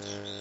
Thank you.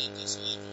need this evening.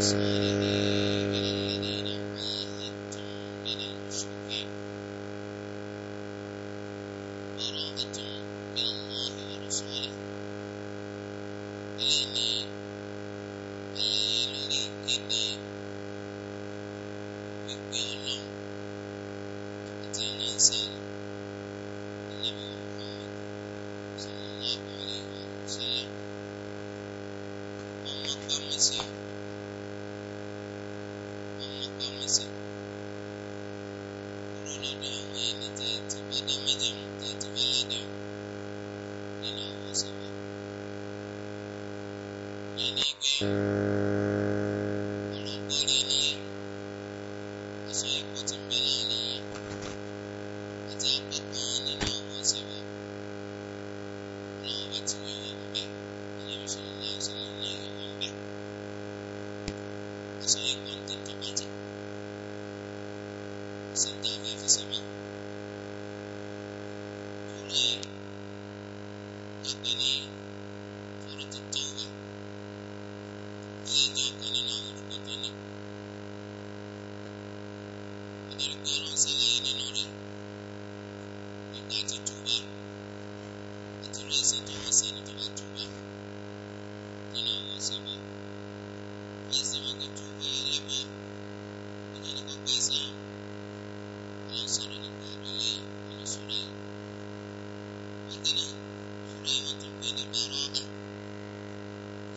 games.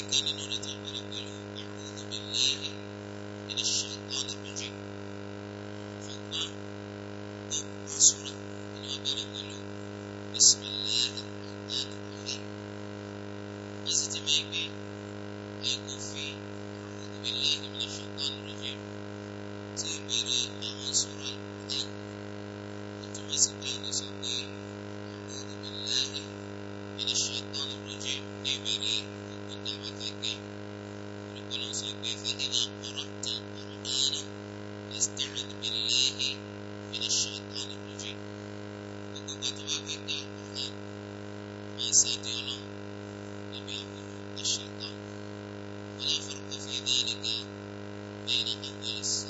Thank you. Americanese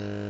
Mm.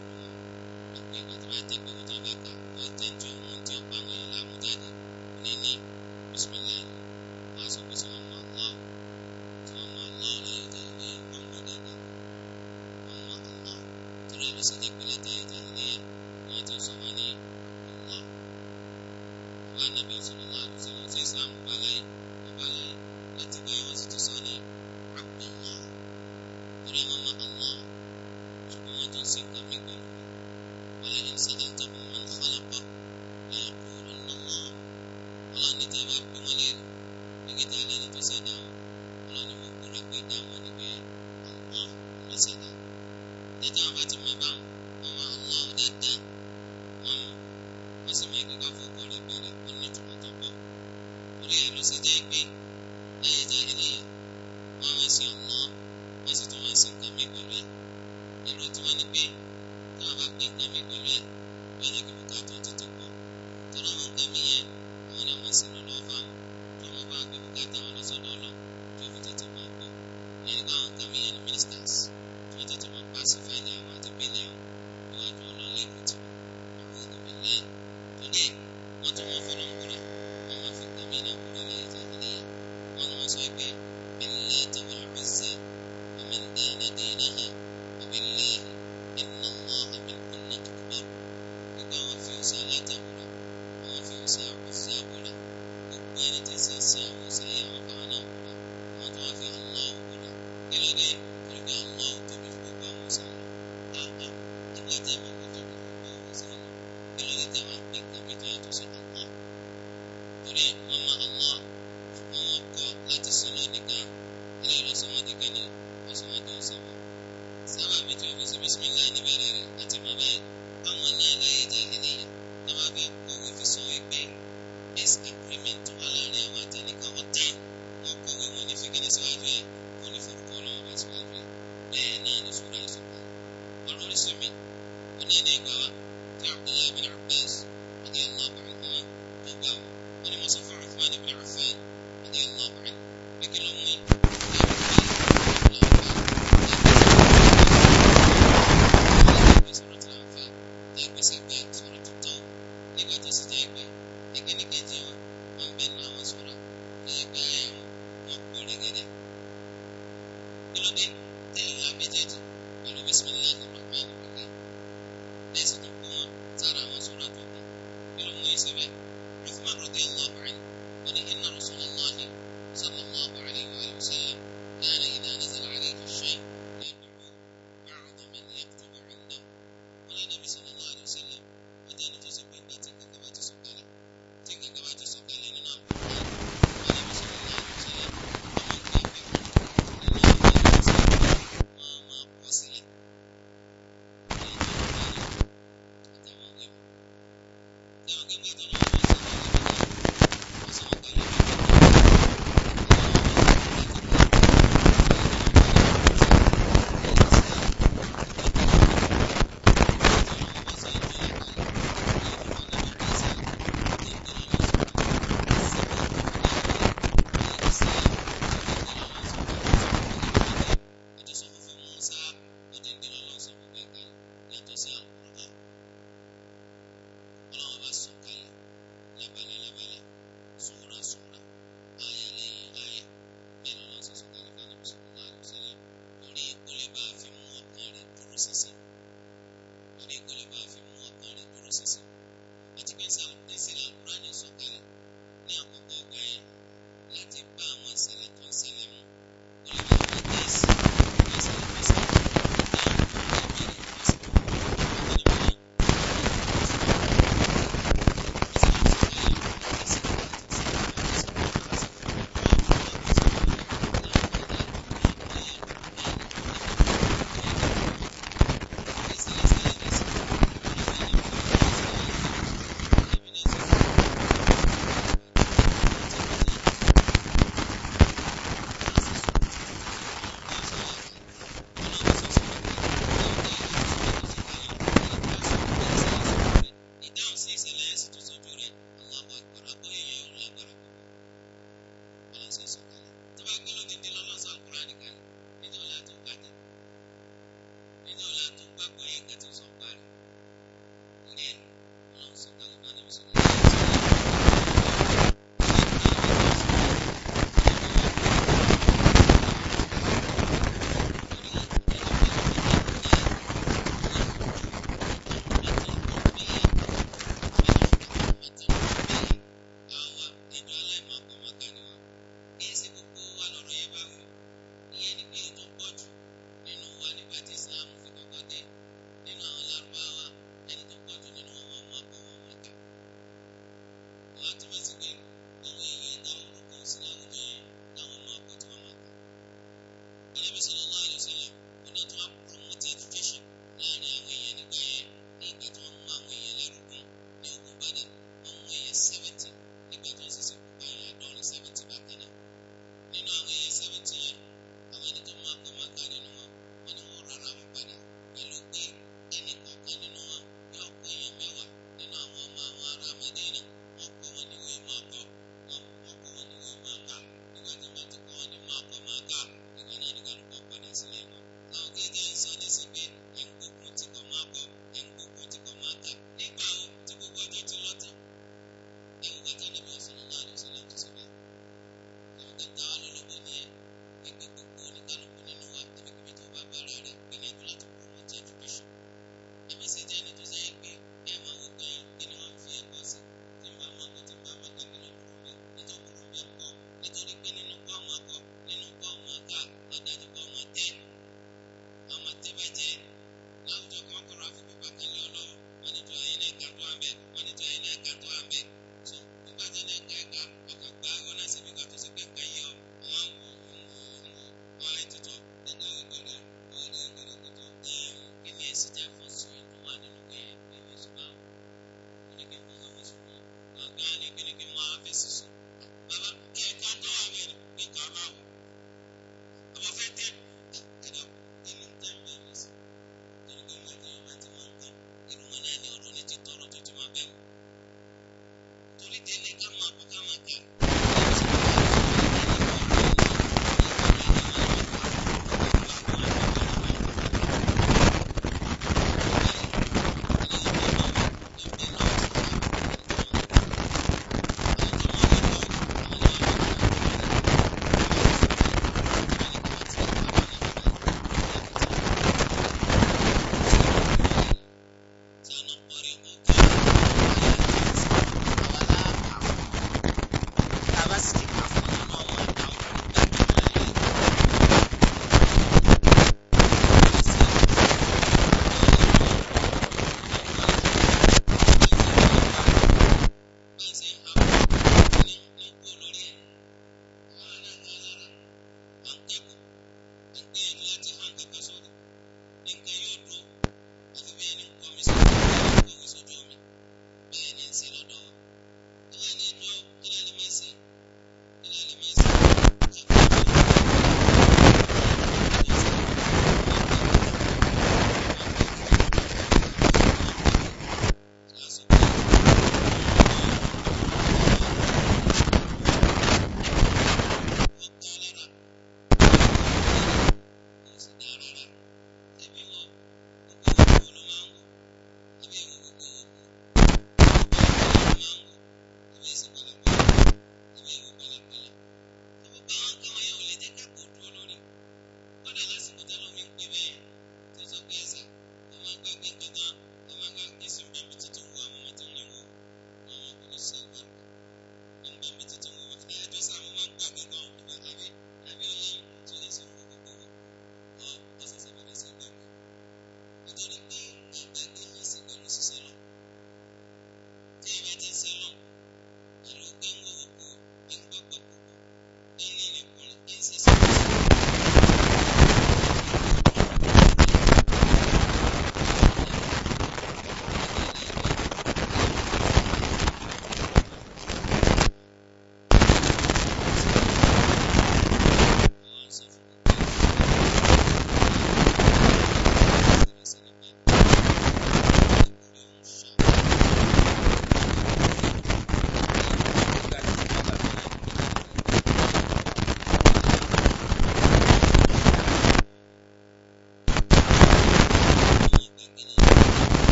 ミーテ Digby.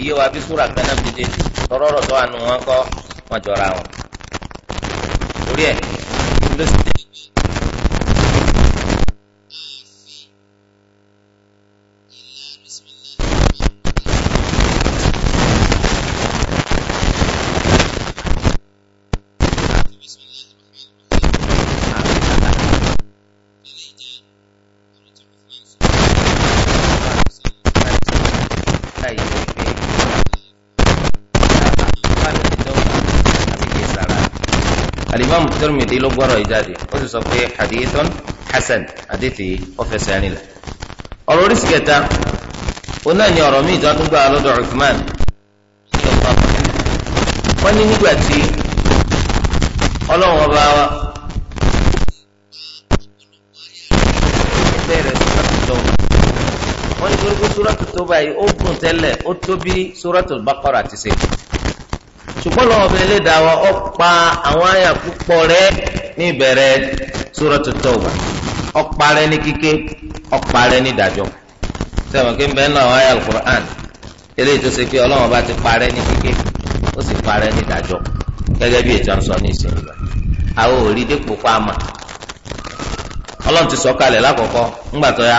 yé wa bí súrà kan náà fi dé tọrọrọ tó wà nù wọn kọ wọn jọra wọn. torí ẹ ló ti Tirmidhi ló gbọ́rọ̀ yìí jáde ó sì sọ pé hadithun hasan àdìtì ọ̀fẹ́sẹ̀ ẹ̀rìn lẹ̀. ọ̀rọ̀ oríṣi kẹta ó náà ní ọ̀rọ̀ míì tó tún gbà lọ́dọ̀ Uthman wọ́n ní nígbà tí ọlọ́run ọba wa bẹ̀rẹ̀ Suratul Tawbah wọ́n ní pé Suratul Tawbah yìí ó gùn tẹ́lẹ̀ ó tó bí Suratul Baqarah ti ṣùgbọ́n lọ́wọ́ ọbẹ̀ ẹlẹ́dàá wa ó pa àwọn àyà púpọ̀ rẹ ní ìbẹ̀rẹ̀ Suratul Tawbah ó parẹ́ ní kíké ó parẹ́ ní ìdájọ́ sẹ́wọ̀n kí n bẹ́ẹ̀ náà àyà Al-Qur'an eléyìí ṣe pé ọlọ́wọ́ bá ti parẹ́ ní kíké ó sì parẹ́ ní ìdájọ́ gẹ́gẹ́ bí ètò àǹsọ ní ìsìn ìgbà àwọn ti sọ kalẹ̀ lákọ̀ọ́kọ́ ńgbà tó yá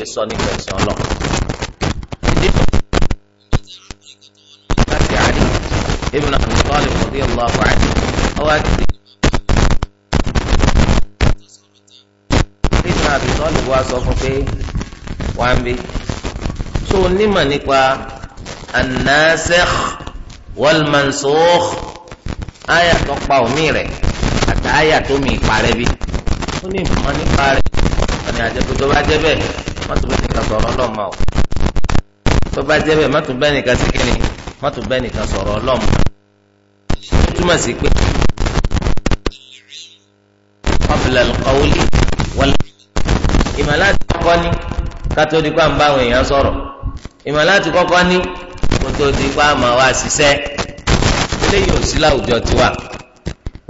lè sọ nípa ẹ̀sìn ọlọ́run. láti àárín ibùdó àmì tọ́lì kọ̀dí ọ̀lọ́ àwọn àárín ọwọ́ àti ibùdó àmì tọ́lì wá sọ fún pé wà ń bí. tó o nímọ̀ nípa an-nasikh wal tó pa omi rẹ̀ àtàyà tó mi parẹ́ bí. ó ní ìmọ̀ nípa rẹ̀ ọ̀nà àjẹkùtò bá jẹ́ bẹ́ẹ̀ mọ́tò bẹ́ẹ̀ nìkan sọ̀rọ̀ ọlọ́mọ o tó bá jẹ́ bẹ́ẹ̀ mọ́tò bẹ́ẹ̀ nìkan sí kíni mọ́tò bẹ́ẹ̀ nìkan sọ̀rọ̀ ọlọ́mọ ó túmọ̀ sí pé qabla al-qawli wal ìmọ̀láti kọ́kọ́ ní kátó di pa èèyàn sọ̀rọ̀ ìmọ̀láti kọ́kọ́ ní kótó di pa ṣiṣẹ́ eléyìí ò sí láwùjọ tiwa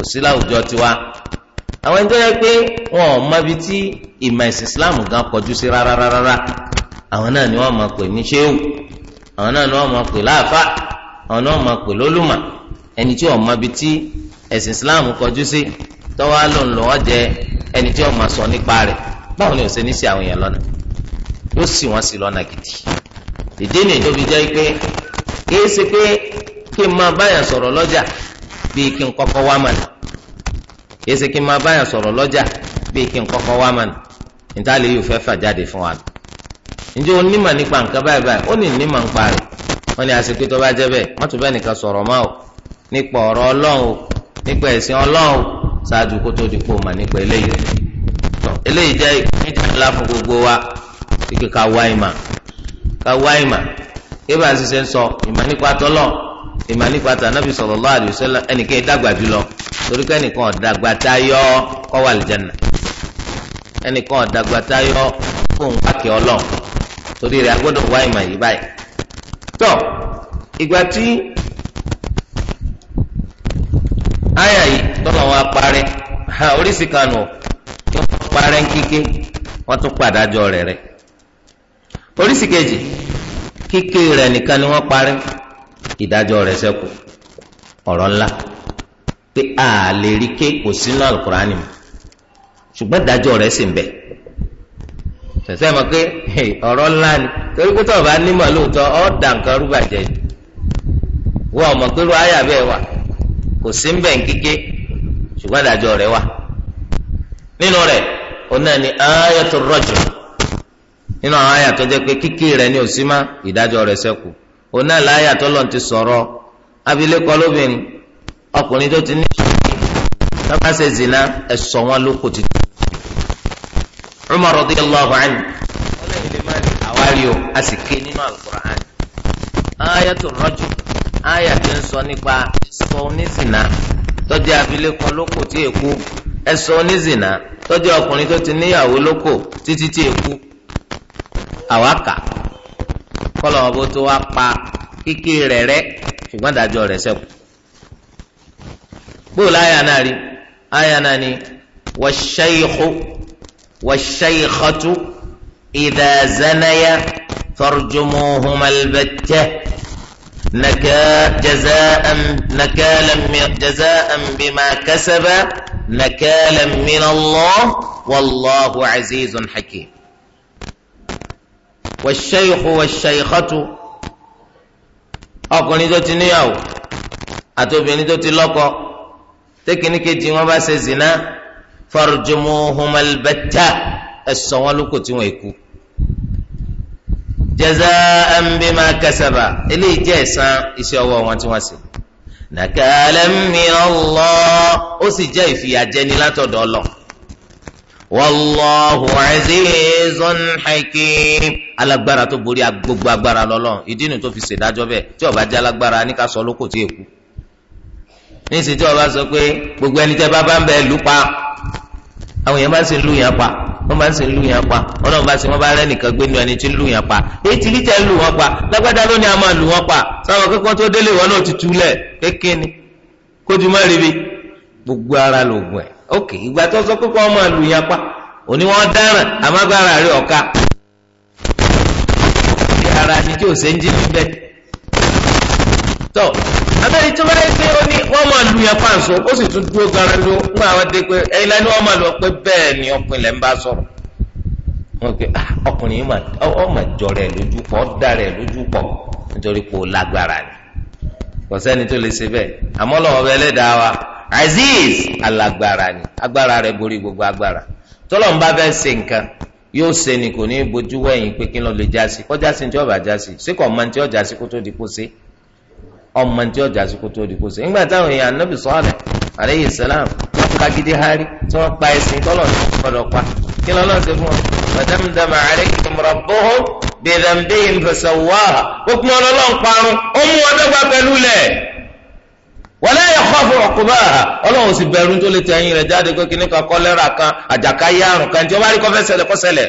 ò sí láwùjọ tiwa àwọn ẹni tó yẹ pé wọn ò mọbi tí ìmọ̀ ẹ̀sìn islam gan kọjú sí rárá rárá àwọn náà ni wọ́n máa pè ní ṣéwù àwọn náà ni wọ́n máa pè láàfà àwọn náà máa pè lólùmọ̀ ẹni tí ò mọbi tí ẹ̀sìn islam kọjú sí tọ́wọ́ ló ń lò wọ́n jẹ ẹni tí ò máa sọ nípa rẹ̀ báwo ni ò ṣe ní sí àwọn èèyàn lọ́nà yóò sì wọ́n sí lọ́nà gidi ìdí ni ìjọba jẹ́ pé kìí ṣe pé kí n máa báyàn sọ̀rọ̀ lọ́jà bíi kí n kọ́kọ́ wá mànà kìí ṣe kí n máa báyàn sọ̀rọ̀ lọ́jà bíi kí n kọ́kọ́ wá mà níta lè yóò fẹ́ fà jáde fún wa. ǹjẹ́ o nímọ̀ nípa nǹkan báyìí báyìí ó ní nímọ̀ nípa rẹ̀ wọ́n ní àṣepé tó bá jẹ́ bẹ́ẹ̀ má tún bẹ́ẹ̀ nìkan sọ̀rọ̀ mọ́ o nípa ọ̀rọ̀ ọlọ́run o nípa ẹ̀sìn ọlọ́run o ṣáájú kó tó di pò mà nípa eléyìí eléyìí ìmọ̀ nípa tí anabi sallallahu alaihi wasallam ẹnìkan ìdàgbà jùlọ torí pé ẹnìkan ọ̀dàgbà tá yọ kó wọ àlìjẹ́nà ẹnìkan ọ̀dàgbà tá yọ fóun wákẹ́ ọlọ́run torí rẹ̀ agbọ́dọ̀ wá ìmọ̀ yìí báyìí. tó ìgbà tí àyà yìí tọ́lọ̀ wọn parẹ́ oríṣi kanu yóò parẹ́ kíké wọ́n tún pàdájọ́ rẹ̀ rẹ̀ oríṣi kejì kíké rẹ̀ nìkan ni wọ́n parẹ́ ìdájọ́ rẹ̀ ṣẹ́kù ọ̀rọ̀ ńlá pé a lè rí ké kò sínú alukurani mu ṣùgbọ́n ìdájọ́ rẹ̀ sì ń bẹ mọ̀ pé ọ̀rọ̀ ńlá ni torí pé bá nímọ̀ lóòótọ́ ọ́ dà nǹkan rúbàjẹ́ wọ́n àyà bẹ́ẹ̀ wà kò sí ń bẹ̀ ń kíké ṣùgbọ́n ìdájọ́ rẹ̀ wà nínú rẹ̀ òun náà ni ayatu rajul nínú àwọn àyà tó jẹ́ pé kíké rẹ̀ ni òun náà láyà tọ́lọ̀ ti sọ̀rọ̀ abilékọ lóbìnrin ọkùnrin tó ti ní ìṣòro tọ́ba ṣe zina ẹ̀sọ́ wọn ló kò ti tó. Umar radiyallahu anhu ọlẹ́yìn lè má ní àwárí o a sì ké nínú alukur'an. ayatu rajul aya ti ń sọ nípa ẹ̀sọ́ onízìnà tọ́jú abilékọ lóko tí èkú ẹ̀sọ́ onízìnà tọ́jú ọkùnrin tó ti níyàwó lóko títí tí èkú àwákà. kọ́lọ̀ ọ̀bọ tó wá pa kíkí rẹ̀ rẹ́ ṣùgbọ́n dájọ́ rẹ̀ sẹ́kù. bóòlù àyà náà rí àyà náà ni wàṣẹ́yìkú wàṣẹ́yìkọ́tù ìdàzánayà fọ́rjúmọ́hùnmálbẹ́tẹ́ jazaan bima kasaba nakalan min Allah wallahu azizun hakim. wàṣẹ́yìkù wàṣẹ́yìkọ́tù ọkùnrin tó ti níyàwó àti obìnrin tó ti lọ́kọ tẹkínìkejì wọn bá ṣe zina farjumu humalbata ẹ̀sọ́ wọn lóko tí wọ́n èkú jaza'an bima kasaba eléyìí jẹ́ ẹ̀san iṣẹ́ ọwọ́ wọn tí wọ́n ṣe nàkàlẹ́ min Allah ó sì jẹ́ ìfìyàjẹni látọ̀dọ̀ Ọlọ́run wallahu azizun hakim alágbára tó borí gbogbo agbára lọ́lọ́ ìdí nu tó fi ṣèdájọ́ bẹ́ẹ̀ tí ó bá jẹ́ alágbára ní ká sọ lóko tí èkú níṣẹ́ tí ó bá sọ pé gbogbo ẹni tẹ́ bá bá ń bẹ lù pa àwọn èèyàn bá ń ṣe lù yẹn pa wọ́n bá ń ṣe lù yẹn pa ọlọ́run bá ṣe wọ́n bá rẹ́ nìkan gbé ní ẹni tí lù yẹn pa èyí tí lítẹ̀ lù wọ́n pa lágbádá lónìí a máa lù wọ́n pa sáwọn akẹ́kọ̀ọ́ tó délé wọn náà ti túlẹ̀ kékeré kójú má ríbi gbogbo ara lògùn ẹ̀ ok ìgbà tó sọ pé ọmọ àlù yẹn pa òní wọn dáràn àmàgbára rẹ ọ̀ka ara ni tí ò ṣe ń jí níbẹ̀ tọ́ abẹ́rẹ́ tí wọ́n bá yẹ ó ní wọ́n máa lu yẹn pàǹsọ ó sì tún dúró gara ló ń gbà wọ́n dé pé ma lẹ́nu wọ́n máa lọ pé bẹ́ẹ̀ ni ọkùnrin lẹ́ ń bá sọ̀rọ̀ wọ́n pe ah, ọkùnrin yìí rẹ̀ lójú pọ̀ rẹ̀ lójú pọ̀ nítorí pé ó lágbára ni kò sẹ́ni tó lè ṣe bẹ́ẹ̀ àmọ́ lọ́wọ́ bẹ́ẹ̀ lẹ́dàá wa aziz alagbara ni agbara rẹ borí gbogbo agbara tọ́lọ̀ bá fẹ́ ṣe nǹkan ni kò ní í bojú pé kí ló lè jásí kọ́ ní tí ọba jásí ọmọ ní tí kó tó di kó ṣe ọmọ ní tí ó jásí kó tó di kó táwọn èèyàn anábì sọ́ọ̀lẹ̀ kagidi hari tí wọ́n pa ẹ̀sìn tọ́lọ̀ ní gbọ́dọ̀ pa kí lọ́lọ́ fún wọlé ẹ̀kọ́fọ̀ ọ̀kúbá ọlọ́run sì bẹ̀rù tó lè tẹ̀yìn rẹ̀ jáde pé kíní kan kọ́lẹ́rà kan àjàkáyé àrùn kan tí ó bá rí kọ́fẹ́ ṣẹlẹ̀ kó ṣẹlẹ̀.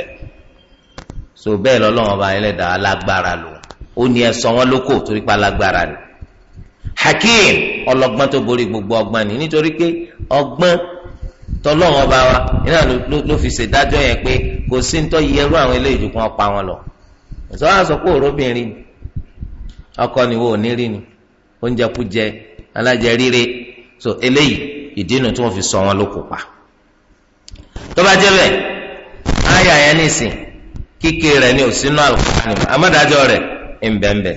so bẹ́ẹ̀ lọ́lọ́run ọba ẹlẹ́dàá alágbára lò ó ní ẹ sọ wọn lóko torí pa alágbára ni. hakeem ọlọ́gbọ́n tó borí gbogbo ọgbọ́n ni nítorí pé ọgbọ́n tọ́lọ́run ọba wa iná ló fi ṣèdájọ́ yẹn pé kò sí ní tọ́ yẹrú àwọn eléyìí kan pa wọn alájẹ rírẹ so eléyìí ìdínú tí wọ́n fi sọ wọn ló kó pa tó bá jẹ́ bẹ́ẹ̀ àyà yẹn nìsín kíkè rẹ̀ ní òsínú àlùkùránì àmọdájọ rẹ̀ ńbẹńbẹ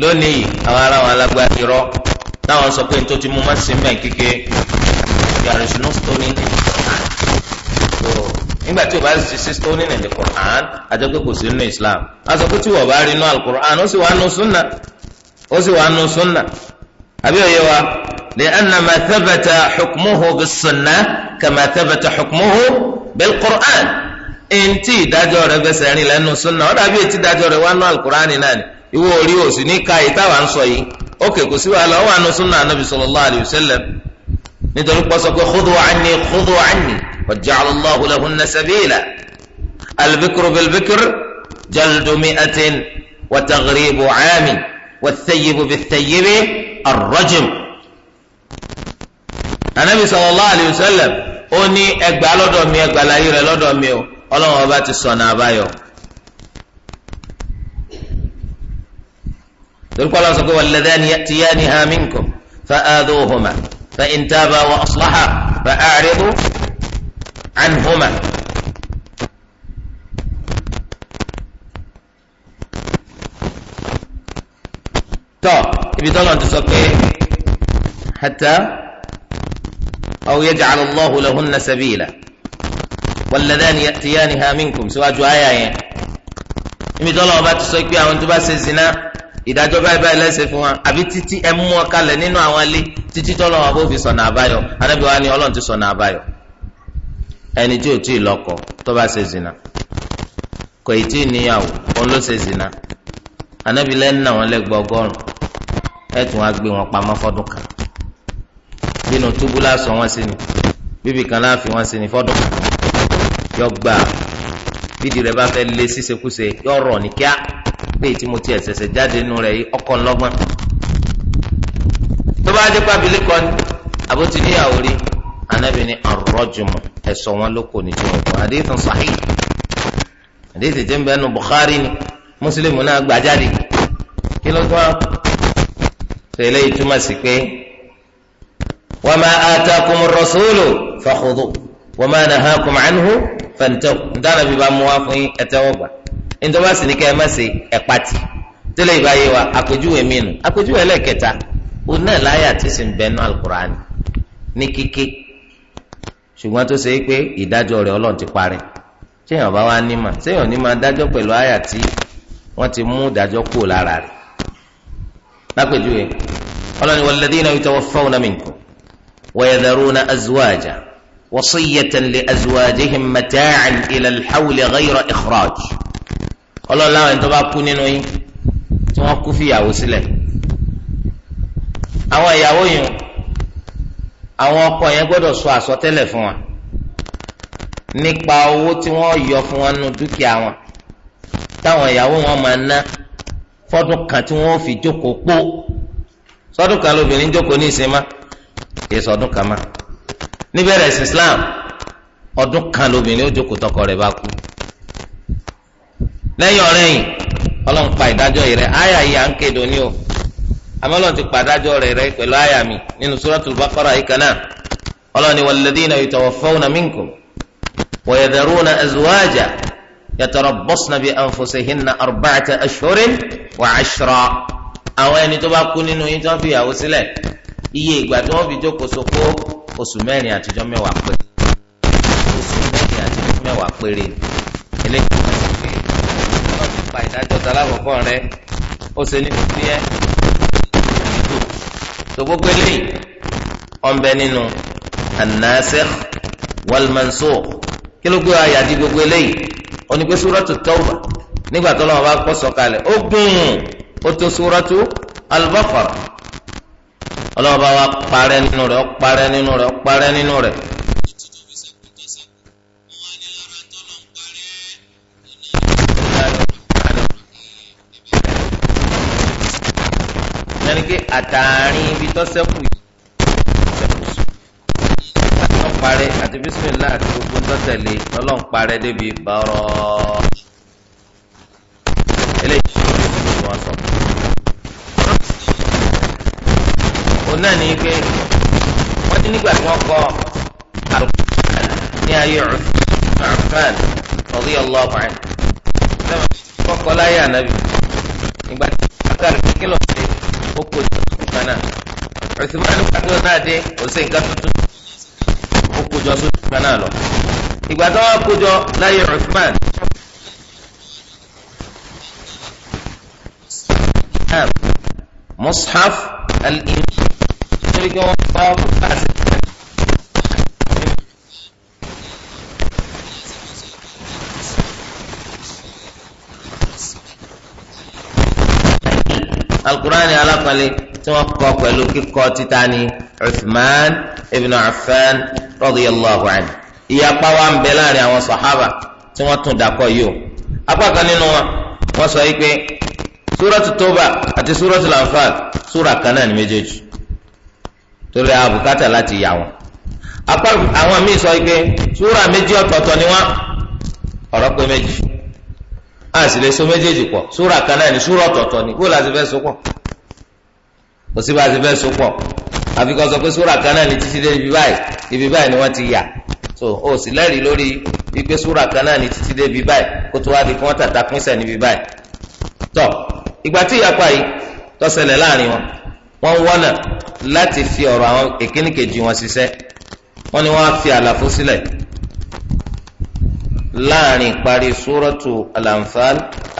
lónìí àwọn ará wọn alágbára irọ́ táwọn sọ pé nítorí mo máa sin bẹ́ẹ̀ kíkè there is no Quran so nígbà tí o bá ti sí stoning in the Quran àti pé kò sí nínú Islam a sọ pé tí wọ́n bá rí inú alukur'an ó sì wà nù súnà ó sì wà nù súnà àbí òye wa li'anna ma thabata hukmuhu bis-sunnah kama thabata hukmuhu bil-Qur'an eŋti ìdájọ́ rẹ̀ fẹsẹ̀ rìn lẹ́nu sunna ó dàbí etí ìdájọ́ rẹ̀ wà nù al-Qur'ani náà ni ìwọ orí òsì ní ká yìí táwa ń sọ yìí ókè kò sí wàhálà ó wà nù sunna anabi sallallahu alayhi wa sallam nítorí pọ́sọ́ pé khudhu anni khudhu anni wa ja'ala Allahu lahunna sabila al-bikru bil-bikri wa taghribu 'amin. والثيب بالثيب الرجم النبي صلى الله عليه وسلم ó ní ẹgbà lọ́dọ̀ mi ẹgbà láyé rẹ lọ́dọ̀ mi o ọlọ́run ọba ti sọ̀nà àbáyọ. torípọ̀ lọ́sọ pé walladhani ya'tiyaniha minkum fa'adhuhuma fa in taba wa aslaha fa'aridu anhuma. ibi tọ́lọ̀ ti sọ pé hatta aw yaj'ala Allahu lahunna sabila walladhani ya'tiyaniha minkum síwájú àyà yẹn ibi tọ́lọ̀ ọba ti sọ pé àwọn tó bá ṣe zina ìdájọ́ báyìí báyìí lẹ́sẹ̀ fún wa àbí títí ẹ mú ọ kalẹ̀ nínú àwọn ilé títí tọ́lọ̀ ọba ò fi sọ̀nà àbáyọ anábì wa ni ọlọ́run ti sọ̀nà àbáyọ ẹni tí ò tí ì lọ́kọ tó bá ṣe zina kò ì tí ì níyàwó òun ló ṣe zina anábì lẹ́nu náà wọn lẹ́gbẹ̀ẹ́ ọgọ́rùn-ún ẹ tún wá gbé wọn pamọ́ fọ́dún kan nínú túbú láàsọ wọn sí ni bíbí kan láàfin wọn sí ni fọ́dún kan yọ gbà bídìí rẹ bá fẹ́ lé sísekúse yọ rọ̀ ní kíá léyìí tí mo ti ẹ̀sẹ̀sẹ̀ jáde nínú rẹ̀ yìí ọkọ̀ ńlọ́gbọ́n tó bá dé pàbílí kan ní àbótí níyàwó rí anábì ní arọ́jùmọ̀ wọn ló kò ní jùmọ̀ kan àdéhùn sàhí àdéhùn tètè ń bẹ́ẹ̀ nu ni Muslim náà gbà jáde kí ló tó tẹ̀lé ìtumọ̀ sí pé wa ma atakumur rasulu wa ma nahakum anhu fantahu ntànà bíbá mu wá fún ẹtẹ́wọ́gbà ntọ́ba sì ẹ má ṣe wa àpèjúwe àpèjúwe o náà láyà ti parẹ́ bá wá ní lápèjúwe ọlọ́ni walladhina yatawaffawna minkum wa yadharuna azwaja wasiyatan li azwajihim mata'an ila al-hawli ghayra ikhraj ọlọ́ni láwọn tó bá kú nínú yín tí wọ́n kú fìyàwó sílẹ̀ àwọn ìyàwó yìí àwọn ọkọ yẹn gbọ́dọ̀ sọ àsọtẹ́lẹ̀ fún wa nípa owó tí wọ́n yọ fún wọn nínú dúkìá wọn táwọn ìyàwó wọn máa ná fọ́dún kan tí wọ́n fi jókòó pọ̀ sọ́dún kan lóbìnrin jókòó ní ìsinmi kì í sọ́dún kan má níbẹ̀rẹ̀ sí Islam ọdún kan lóbìnrin ó jókòó tọkọ rẹ̀ bá kú lẹ́yìn ọ̀rẹ́yìn Ọlọ́run pa ìdájọ́ yìí rẹ̀ àyà yìí à ń kéde òní o àmọ́ ti pa ìdájọ́ rẹ̀ rẹ̀ pẹ̀lú àyà mi nínú Suratul Baqara yìí kan náà Ọlọ́run ni walladhina yutawaffawna minkum wa yadharuna yatarabbasna بأنفسهن أربعة أشهر وعشرة wa 'ashra àwọn ẹni tó bá kú nínú yín tó ń fi ìyàwó sílẹ̀ iye ìgbà tí wọ́n fi jókòó sóko oṣù mẹ́rin àtijọ́ mẹ́wàá péré oṣù mẹ́rin àtijọ́ mẹ́wàá péré eléyìí tó ń pè é wọ́n ti pa ìdájọ́ tó alákọ̀ọ́kọ́ rẹ ó ṣe ní fífi ẹ́ tó gbogbo eléyìí ọ̀nbẹ nínú an-nasikh kí ló gbé ayàdí gbogbo eléyìí onígbé súrọ́tù tọ́wà nígbà tó lọ́wọ́ bá kọ́ sọ̀kalẹ̀ ó gùn ó tó súrọ́tù al-Baqara ọlọ́wọ́ bá wa parẹ́ nínú rẹ̀ ó parẹ́ nínú rẹ̀ ó parẹ́ nínú rẹ̀. yẹn ni ibi tó sẹ́kù parẹ́ àti bísímìlá àti gbogbo ń tọ́tẹ̀lé lọ́lọ́run parẹ́ débi bọ́rọ̀ eléyìí ṣe ní wọ́n sọ. òun náà ní pé wọ́n ti nígbà tí wọ́n kọ́ àlùkùránì ní ayé Uthman radiyallahu anhu wọ́n kọ́ láyé ànábì nígbà tí wọ́n kọ́ àlùkùránì kí ló dé ó kó jù kan náà Uthman nígbà tí wọ́n náà dé kò tuntun ó kójọ sójú kan náà lọ ìgbà tó wá kójọ láyé Uthman mushaf al-imam nítorí pé wọ́n tí wọ́n kọ pẹ̀lú kíkọ títa ni Uthman ibn Affan radiyallahu anhu ìyapa wa ń bẹ láàrin àwọn sàhábà tí wọ́n tún dàkọ yìí o apá kan nínú wọn wọ́n sọ yìí pé súrọ́tù tóbà àti súrọ́tù lànfààl súrà kan náà ní méjèèjì torí àbùkátà láti yà wọn apá àwọn míì sọ yìí pé súrà méjì ọ̀tọ̀ọ̀tọ̀ ni wọ́n ọ̀rọ̀ pé méjì a lè so méjèèjì pọ̀ súrà kan náà ní súrà ọ̀tọ̀ọ̀tọ̀ ni bó la fẹ́ so pọ̀ kò sí bá a ti fẹ́ so pọ̀ àfi kọ́ sọ pé súrà kan náà ní títí dé ibi báyìí ibi báyìí ni wọ́n ti yà so o sì lẹ́rìí lórí wípé súrà kan náà ní títí dé ibi báyìí kó tó wá di kí wọ́n tàta pín sẹ̀ níbi báyìí tọ́ ìgbà tí ìyapa yìí tó ṣẹlẹ̀ láàrin wọn wọ́n wọ́nà láti fi ọ̀rọ̀ àwọn èkíní kejì wọn ṣiṣẹ́ wọ́n ní wọ́n á fi àlàfo sílẹ̀ láàrin ìparí súrọ̀tù al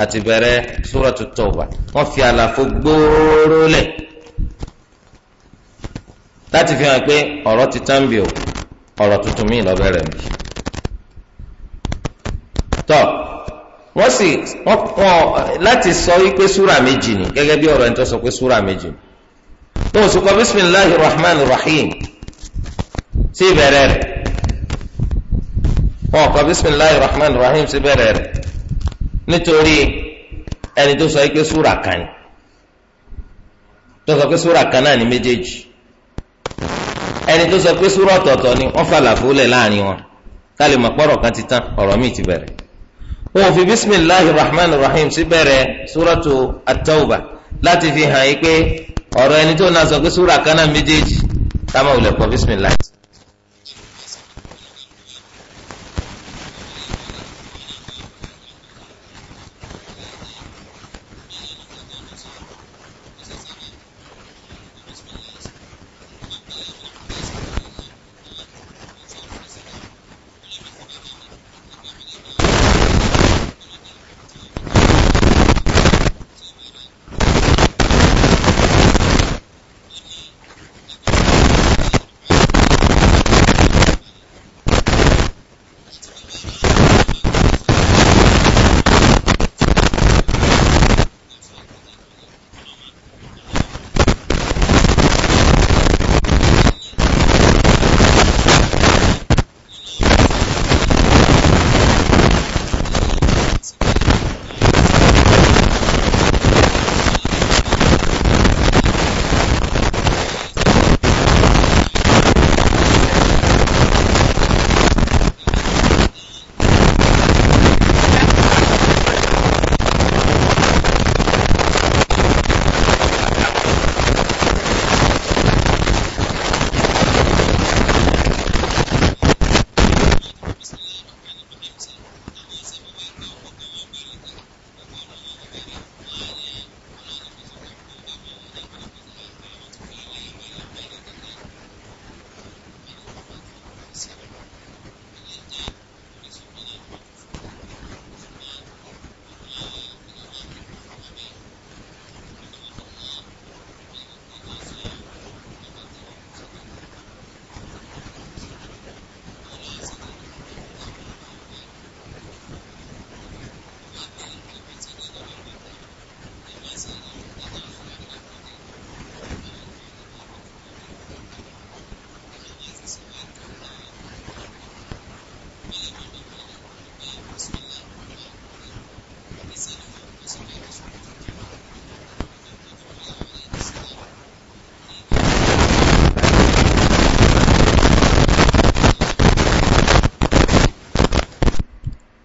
àti bẹ̀rẹ̀ súrọ̀tù Tawbah wọ́n fi àlàfo gbóòrò lẹ̀ láti fi hàn pé ọ̀rọ̀ ti tán bí o ọ̀rọ̀ tuntun míì lọ́bẹ̀rẹ̀ bí. tọ́ wọ́n sì wọ́n pọ̀ láti sọ wípé súrà méjì ni gẹ́gẹ́ bí ọ̀rọ̀ ẹni tó sọ pé súrà méjì ni. tó sùkọ́ bisimilahi rahman rahim sí ìbẹ̀rẹ̀ rẹ̀ wọ́n kọ́ bisimilahi rahman rahim sí ìbẹ̀rẹ̀ rẹ̀ nítorí ẹni tó sọ wípé súrà kan ni tó sọ pé súrà kan náà ni méjèèjì. ẹni tó sọ pé súrà ọ̀tọ̀ọ̀tọ̀ ni wọ́n fà làfo láàrin wọn ká lè mọ̀ pọ́rọ̀ kan ti tán ọ̀rọ̀ fi bisimilahi rahman rahim sí bẹ̀rẹ̀ súrọ̀tù at lati láti fi hàn yí pé ọ̀rọ̀ ẹni tó náà sọ pé kama kan méjèèjì bisimilahi.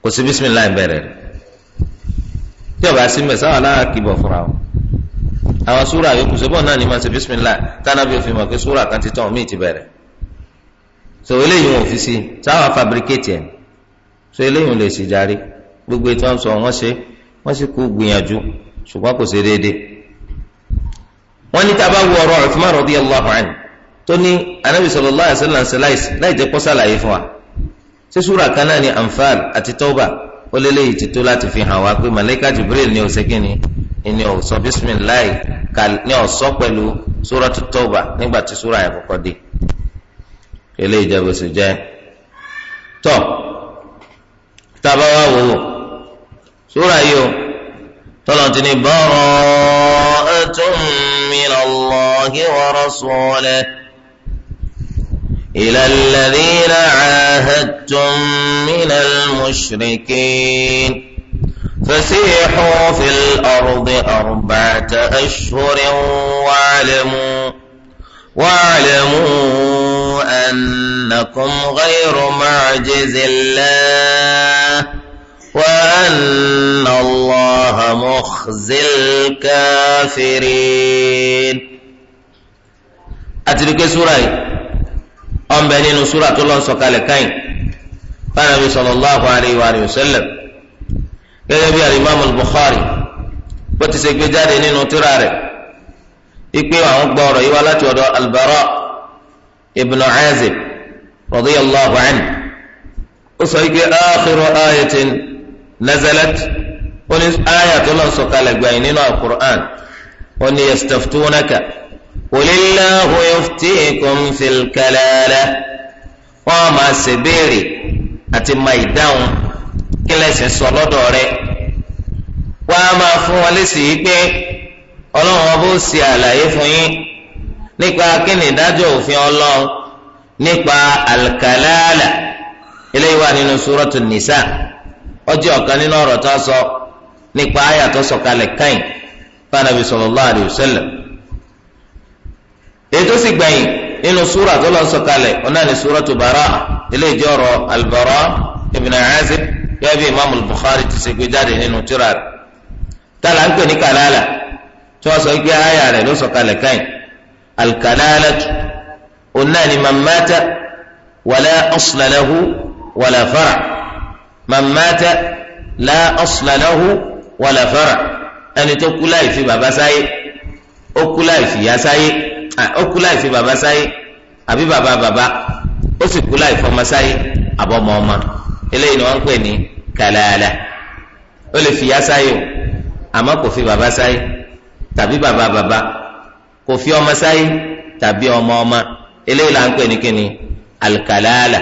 kò sí bísímìlá ìbẹ̀rẹ̀ rẹ̀ tí ọba sí mẹ sáwọn aláàkìbọ̀ fúnra o àwọn súra yòókù sọ́bọ̀ náà ni máa ṣe bísímìlá tánàbí òfin mọ̀ pé súra kan ti tán omi ti bẹ̀rẹ̀ so eléyìí wọn ò fi sí sáwọn fabricate ẹ̀ so eléyìí wọn lè sì járe gbogbo ètò àwọn sọ wọn ṣe wọn sì kú gbìyànjú ṣùgbọ́n kò ṣe déédéé wọn ní tábà wọ ọ̀rọ̀ Uthman radiyallahu anhu tó ní Ànábì sallallahu alaihi láì jẹ́ kó sàlàyé fún wa ṣé súra kan náà ni anfal àti tọ́ba ó lélẹ́yìí ti tó láti fi hàn wá pé malaika jibril ni òsè kínní ni ọ̀sọ́ bisimilayi ni ọ̀sọ́ pẹ̀lú súra tó tọ́ba nígbà tí súra yẹn kọ́kọ́ dé eléyìí jẹ́ bó jẹ́ tọ́ tábà wá wò ó súra yìí o tọ́lọ̀tì ni bara'atun min Allahi wa rasulihi. إلى الذين عاهدتم من المشركين فسيحوا في الأرض أربعة أشهر واعلموا واعلموا أنكم غير معجز الله وأن الله مخزي الكافرين أتركي سورة ọ̀nbẹ nínú súrà tó lọ́n sọ̀kalẹ̀ káyìn fanabi sallallahu alayhi wa sallam gẹ́gẹ́ bí alimami Bukhari bó ti ṣe gbé jáde nínú tírà rẹ̀ ikpe àwọn gbọ́ ọ̀rọ̀ yìí wá láti ọ̀dọ̀ Al-Bara ibn Azib radiyallahu anhu ó sọ ike akhiru ayatin nazalat ó ní ayatollah sọ̀kalẹ̀ gbẹ̀yìn nínú al ó ní yastaftunaka qulillahu yuftikum fil kalala wọ́n á máa ṣe béèrè àti máa ìdáhùn kí lẹ́sìn sọ lọ́dọ̀ rẹ̀ wọ́n á máa fún wọn lésì yìí pé ọlọ́run ọba ó ṣe àlàyé fún yín nípa kí ni ìdájọ́ òfin ọlọ́run nípa alkalala eléyìí wà nínú suratul nisa ọjọ́ ọ̀kan nínú ọ̀rọ̀ tó sọ nípa àyà tó sọ̀kalẹ̀ káyìn fún anabi sallallahu alayhi wa èyí tó sì gbẹ̀yìn nínú súrà tó lọ sọ̀kalẹ̀ ọ̀nà ni súratu Baraa ilé ìjọrọ̀ al-Baraa ibn Azib yẹ bí imaamu Bukhari ti ṣe gbé jáde nínú tírà rẹ̀ tala ń pè ní kalala tí wọ́n sọ pé aya rẹ̀ ló sọ̀kalẹ̀ káyìn al-kalala ọ̀nà ni man mata wala asla lahu fara man mata la asla fara ẹni tó kú láì fi bàbá sáyé ó kú láì fi sáyé. Ah, ó kú láì fi bàbá sáyé àbí bàbá bàbá ó sì kú láì fọmọ sáyé àbọmọ ọmọ eléyìí ni wọn ń pè ní kàlàlà ó lè fìyà sáyé o àmọ́ kò fi bàbá sáyé tàbí bàbá bàbá kò fi ọmọ sáyé tàbí ọmọ ọmọ eléyìí là ń pè ní kíni alkàlàlà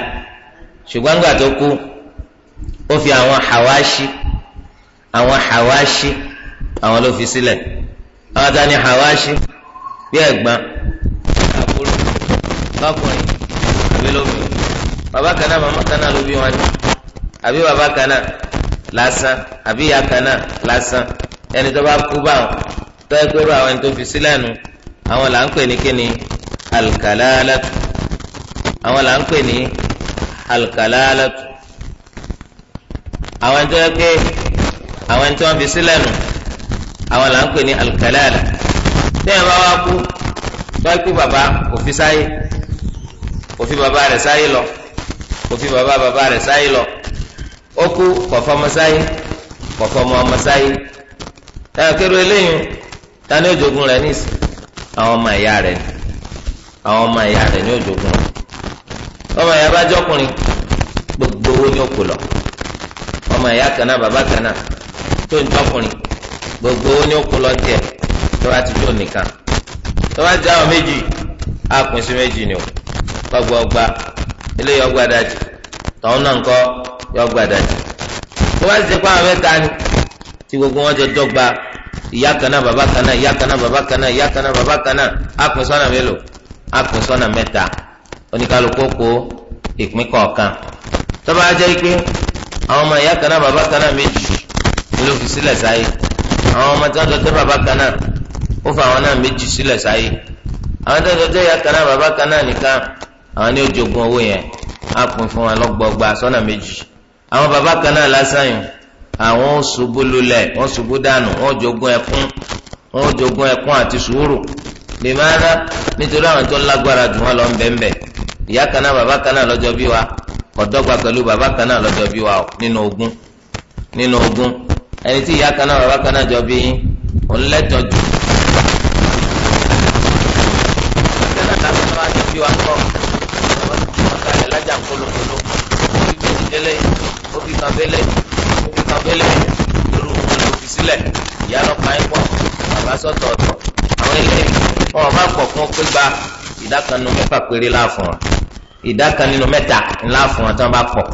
ṣùgbọ́n nígbà tó kú ó fi àwọn hawaṣi àwọn hawaṣi àwọn ló fi sílẹ̀ àwọn ta ni hawaṣi bí ẹ̀gbọ́n àbúrò lọkùnrin àbí lóbi bàbá kan náà màmá kan náà ló bí wọn ni àbí bàbá kan náà lásán àbí ìyá kan náà lásán ẹni tó bá kú báwọn tó ẹgbẹ́ rú àwọn ẹni tó fi sílẹ̀ nu àwọn là ń pè ní kíni alkalalatu àwọn là ń pè ní alkalalatu àwọn ẹni tó yẹ pé àwọn ẹni tó wọn fi sílẹ̀ nu àwọn là ń pè ní alkalala tẹ́yìn bá wá kú tọ́wọ́ pé baba kò fi sáyé kò fi bàbá rẹ̀ sáyé lọ kò fi bàbá bàbá rẹ̀ sáyé lọ ó kú kọ̀fọ́ ọmọ sáyé kọ̀fọ́ ọmọ ọmọ sáyé táwọn kérò eléyìí tani ó jogún rẹ̀ nísì àwọn ọmọ ìyá rẹ̀ ni àwọn ọmọ ìyá rẹ̀ ni ó jogún ọmọ ìyá bá jọkùnrin gbogbo owó ni ó kù lọ ọmọ ìyá kan náà bàbá tó ń jọkùnrin gbogbo owó ni ó kù lọ díẹ̀ tó bá ti jó nìkan. tó bá jẹ́ méjì á pín sí méjì ni o gbọgbọ ọgbà eléyìí ọgbà dájì tọ̀hún náà ńkọ́ yọ ọgbà dájì tó bá ti pa àwọn mẹ́ta ni tí gbogbo wọn jọ dọ́gba ìyá kan bàbá kan ìyá kan bàbá kan ìyá kan bàbá kan á pín sọ́nà mélòó á pín sọ́nà mẹ́ta kó ìpín kọ̀ọ̀kan tó bá jẹ́ pé àwọn ọmọ ó fa àwọn náà méjì sílẹ̀ sáyé àwọn tó ń sọjọ́ ìyá kan náà bàbá kan náà nìkan àwọn ní ojogun owó yẹn á pín fún wa lọ́gbọ̀gba sọ́nà méjì àwọn bàbá kan náà lásán yìí àwọn ó ṣubú lulẹ̀ wọ́n ṣubú dànù wọ́n jogun ẹkún wọ́n jogun ẹkún àti sùúrù lèmọ́ra nítorí àwọn tó lágbára jù wọ́n lọ ń bẹ́ńbẹ́ ìyá kan náà bàbá kan náà lọ́jọ́ bí wa ọ̀dọ́gba pẹ̀lú bàbá kan náà lọ́jọ́ bí wa nínú ogún nínú ogún ẹni tí ìyá kan náà bàbá kan náà jọ bí òun lẹ́tọ̀ọ́ jù sílẹ̀ ìyá ọlọ́pàá yín pọ̀ bàbá sọ̀tọ̀ ọ̀tọ̀ àwọn eléyìí wọn ò bá pọ̀ fún pé gba ìdá kan nínú mẹ́fà péré láàfún wọn ìdá kan nínú mẹ́ta láàfún wọn tí wọ́n bá pọ̀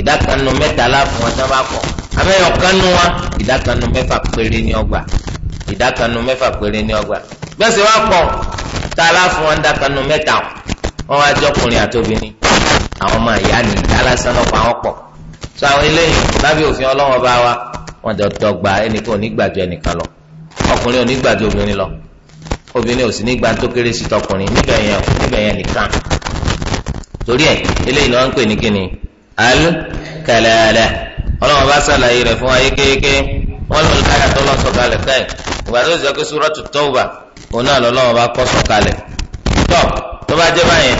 ìdá kan nínú mẹ́ta láàfún wọn tí wọ́n bá pọ̀ abẹ́yọ̀ kan nínú wọn ìdá kan nínú mẹ́fà péré ní ọgbà ìdá kan nínú mẹ́fà péré ní ọgbà bẹ́ẹ̀ sì wá tá a láàfún wọn ìdá kan nínú mẹ́ta wọn wá jẹ́ ọkùnrin àtobìnrin àwọn ọmọ ìyá nìyí alásán lọ́pọ̀ àwọn pọ̀ so àwọn eléyìí lábẹ́ òfin ọlọ́wọ́ bá wa wọn jọ dọ́gba ẹnìkan onígbàjọ ẹnìkan lọ ọkùnrin onígbàjọ obìnrin lọ obìnrin ò sí nígbà gbàǹtó kéré sí tọkùnrin níbẹ̀ nìkan torí ẹ eléyìí ni wọ́n ń pè ní kíni bá sàlàyé rẹ̀ fún wa yékéyéké sọ bá kọ́ sọ̀kalẹ̀ tọ́ tó bá jẹ́ báyẹn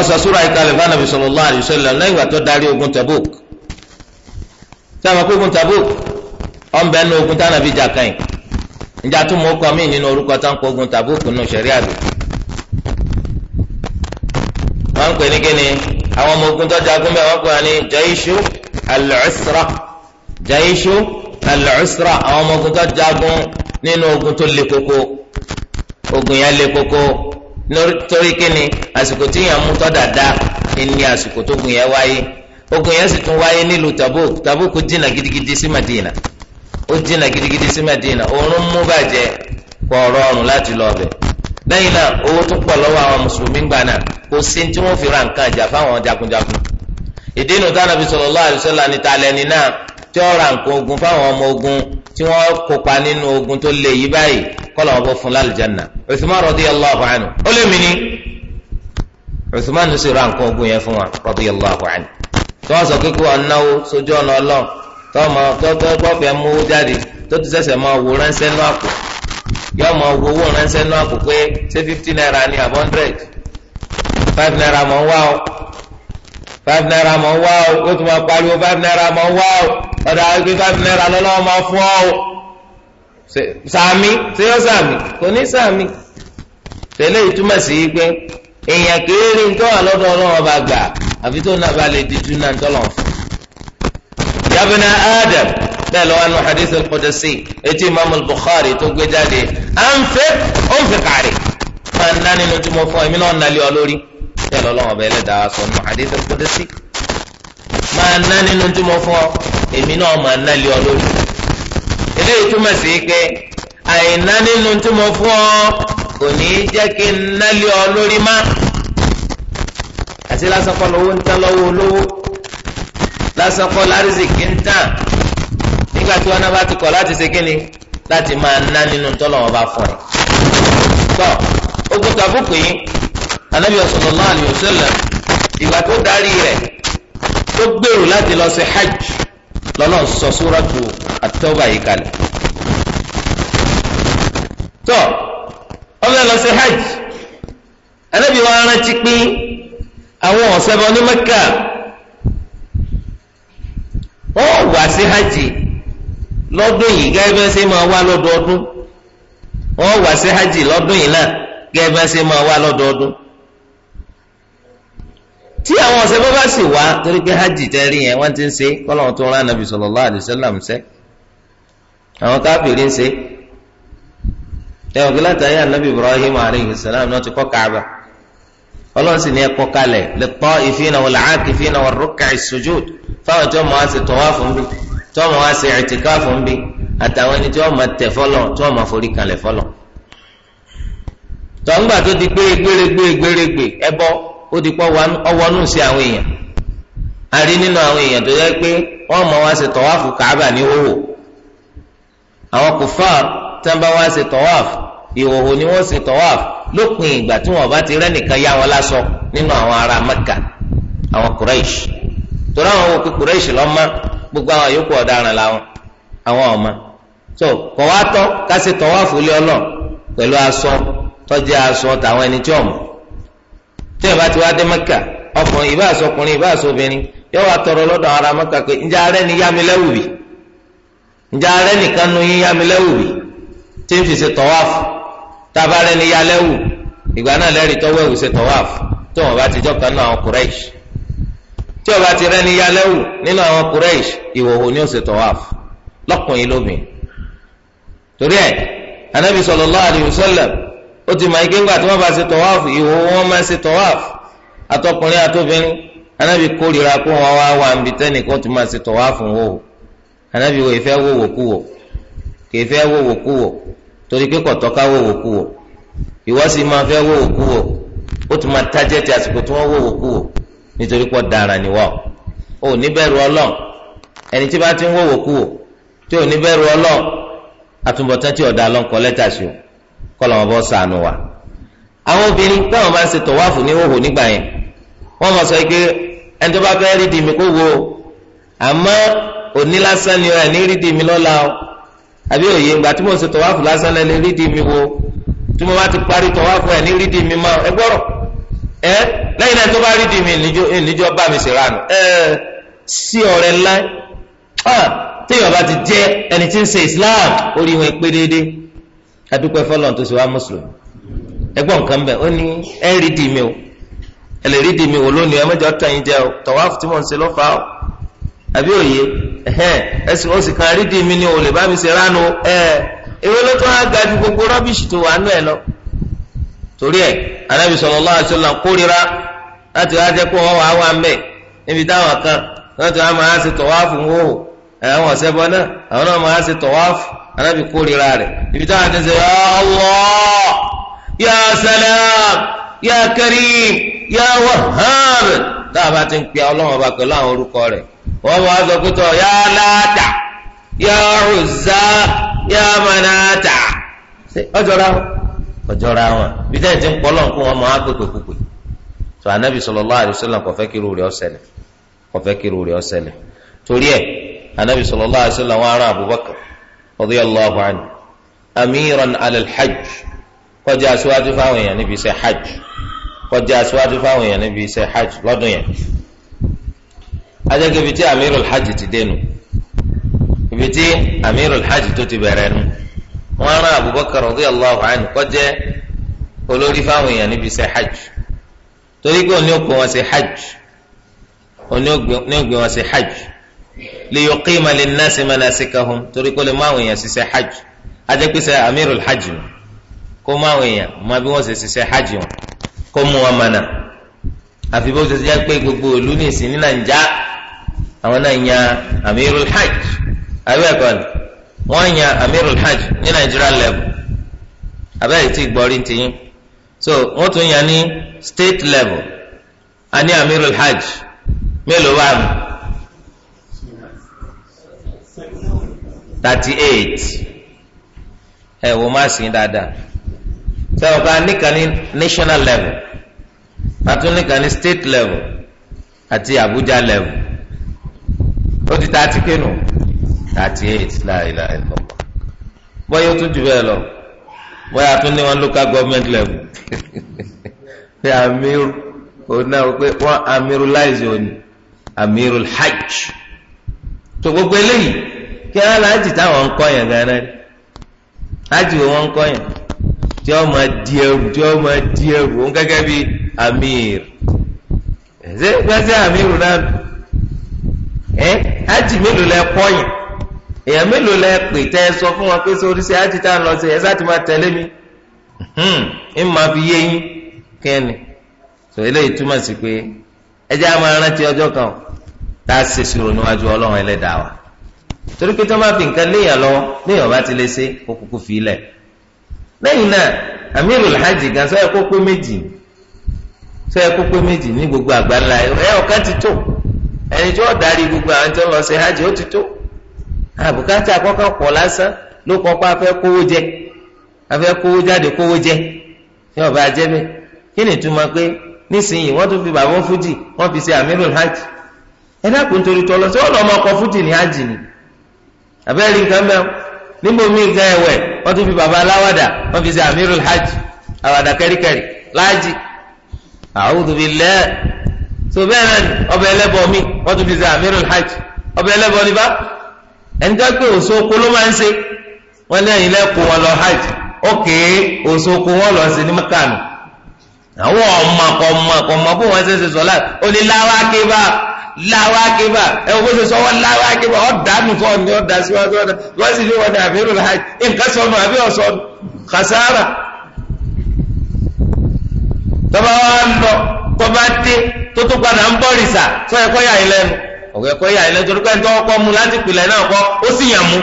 ọsọ súra ìkàlẹ̀ fanabi sallallahu alaihi wasallam lẹ́yìn ìgbà tó darí ogun Tabuk sábà pé ogun Tabuk ọ̀nbẹ nu ogun tánàbí jà kàn yìí ìjà tó mú kọ́ mí nínú orúkọ tá ń kó ogun Tabuk nù sẹ́rí àlù wọ́n ń pè ní kíni àwọn ọmọ ogun tó jagun bẹ́ẹ̀ wọ́n pè ní jaishu al-usra jaishu àwọn ọmọ ogun tó jagun nínú ogun tó le koko ogun yẹn le koko. lórí kíni àsìkò tí yàn mú tọ́ dáadáa ní àsìkò tó gùn yẹn wáyé ogun yẹn sì tún wáyé nílùú Tabuk Tabuk jìnnà gidigidi sí Madina ó jìnnà gidigidi sí Madina òórùn mú bàjẹ́ kò rọrùn láti lọ bẹ̀ lẹ́yìn náà owó tó pọ̀ lọ́wọ́ àwọn mùsùlùmí gbà náà kò sí tí wọ́n fi ra nǹkan ìjà fáwọn jagunjagun ìdí inú tánàbí ogun fáwọn ọmọ ogun tí wọ́n kópa nínú ogun tó lè yí báyìí kọ́lọ̀ wọn bó fún lálùjáná Uthman radiyallahu anhu ó lé mi ní Uthman sì ra nǹkan ogun yẹn fún wa radiyallahu anhu tí wọ́n sọ kíkú ọ̀náwó sójú ọ̀nà ọlọ́ tọ́mọ tọ́gbọ́fẹ́ mú jáde tó ti sẹ̀sẹ̀ máa wò ránṣẹ́ nú àpò yọ máa wò owó ránṣẹ́ nú àpò pé ṣé fifty naira ni àbọ̀ndrẹ́d five naira mọ̀ ń wá o five naira mọ̀ ń wá o ó tún máa pariwo five naira mọ̀ ń wá o ọ̀dà àgbẹ̀ five naira lọ́lọ́wọ́ máa fún ọ o sàmì ṣé yọ sàmì kò ní sàmì tẹ̀lé ìtumọ̀ sí pé èèyàn kéèrè nǹkan wà lọ́dọ̀ ọlọ́wọ́ bá gbà àfi tó nàbà lè dijú náà tọ́lọ̀ fún. yabna adam bẹ́ẹ̀ lọ́wọ́ nu hadith al-qudsi etí imam bukhari tó gbé jáde à ń fẹ́ ó ń fẹ́ kàrí máa ń ná nínú tí mo fọ́ ẹ̀mí náà ń nalẹ́ ọ lórí bẹ́ẹ̀ lọ́lọ́run ọba ẹlẹ́dàá sọ nínú hadithul qudsi máa ná nínú tí mo fọ́ èmi náà máa ná lé ọ lórí eléyìí túmọ̀ sí pé àìná nínú tí mo fọ́ kò ní í jẹ́ kí n ná lé ọ lórí má àti lásán kọ́ lówó ń tán lọ́wọ́ olówó lásán kọ́ ti kọ̀ láti ṣe kí ni láti máa ná nínú tọ́lọ́wọ́n bá fọ́ ẹ̀ tọ́ ogun tàbùkù yìí anabi sallallahu alayhi wa sallam ìgbà tó darí rẹ̀ tó gbèrò láti lọ sí hajj lọ́nà sọ súratu at-Tawba yìí kalẹ̀ tó ọmọ lọ sí hajj anabi wa rántí pé àwọn ọ̀sẹ̀ bọ́ ní Mẹ́kà wọ́n wá sí hajj lọ́dún yìí gẹ́gẹ́ bí wọ́n ṣe máa wá lọ́dọọdún wọ́n wá sí hajj lọ́dún yìí náà gẹ́gẹ́ bí wọ́n ṣe máa wá lọ́dọọdún tí àwọn ọ̀sẹ̀ bó bá sì wá torí pé hajj tẹ́rí yẹn wọ́n ti ń ṣe kọ́lọ́n tó rán anabi sallallahu alaihi wasallam ṣe àwọn káfíìrì ń ṣe ẹ̀wọ̀n kí látàrí anabi ibrahim aleyhi salam náà ti kọ́ kaaba ọlọ́run sì ní ẹ̀kọ́ kalẹ̀ lit-ta'ifina wal-'akifina war-ruk'i sujud fáwọn tí wọ́n máa ṣe tawaf fún bí tí wọ́n máa ṣe i'tikaf fún bí àtàwọn wọ́n máa tẹ̀ fọ́lọ̀ tí wọ́n máa forí kalẹ̀ fọ́lọ̀ tọ́ngbà tó ó di pọ́ ọwọ́nú sí àwọn èèyàn a rí nínú àwọn èèyàn tó yẹ pé wọ́n mọ̀ wá ṣe tọ́wáfù káàbà ní òwò àwọn kùfáà tí bá wá ṣe tọ́wáfù ìhòhò ni wọ́n ṣe tọ́wáfù lópin ìgbà tí wọ́n bá ti rẹ́nìkan yá wọn lásọ nínú àwọn ará Mẹ́kà àwọn Quraish torí àwọn òkú Quraish lọ́mọ gbogbo àwọn yòókù ọ̀daràn làwọn àwọn ọ̀ma so kọ̀ wá tọ́ ká ṣe tọ́wáfù lé ọlọ́ pẹ̀lú aṣọ tọ́jú aṣọ tàwọn ẹni tí ọ̀mọ̀ tí ìbá ti wá dé mẹ́kà ọkùnrin ìbá àsọkùnrin ìbá àsọbìnrin yóò wá tọrọ lọ́dọ̀ ara mẹ́kà pé ǹjẹ́ arẹ́ ni yá mi lẹ́wù bì ǹjẹ́ arẹ́ nìkan nu yín yá mi lẹ́wù bì tí ń fi ṣe tọ́wáfù tábà rẹ́ ni yá lẹ́wù ìgbà náà lẹ́rìí tọ́wọ́ ẹ̀wù ṣe tọ́wáfù tí wọn bá ti jọ́ kan náà àwọn Quraysh tí ọba ti rẹ́ ni yá lẹ́wù nínú àwọn Quraysh ìwòho ni ó ṣe tọ́wáfù lọ́kùnrin lóbìn torí ẹ̀ anábì sallallahu alaihi ó ti mọ ike ńgbà tí wọ́n bá ṣe tọ́wáàfù ìhòòhò wọn máa ṣe tọ́wáàfù àtọkùnrin àtobìnrin anábì kórìíra kó wọn wá wà níbi tẹ́nìkan tó máa ṣe tọ́wáàfù wò ó anábì wò ìfẹ́ wò wò kú wò kì í fẹ́ wò wò kú wò torí pé kọ̀tọ́ ká wò wò kú wò ìwọ sì máa fẹ́ wò kú wò ó tún máa tájẹ́ ti àsìkò tí wọ́n wò kú wò nítorí pọ̀ dára níwọ̀ ò níbẹ̀rù ọlọ́ọ̀ ẹni tí bá ti ń wò kú wò tí ò níbẹ̀rù ọlọ́ọ̀ àtúbọ̀tán tí ọ̀dà lọ́nkọ lẹ́tà sí o kọ́lọ̀ wọn sànù wa. àwọn obìnrin táwọn bá ń ṣe tọ̀wáfù ní hòhò nígbà yẹn wọ́n mọ̀ sọ pé ẹni tó bá fẹ́ rí di mi kó wo àmọ́ òní lásán ni ẹ̀ ní rí di mi lọ́la o àbí òye ìgbà tí mo ń ṣe tọ̀wáfù lásán lẹ́ ní rí di mi wo tí mo bá ti parí tọ̀wáfù ẹ̀ ní rí di mi mọ́ ẹ gbọ́rọ̀ ẹ lẹ́yìn náà tó bá rí di mi níjọ́ bá mi sì ránù ẹ sí ọ̀rẹ́ ńlá téèyàn bá ti jẹ́ ẹni tí ń ṣe Islam orí wọn pé déédéé adúpẹ́ fọlọ́n tó ṣe wá mùsùlùmí ẹgbọ́n nǹkan bẹ́ẹ̀ ó ní ẹ o ẹ lè rí di mi o lónìí ẹ mẹ́jọ tàn yín jẹ o tọ̀wáfù tí mò ń ṣe o àbí òye ẹ sì ó sì kan rí di mi ni o lè bá gbogbo rọ́bìṣì tó wà nù lọ torí ẹ anábì kórira láti wá jẹ́ wọ́n wà kan láti wá máa ṣe ń wò àwọn ọ̀sẹ̀ bọ́ náà anabi kórìíra rẹ̀ ibi táwọn àti ń sẹ ya Allah ya salam ya karim ya wahhab táwọn bá ti ń pè ọlọ́run ọba pẹ̀lú àwọn orúkọ rẹ̀ wọ́n bá sọ pé tọ́ ya láàtà ya Uzza ya manata ọjọ́ra ọjọ́ra wọn ibi táwọn ti ń pọ̀ ọlọ́run kó wọn mọ̀ á pèpè pèpè tó anabi sallallahu alaihi wasallam kò fẹ́ kí irú rẹ̀ ó fẹ́ kí irú rẹ̀ torí ẹ̀ anabi sallallahu alaihi wasallam wọn ará Abubakar radiyallahu anhu amiran ala al-hajj kọjá aṣáájú fáwọn èèyàn níbi iṣẹ́ hajj kọjá aṣáájú fáwọn èèyàn níbi iṣẹ́ hajj lọ́dún yẹn ajẹ́kẹ́ ibi tí amirul hajj ti dẹnu ibi tí amirul hajj tó ti bẹ̀rẹ̀ nu wọ́n rán abubakar radiyallahu anhu kọjá olórí fáwọn èèyàn níbi iṣẹ́ hajj torí pé òní òpin wọn ṣe hajj òní ògbé wọn ṣe hajj liyuqima linnasi manasikahum torí kó lè mú àwọn èèyàn ṣiṣẹ́ hajj ajẹ́pẹ́sẹ́ amirul hajj nù kó mú àwọn èèyàn mọ bí wọ́n ṣe ṣiṣẹ́ hajj wọn kó mú wọn mọ̀nà àfi bó ṣe jẹ́ pé gbogbo ìlú ní ìsìn ní nàìjà àwọn náà yan amirul hajj abẹ́ẹ̀kọ́ ni wọ́n yan amirul hajj ní nàìjíríà level abẹ́ẹ̀ tí gbọ́rí ti so wọ́n tún yan ní state level a ní amirul hajj mélòó wà mí thirty eight ẹ wo má sí dáadáa sẹ́wọ̀n bá nìkan ní national level àtún nìkan ní state level àti Abuja level ó ti thirty kéènù thirty eight láìláì lọ bóyá ó tún jù bẹ́ẹ̀ lọ bóyá tún ní wọn local government level pé amiru òun náà pé wọn amiru láìsí òní amiru hajj tó gbogbo eléyìí. kí wọn láti táwọn ń kọyàn gánà rí wọn ń kọyàn tí wọn máa di ẹrù tí wọn máa di ẹrù bí amir ṣé gbèsè amir náà ẹ láti mélòó lẹ kọyàn èèyàn mélòó lẹ pè tẹ ẹ sọ fún wọn pé sórí ṣe lọ sí ẹ sáà mi ń máa fi yé yín kẹ́ni eléyìí túmọ̀ sí pé ẹ jẹ́ àwọn ọjọ́ kan tá a ṣe níwájú ọlọ́run ẹlẹ́dàá wa. torí pé tó máa fi nǹkan léèyàn lọ léèyàn bá ti lè ṣe kó kúkú fi lẹ̀ lẹ́yìn náà amirul hajj gan sọ yẹ kó pé méjì sọ gbogbo àgbáńlá ẹ ti tó ẹni tí darí gbogbo àwọn tó lọ ṣe hajj ó ti tó àbùkátà kọ́kọ́ pọ̀ lásán ló kọ́kọ́ afẹ́ kówó jẹ afẹ kówó jáde kówó jẹ ní ọba ajẹ́bẹ̀ kí ni pé nísìnyí tún fi bàbá fújì fi ṣe ẹ dákun torí àbẹ́rẹ́ nǹkan mẹ́wọ́ níbo mi gan ẹ̀wẹ̀ wọ́n tún fi bàbá aláwàdà wọ́n fi ṣe amirul hajj àwàdà kẹ́ríkẹ́rí láàjì a'udhu billah tó bẹ́ẹ̀ náà ọbẹ̀ ẹlẹ́bọ mi wọ́n tún fi ṣe amirul hajj ọbẹ̀ ẹlẹ́bọ ni bá ẹni tó pé òṣòkò ló máa ń ṣe wọ́n ní ẹ̀yìn lẹ́kọ̀ọ́ wọn lọ hajj ókè òṣòkò wọn lọ sí ní mẹ́kànù àwọn ọmọ kọ̀ ọmọ bó wọn ṣe ṣe sọ láwa kébà ẹ wọ́n ṣe sọ wọ́n láwa kébà ọ̀ dànù fọ́ ni ọ̀ dà síwájú ọ̀dà wọ́n sì ní wọn ní àbí ìrùlá hajj nǹkan sọnù àbí ọ̀sọnù kàsára tọ́ba wa ń lọ tọ́ba dé tó tó padà ń bọ̀ rìsà sọ ẹ̀kọ́ yà ilẹ̀ nu ọ̀gá ẹ̀kọ́ yà ilẹ̀ torí pé ń tọ́kọ́ mu láti pìlẹ̀ náà kọ́ ó sì yàn mú.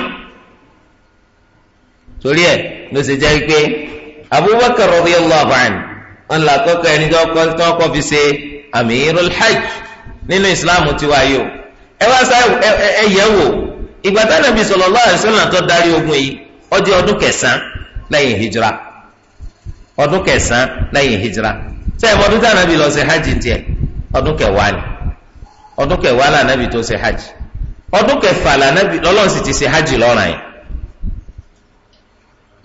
torí ẹ̀ ló ṣe jẹ́ pé Abubakar radiyallahu anhu wọn là kọ́kọ́ ẹni tọ́kọ́ fi ṣe Amirul Hajj nínú islam tiwa yìí o ẹ wá sá ẹ yẹ̀ wò ìgbà tí Ànábì sallallahu alaihi darí ogun yìí ọ dị ọdún kẹsàn-án lẹ́yìn hijra ọdún kẹsàn-án lẹ́yìn hijra ọdún lọ ṣe hajj tiẹ̀ ọdún kẹwàá ni ọdún kẹwàá là hajj ọdún kẹfà là sì hajj lọ́ràn yìí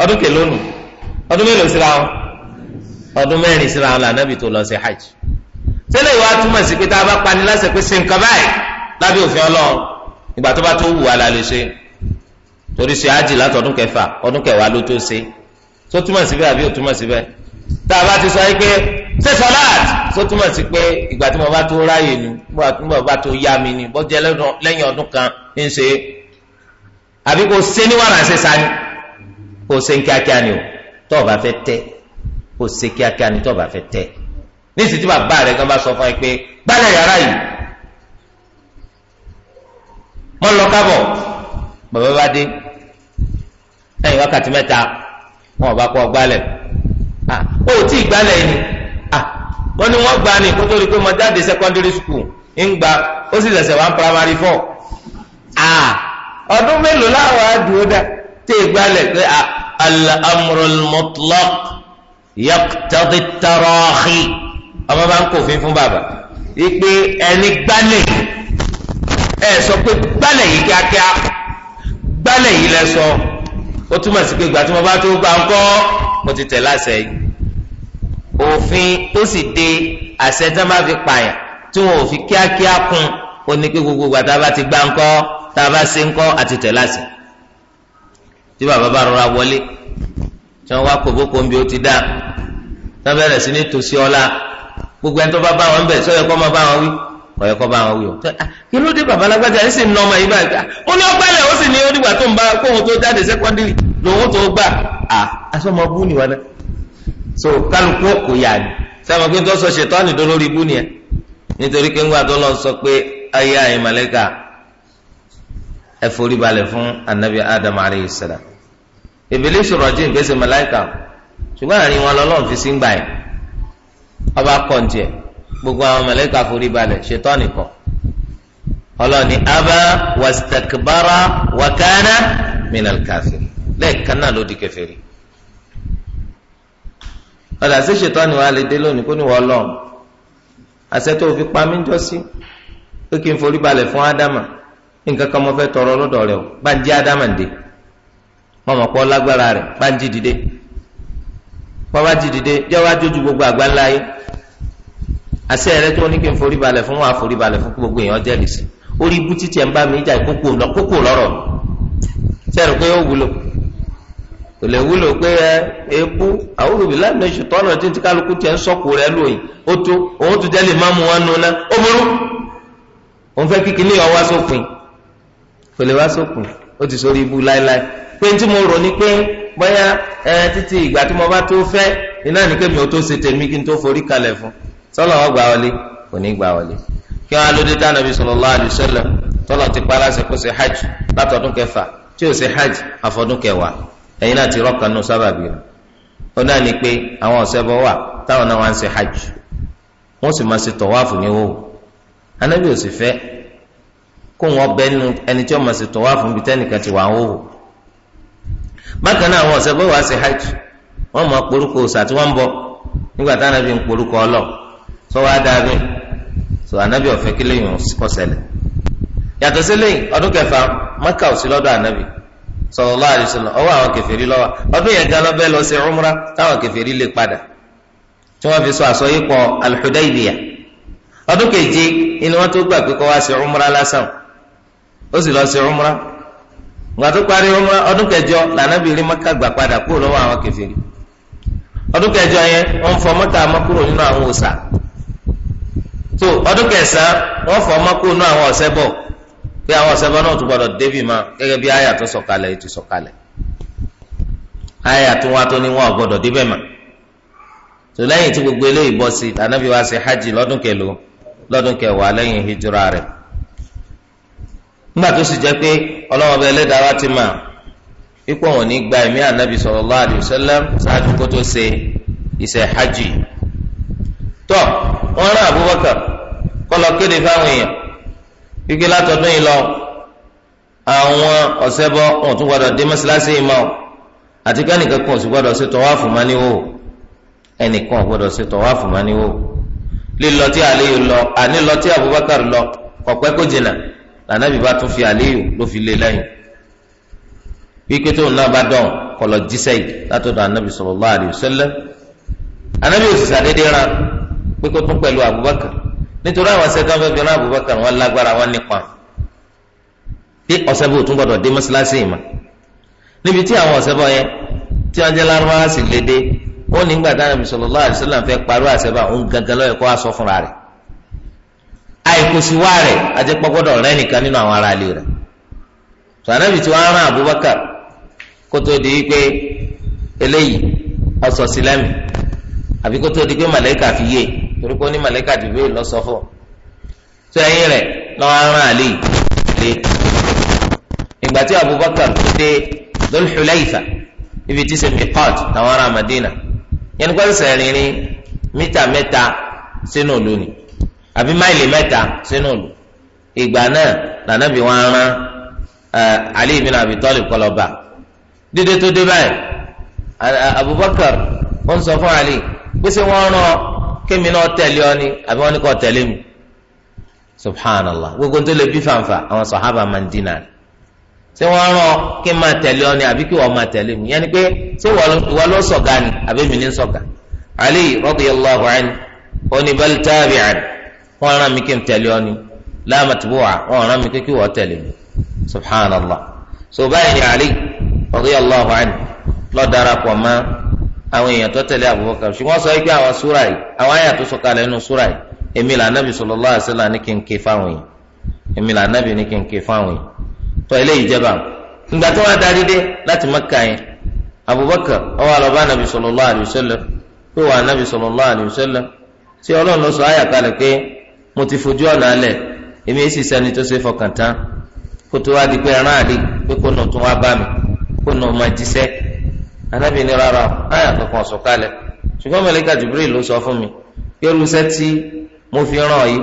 ọdún kẹlónù ọdún mélòó síra wọn sẹ́lẹ̀ ìwà túmọ̀ sí pé tá a bá pani láṣẹ pé ṣe nǹkan báyìí lábẹ́ òfin ọlọ́run ìgbà tó bá tó wù wá la lè ṣe torí ṣe ájì láti ọdún kẹfà ọdún kẹwàá ló tó ṣe tó túmọ̀ síbẹ̀ àbí ò túmọ̀ síbẹ̀ tá a bá ti sọ pé ṣe sọláàt tó túmọ̀ sí pé ìgbà tí mo bá tó ráàyè nu mo bá tó yá mi ni bọ́jẹ́ lẹ́yìn ọdún kan ń ṣe àbí kò ṣe ní wàrà ṣe sani kò ṣe kíákíá ni o tó o bá fẹ́ tẹ́ kò ṣe kíákíá ni tó o bá fẹ́ tẹ́ nísìsiyìí tí bàbá rẹ gan sọ fún ẹ pé gbálẹ̀ yàrá yìí mọ́ lọ kábọ̀ bàbá bá dé lẹ́yìn wákàtí mẹ́ta wọn ò bá kọ́ gbálẹ̀ ó tí ì gbálẹ̀ yìí wọ́n ní wọ́n gba ni kó rí pé mo jáde secondary school ń gba ó sì lẹ̀sẹ̀ wá primary four ọdún mélòó láwọn àdúró dá tí ì gbálẹ̀ pé al-amrul mutlaq yaqtadi tarahi ọmọ bá ń kòfin fún bàbá ipe ẹni gbálẹ̀ ẹ sọ pé gbálẹ̀ yìí kíákíá gbálẹ̀ yìí lẹ sọ ó túmọ̀ sí pé ìgbà tí mo bá tó gbà ń kọ́ mo ti tẹ̀ láṣẹ yìí òfin tó sì de àṣẹ tí wọ́n bá fi pààyàn tí wọn ò fi kíákíá kún ó ní pé gbogbo ìgbà tá a bá ti gbà ń kọ́ tá a bá ṣe ń kọ́ àti tẹ̀ láṣẹ tí bàbá bá rọra wọlé tí wọ́n wá kòbókò ń bí ó ti dá tí wọ́n bẹ̀rẹ̀ sí ní tòsí ọlá. gbogbo ẹni tó bá bá wọn ba sọ yẹ kó máa bá wọn wí ọ̀yẹ́ kọ́ bá wọn wí o. kí ló dé bàbá alágbájá ẹ̀ sì ń nọmọ yìí báyìí ó ní ọgbẹ́lẹ̀ ó sì ní onígbà tó ń bá kóhun tó jáde sẹ́kọ́ndìrì lòun tó gbà á bú ni wọn. so kálukú kò yà ni sábà tó ni ẹ nítorí kengwa ńgbà lọ sọ pé ayé ayé ẹ forí fún anabi adam ọba kọ̀ǹtì ẹ̀ gbogbo àwọn mọ̀lẹ́kà forí balẹ̀ ṣètọ́ nìkan ọlọ́ni abá wàsítakbara wàkánà minal kafir lẹ́ẹ̀kan náà ló di kèfèrí ọ̀dà sí ṣètọ́ ni wàá lè dé lónìí kó ní wọ́n lọ́ọ̀ àṣẹ tó fi pa mí jọ sí pé kí n forí balẹ̀ fún ádámà nǹkan kan mo fẹ́ tọrọ lọ́dọ̀ rẹ̀ o bá ń jí ádámà ń dé mọ̀mọ́ lágbára rẹ̀ bá ń jí dìde. bọ́ba ti dìde jẹ́ wá jójú gbogbo yìí àṣẹ rẹ tó ní kí n forí balẹ̀ fún wa forí balẹ̀ fún gbogbo èèyàn jẹ́rìí sí orí ibú títí ẹ̀ ń bá mi jà kókó lọ kókó lọ́rọ̀ sẹ́rù pé ó wúlò kò lè wúlò pé ẹ ebú àwòrán tí kálukú tiẹ̀ ń rẹ lóyìn ó tó òun jẹ́ lè má mu wọn ó burú òun fẹ́ kí sópin bóyá ẹ títí ìgbà tí mo bá tó fẹ́ iná ní kémi ò tó ṣe tèmi kí n tó forí kalẹ̀ fún sọlọ wọn gbà wọlé kò ní gbà wọlé kí wọn alóde dáná bí alaihi tọlọ ti pa aláṣẹ kó ṣe hajj látọdún kẹfà tí ò ṣe hajj kẹwàá náà ti rọkàn nù sábàbí rẹ ó náà ní pé àwọn ọ̀sẹ̀ bọ̀ wà táwọn náà hajj sì máa ṣe ní wò anábì ò sì fẹ́ bákan náà àwọn ọ̀sẹ̀ bó wàá hajj wọ́n mọ porúkọ òòṣà tí wọ́n ń bọ nígbà táwọn ànábì ń porúkọ ọlọ́ sọ wá dáa sọ ànábì ọ̀fẹ́ kí lẹ́yìn sí ọdún kẹfà maka ò sí anabi ànábì sallallahu alaihi wasallam àwọn kèfèrí lọ́wọ́ ọdún yẹn gan lọ́bẹ̀ lọ sí umra táwọn kèfèrí lè padà tí fi sọ àsọyípo al-Hudaybiyah ọdún ìgbà tó parí ọdún kẹjọ lànàbí rí mọ́kà gbà padà kúrò lọ́wọ́ àwọn kẹfìrí ọdún kẹjọ yẹn wọ́n fọ mọ́kà mọ́ kúrò nínú àwọn òòṣà tó ọdún kẹsàn-án wọ́n fọ mọ́ nínú àwọn ọ̀ṣẹbọ pé àwọn náà gbọdọ̀ débì gẹ́gẹ́ bí àyà tó sọ̀kalẹ̀ hajj lọ́dún kẹlò lọ́dún kẹwàá lẹ́yìn hijira rẹ̀ nígbà tó sì jẹ́ pé ọlọ́wọ́n bẹ lẹ́dàá wa ti mà ipò wọn ní gba ẹ̀mí ànábì sallallahu alaihi wasallam ṣáájú kó tó ṣe iṣẹ́ hajj tọ́ wọ́n rán Abubakar kọ́lọ́ kéde fáwọn èèyàn gbígbé látọdún yìí lọ àwọn ọ̀sẹ́bọ wọn tún gbọdọ̀ dé mọ́ṣáláṣí yìí mọ́ àti ká nìkan kan sì gbọdọ̀ ṣe tọ́wáfù má ẹnìkan gbọdọ̀ ṣe tọ́wáfù má lílọ tí Aliyu lọ àní lọ tí Abubakar lọ kọ̀pẹ́ kó jìnnà lànàbí bá tún fi àléyò ló fi lé lẹ́yìn wípé tóun náà bá dán kọlọ jíṣẹ́ yìí látọ̀dọ̀ ànábì sallallahu alaihi wasallam ànábì òsìsà dédé rán pé kó tún pẹ̀lú Abubakar nítorí àwọn ṣẹ́ tán fẹ́ fi rán Abubakar wọn lágbára wọn nípa pé ọ̀sẹ̀ bò tún gbọdọ̀ dé mọ́ṣáláṣí ìmọ̀ níbi tí àwọn ọ̀sẹ̀ bọ̀ yẹn tí wọ́n jẹ́ lárúbáwá sì léde wọ́n nígbà táwọn ànábì sallallahu alaihi wasallam fẹ́ parí àṣẹ bá òun gangan lọ́yẹ̀ kó wá sọ fúnra rẹ̀ ikú sí wá rẹ̀ àti pọ́gbọ́dọ̀ rẹ̀ nìkan nínú àwọn ará ilé rẹ̀ tó anábì tí wọ́n rán Abubakar kó tó di pé eléyìí ọsọ sílẹ̀mì àbí kó tó di pé màlẹ́kà fi yé torí kó ní màlẹ́kà ti bẹ́ẹ̀ lọ sọ fún tó ẹ̀yìn rẹ̀ lọ́wọ́ rán àlè lé ìgbà tí Abubakar tó dé Dhul ibi tí sèmi port táwọn ará Madina yẹn ní kó sẹ̀rìn ní mítà mẹ́ta sínú lónìí àbí máìlì mẹ́ta sínú ìlú ìgbà náà nànàbí wọn rán Ali ibn Abi Talib kọlọba dídé tó dé báyìí Abubakar ó ń sọ fún Ali pé ṣé wọn rán ọ kémi náà tẹ̀lé ọ ni àbí wọn ní kò tẹ̀lé mi subhanallah gbogbo tó lè bí fanfa àwọn sàhábà máa ń dínà rẹ ṣé wọn rán ọ kí n máa tẹ̀lé ọ ni àbí kí wọn máa tẹ̀lé mi yẹn ni pé ṣé ìwọ ló sọ̀gá ni àbí mi ní sọ̀gá Ali radiyallahu anhu oníbal tabi'an wọ́n rán mi kí n tẹ̀lé ọ ni láàmàtúbọ̀wà wọ́n rán mi kí wọ́n tẹ̀lé mi subhanallah so báyìí ni ali radiyallahu anhu lọ darapọ̀ mọ́ àwọn èèyàn tó tẹ̀lé abubakar ṣùgbọ́n sọ pé àwọn súra yìí àwọn àyà tó sọ̀kalẹ̀ nínú súra yìí èmi là nàbì sallallahu alaihi wasallam ní kí n ké fáwọn yìí èmi là nàbì ní kí n ké fáwọn yìí tó eléyìí jẹba ìgbà tó wà darí dé láti Mẹ́kà yẹn abubakar ọwọ́ àlọ́bá nàbì sallallahu alaihi wasallam pé wà nàbì sallallahu alaihi wasallam tí ọlọ́run lọ sọ àyà pé mo ti fojú ọ̀nà alẹ̀ èmi èsì sẹ́ni tó ṣe fọkàn tán kó tó wá di pé ẹran àlè pé kó nà tó wá bá mi kó nà ọmọ jíṣẹ́ anábì ní rárá kankan ṣùgbọ́n sọ fún mi pé irúṣẹ́ tí mo fi ràn yìí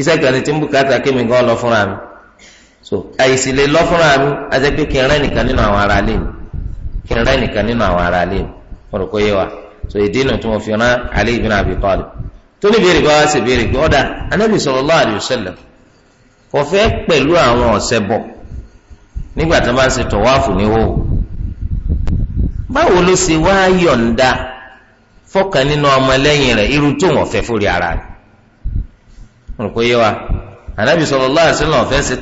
iṣẹ́ kan ní ń bùkátà so àìsí lè lọ fúnra mi àti pé kí n rẹ́ nìkan nínú àwọn ará mi wa so ìdí tí mo fi tóní béèrè bá wá sí béèrè pé ọ̀dà anábì sallallahu alaihi wasallam kò pẹ̀lú àwọn ọ̀sẹ̀ bọ̀ nígbà tó bá ń ṣe tọ̀wáàfù ní ló ṣe wá yọ̀ǹda fọ́kàn rẹ̀ irú tó wọ́n fẹ́ ara rẹ̀ wa ṣe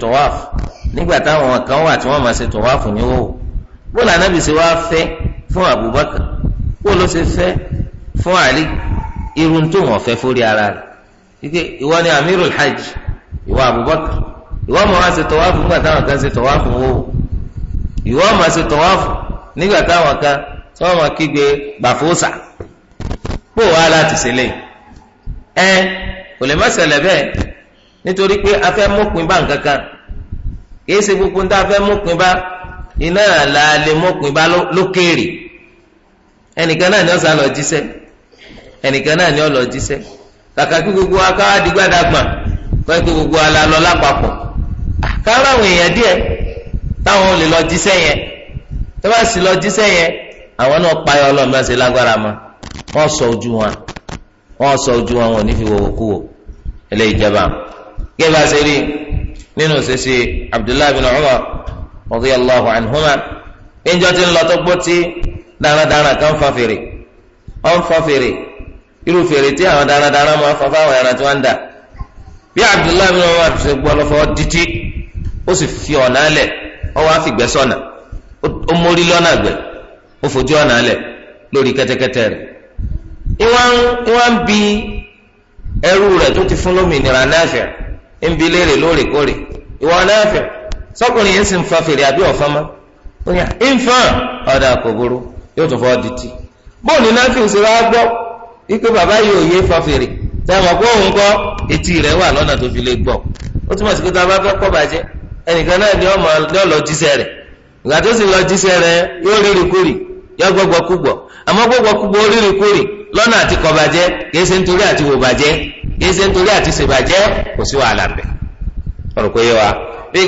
nígbà táwọn kan wà tí irun tó wọn fẹ́ fórí ara rẹ̀ ike ìwọ ni amirul hajj ìwọ abubakar ìwọ ọmọ wa ṣe tọwáfù nígbà táwọn kan ṣe tọwáfù wò ìwọ ọmọ ṣe tọwáfù nígbà táwọn kan tí wọn máa kígbe gbàfóòsà pò wá láti sílẹ̀ ẹ kò lè má ṣẹlẹ̀ bẹ́ẹ̀ nítorí pé a fẹ́ mọpin bá nǹkan kan kì í ṣe gbogbo ń tá a fẹ́ mọpin bá iná là mọpin bá lókèèrè ẹnìkan náà ni ọ̀sán lọ jíṣẹ́ ẹnìkan náà ni ọ lọ jíṣẹ́ kàkà kí gbogbo wa ká dìgbàdàgbà kọ́ ẹ́ pé gbogbo wa la lọ lápapọ̀ kára àwọn èèyàn díẹ̀ táwọn ò lè lọ jíṣẹ́ yẹn tó bá sì lọ jíṣẹ́ yẹn àwọn náà payọ ọlọ́run bá ṣe lágbára mọ́ wọ́n sọ ojú wọn wọ́n sọ ojú wọn wọn ò ní fi wọ́wọ́ kú wò bá ṣe rí nínú ṣẹṣẹ Abdullahi bin Umar radiyallahu anhuma níjọ́ tí ń lọ tó gbó tí darandaran kan fa fèrè ọ́n fa fèrè irú fèrè àwọn darandaran máa fọ fáwọn ẹran tí wọ́n ń dà bí abdullahi bin umar ṣe gbọ́ lọ́fọ́ títí ó fi ọ̀nà alẹ̀ ó wá sọ̀nà ó mórí lọ́nà àgbẹ̀ ó fojú ọ̀nà lórí kẹ́tẹ́kẹ́tẹ́ rẹ̀ ìwọ́n ń bi ẹrú rẹ̀ tó ti fún lómìnira Nafi' ń bi léèrè lóòrèkóòrè ìwọ Nafi' sọkùnrin yìí sì ń fa fèrè àbí ọ̀fọ́n mọ́ ó yà ń fọ́n ọ̀dà kò wípé bàbá yìí ò yé fọfèrè sẹ́wọ̀n kó òun kọ etí rẹ̀ wà lọ́nà tó fi lè gbọ ó túmọ̀ sí pé tá a bá fẹ́ kọ́ bàjẹ́ ẹnìkan náà ni ọmọ ní ọ̀lọ́ jíṣẹ́ rẹ̀ ìgbà tó sì lọ jíṣẹ́ rẹ̀ yóò rírì kúrì yóò gbọ́gbọ́ kúgbọ̀ àmọ́ gbọ́gbọ́ kúgbọ̀ ó rírì kúrì lọ́nà àti kọ́ bàjẹ́ kìí ṣe nítorí àti wò bàjẹ́ kìí ṣe nítorí àti ṣe bàjẹ́ kò sí wàhálà bẹ̀ wa bí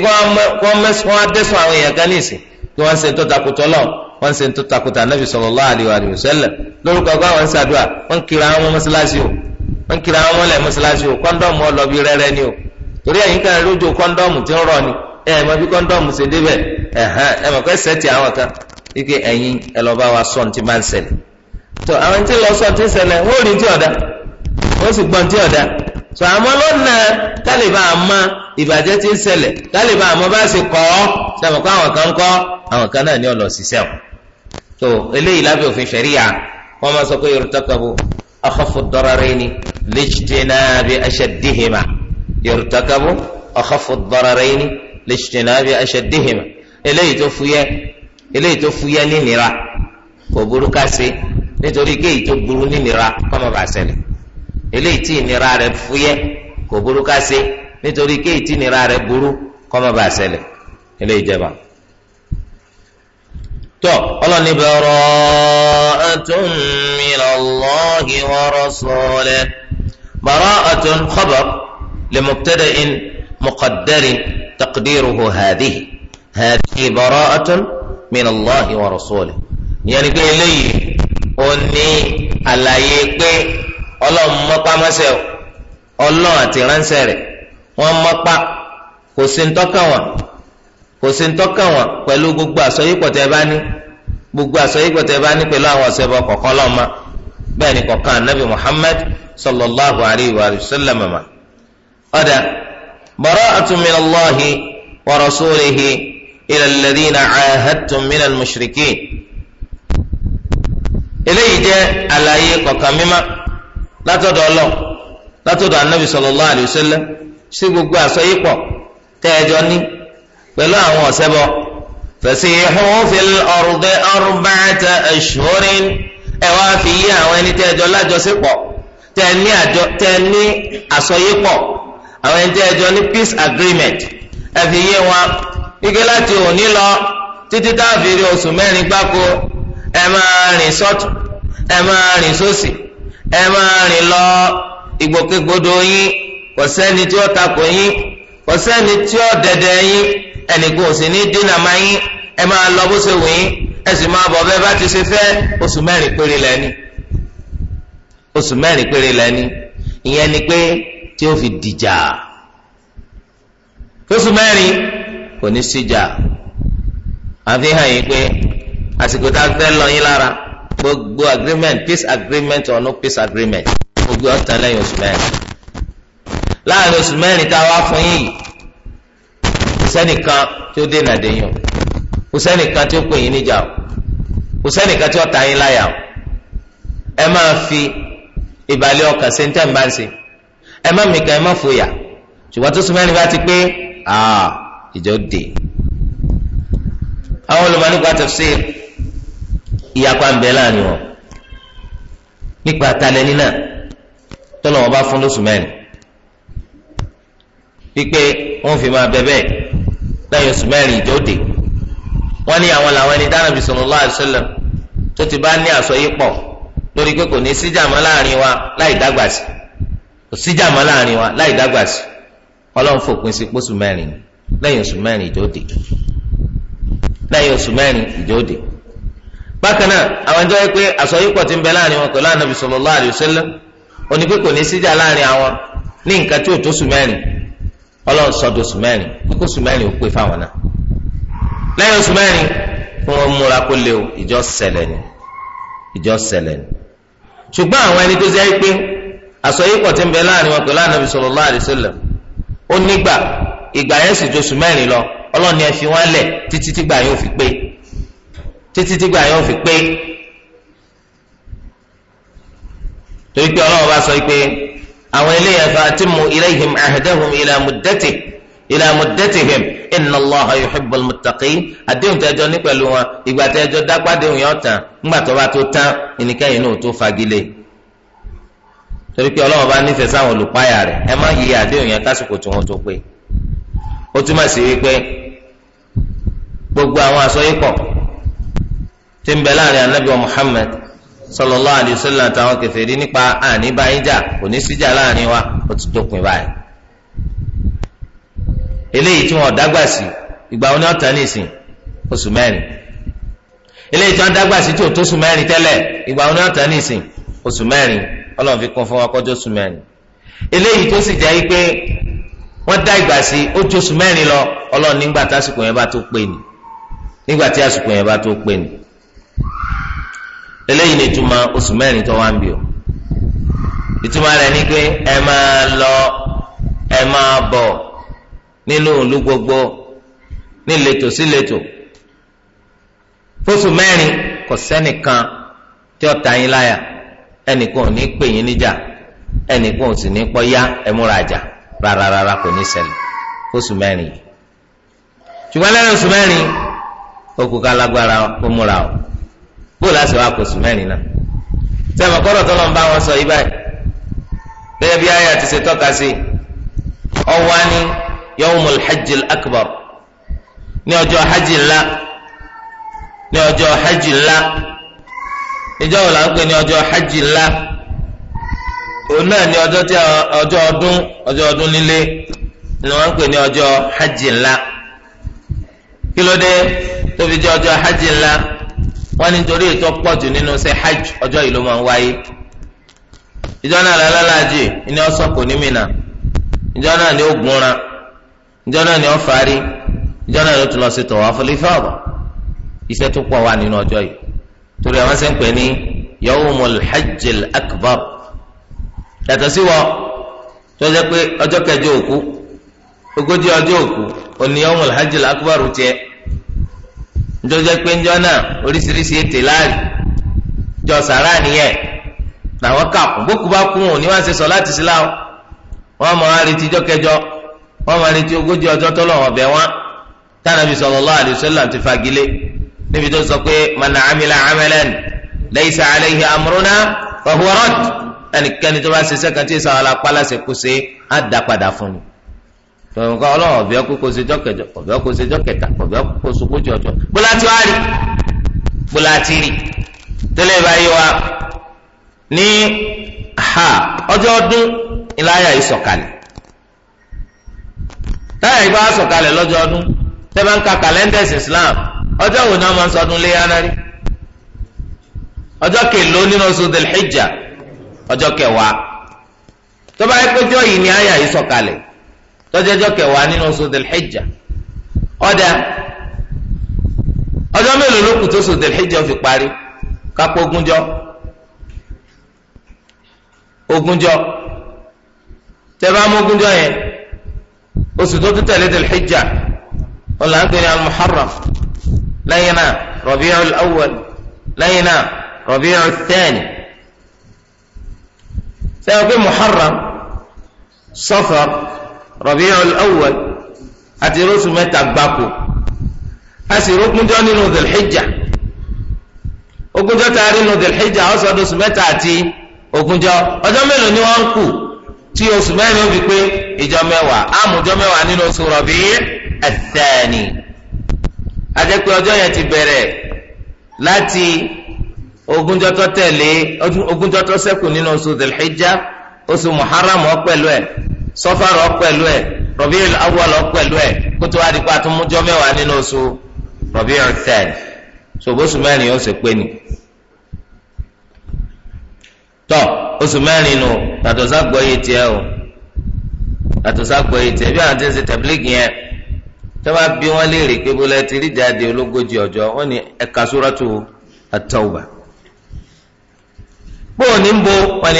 wọ́n mẹ́sàn-án adẹ́sùn àwọn wọ́n ṣe ń tó takuta anabi sallallahu alaihi wa sallam lórúkọ ọgbà wọn ṣàdúrà wọ́n kiri àwọn mọ́ṣáláṣí o wọ́n kiri àwọn mọ́lẹ̀ mọ́ṣáláṣí o kọ́ńdọ́ọ̀mù ọlọ́bí rẹ́rẹ́ ni o torí ẹ̀yin kan lójó kọ́ńdọ́ọ̀mù ti ń rọ ni ẹ̀ mọ bí kọ́ńdọ́ọ̀mù ṣe débẹ̀ ẹ̀ mọ̀ pẹ́ sẹ́ẹ̀tì àwọn kan wípé ẹ̀yin ẹ lọ bá wa sọ ní ti máa ń ṣẹlẹ̀ tó àwọn tí lọ sọ ti ń ṣẹlẹ̀ wọ́n rí ti ọ̀dà wọ́n sì gbọ́n ti ọ̀dà sọ àmọ́ lọ́nà tálíbà àmọ́ ìbàjẹ́ ti ń ṣẹlẹ̀ tálíbà àmọ́ bá ṣe kọ́ ọ́ sẹ́wọ̀n kọ́ àwọn kan kọ́ àwọn kan náà ní ọ̀lọ́ ṣiṣẹ́ o tó eléyìí lábẹ́ òfin ṣẹ̀ríyà wọ́n máa sọ pé yorùtọ́kọ̀bù akhafu dararayni lijtinabi ashaddihima yorùtọ́kọ̀bù akhafu dararayni lijtinabi ashaddihima eléyìí tó fúyẹ́ eléyìí tó fúyẹ́ nínira tó burú eléyìí tí ìnira rẹ̀ fúyẹ́ kò burú ká ṣe nítorí kéyìí tí ìnira rẹ̀ burú kó má bàa ṣẹlẹ̀ eléyìí jẹba. tọ́ ọlọ́ni bara'atun minallahi wa rasulihi bara'atun khabar li mubtada'in muqaddarin taqdiruhu hadhihi hadhihi bara'atun minallahi wa rasulihi. ìyẹn ni pé eléyìí ó ní àlàyé pé ọlọ́run mọ́pá mọ́sẹ̀ o ọlọ́run àti ránṣẹ́ rẹ̀ wọ́n mọ́pá kò sí ntọ́kàn wọn kò sí ntọ́kàn wọn pẹ̀lú gbogbo àsọyípọ̀ tẹ́ bá ní gbogbo àsọyípọ̀ tẹ́ bá ní pẹ̀lú àwọn ọ̀sẹ̀ bọ̀ kọ̀ọ̀kan lọ́mọ bẹ́ẹ̀ ni kọ̀ọ̀kan anabi muhammad sallallahu alayhi wa sallam ma ọ̀dà bara'atun min allahi wa rasulihi ila alladhina ahadtum eléyìí jẹ́ àlàyé kọ̀ọ̀kan mímọ́ látọ̀dọ̀ ọlọ́run látọ̀dọ̀ anabi sallallahu alayhi wa sallam sí gbogbo àsọyípọ̀ tẹ́ẹ̀jọ ní pẹ̀lú àwọn ọ̀sẹ́bọ fasihu fil ardi arba'ata ashhurin ẹ wá fi yí àwọn ẹni tẹ́ẹ̀jọ lájọṣepọ̀ tẹ́ẹ̀ní àsọyípọ̀ àwọn ẹni tẹ́ẹ̀jọ ní peace agreement ẹ fi yé wọn ike láti òní lọ títí táàfin oṣù mẹ́rin gbáko ẹ máa rìn sọ́tù ẹ máa rìn sósì. So ẹ máa rìn lọ ìgbòkègbodò yín kò sẹ́ni tí ó takò yín kò sẹ́ni tí ó dẹ̀dẹ̀ yín ẹnì sì ní dínà máa yín ẹ máa lọ bó ṣe wù yín ẹ sì máa bọ̀ bẹ́ẹ̀ bá ti ṣe fẹ́ oṣù mẹ́rin péré lẹ́ni oṣù mẹ́rin péré ni pé tí ó fi dìjà oṣù mẹ́rin kò ní síjà àfihàn yìí pé àsìkò tá a fẹ́ gbogbo agreement peace agreement or no peace agreement gbogbo ọ̀tàn lẹ́yìn oṣù mẹ́rin láàrin oṣù mẹ́rin tá a wá fún yìí kò sẹ́nìkan tí ó dènà dèyàn kò sẹ́nìkan tí ó pè yín níjà kò tí ó yín láyà ẹ máa fi ìbàlẹ̀ ọkàn ṣe ń tẹ̀ ń bá ń ṣe ẹ má mìkan ẹ má fòyà ṣùgbọ́n tó sùn bá ti pé ìjọ dè àwọn olùmọ̀ nípa tafsir. ìyapa ń bẹ láàrin wọn nípa talẹni náà tọ́lọ̀ wọn bá fún lóṣù mẹ́rin wípé wọ́n fi máa bẹ bẹ́ẹ̀ lẹ́yìn oṣù mẹ́rin ìjọ́de wọ́n ní àwọn làwọn ẹni dáná bisọ̀ lọ́wọ́ àṣẹlẹ̀ tó ti bá ní pọ̀ lórí pé kò ní síjàmọ́ láàrin wa láì dágbà sí kò síjàmọ́ láàrin wa láì dágbà sí ọlọ́run fòpin sí pósù mẹ́rin lẹ́yìn oṣù mẹ́rin ìjọ́de lẹ́yìn oṣù mẹ́rin ìjọ́de. bákanáà àwọn ẹjọ́ yẹ pé àsọyípọ̀ ti ń bẹ láàrin wọn pẹ̀lú ànábì sallallahu alaihi wasallam pé kò ní síjà láàrin àwọn ní nǹkan tí ò tó sùn mẹ́rin ọlọ́run sọdọ̀ sùn mẹ́rin kíkó sùn fún wọn múra kó lé o ìjọ ni ìjọ ni ṣùgbọ́n àwọn ẹni tó jẹ́ pé àsọyípọ̀ ti ń bẹ láàrin wọn pẹ̀lú títí tí gbà yóò fi pé torí pé ọlọ́wọ́ bá sọ pé àwọn fa ti ilayhim ahdahum ila muddati ila muddatihim inna allaha yuhibbul muttaqin àdéhùn tẹ́jọ́ ní pẹ̀lú wọn ìgbà tẹ́jọ́ dápá déhùn yóò tán ńgbà tó bá tó tán ìníkẹyìn náà tó fagilé torí pé ọlọ́wọ́ bá nífẹ̀ẹ́ sáwọn olùpáyà rẹ̀ ẹ má yí àdéhùn yẹn kásìkò tí wọ́n tó pé ó túmọ̀ sí wípé gbogbo àwọn tí ń bẹ láàrin anabi wa muhammed alayhi àtàwọn nípa àní kò ní síjà láàrin wa ó ti dópin báyìí. eléyìí tí wọn dágbà sí ìgbà wọn ni wọn tán oṣù eléyìí tí wọn dágbà sí tí ò tó oṣù ìgbà wọn ni wọn tán oṣù fi kún fún wa lọ nígbà tásìkò yẹn bá tó ni. eléyìí ni ìtumọ̀ oṣù mẹ́rin tó wá ń bì o ìtumọ̀ rẹ̀ ni pé ẹ máa lọ ẹ máa bọ̀ nínú ìlú gbogbo ní ìletò sí ìletò fóṣù mẹ́rin kò sẹ́nìkan tí ó ta yín láyà ẹnìkan ò ní pè yín níjà ẹnìkan ò sì ní pọ́ yá ẹ múra rárára kò ní ṣẹlẹ̀ fóṣù mẹ́rin yìí ṣùgbọ́n lẹ́yìn oṣù mẹ́rin ó lágbára ó múra o bó láti wá kóṣù mẹ́rin náà sẹ́mi kọ́rọ̀ tó lọ́n bá wọn sọ yìí báyìí bẹ́ẹ̀ bí ayé àti ṣe tọ́ka sí ọwọ́ ni yawmul hajj akbar ní ọjọ́ hajj ńlá ní ọjọ́ hajj ńlá ìjọ wò láńpẹ́ ní ọjọ́ hajj ńlá òun náà ní ọjọ́ tí ọjọ́ ọdún ọjọ́ ọdún nílé ni wọ́n ń pè ní ọjọ́ hajj ńlá kí ló dé tó jẹ́ ọjọ́ hajj ńlá. wọ́n ní torí ètò pọ̀jù nínú ṣe hajj ọjọ́ yìí ló máa ń wáyé ìjọ náà ni ó sọ̀kò ní ìjọ náà ni ó gúnra ìjọ náà ni ó fárí ìjọ náà ni ó tún lọ sí tawaful ifada iṣẹ́ tó pọ̀ wà nínú ọjọ́ yìí torí àwọn ṣe ń pè ní yawmul hajjil akbar yàtọ̀ sí wọ tó nítorí pé ńjọ náà oríṣiríṣi ètè láàrin jọ sàrà nìyẹn làwọn kà kún bókú bá kún òní wá ṣe sọ láti sí láwọn wọn mọ àrètí ijọ kẹjọ wọn mọ àrètí ogójì ọjọ́ tọlọ ọbẹ wọn tànàbí sallallahu alaihi wasallam ti fagilé níbi tó sọ pé man amila amalan laysa alayhi amruna fahuwa radd ẹnikẹ́ni tó bá ṣiṣẹ́ kan tí ì ṣe á dá padà fún un tọ̀hún kọ́ ọlọ́run ọ̀bẹ kókó sejọ́ kẹjọ ọ̀bẹ kókó sejọ́ kẹta ọ̀bẹ kókó sokójì ọjọ́ bólá ti wá rí bólá ti rí tẹ́lẹ̀ báyìí wa ní ọjọ́ ọdún ìláyà ìsọ̀kalẹ̀ táyà ìbá sọ̀kalẹ̀ lọ́jọ́ ọdún tẹ́lẹ̀ ń ka kàlẹ́ndẹ̀s Islam ọjọ́ wo náà máa ń sọdún lé yánárí ọjọ́ kèló nínú oṣù Dhul-Hijjah ọjọ́ kẹwàá tó bá yẹ kójọ́ yìí ní àyà ìsọ̀kalẹ̀ lọ́jọ́jọ́ kẹwàá nínú oṣù delhijja ọ̀dà ọjọ́ mélòó ló kù tó oṣù delhijja fi parí kápọ̀ ogúnjọ́ ogúnjọ́ tẹ́lẹ̀ bá mú ogúnjọ́ yẹn oṣù tó tún tẹ̀lé delhijja ọ̀là ń pèrè al-muharram lẹ́yìn náà rabi'ul awwal lẹ́yìn náà rabi'ul thani sẹ́wọ́n pé muharram safar. Rabiul Awwal àti rọ́ọ̀sù mẹ́ta gbáko a sì rógúnjọ́ nínú Dhul-Hijja ogúnjọ́ taari nínú Dhul-Hijja ọ̀sán oṣù mẹ́ta àti ogúnjọ́ ọjọ́ mélòó ni wọ́n ń kù tí oṣù mẹ́rin ó fi pé ìjọ mẹ́wàá àmùjọ mẹ́wàá nínú oṣù Rabiul Athani a jẹ́ pé ọjọ́ yẹn ti bẹ̀rẹ̀ láti ogúnjọ́ tó tẹ̀lé ogúnjọ́ tó ṣẹ́kù nínú oṣù dhul oṣù Muharram ó pẹ̀lú ẹ̀ sọfàrọ pẹ̀lú ẹ rọbíl awọlọ pẹ̀lú ẹ kótó adigun àtúmújọ mẹ́wàá nínú oṣù rọbíl tẹn ṣògbóṣù mẹ́rin yóò ṣe pé ni tọ oṣù mẹ́rin nù yàtọ̀ sàgbọ yìí tiẹ o yàtọ̀ sàgbọ yìí tiẹ bí àwọn ti ń ṣe tẹbílíkì yẹn tọ́ba bí wọ́n léèrè pé bọ́lá ti rí jáde ológójì ọjọ́ wọ́n ní ẹ̀ka sóràtò àtọ̀wà bó o ní bo wọn ni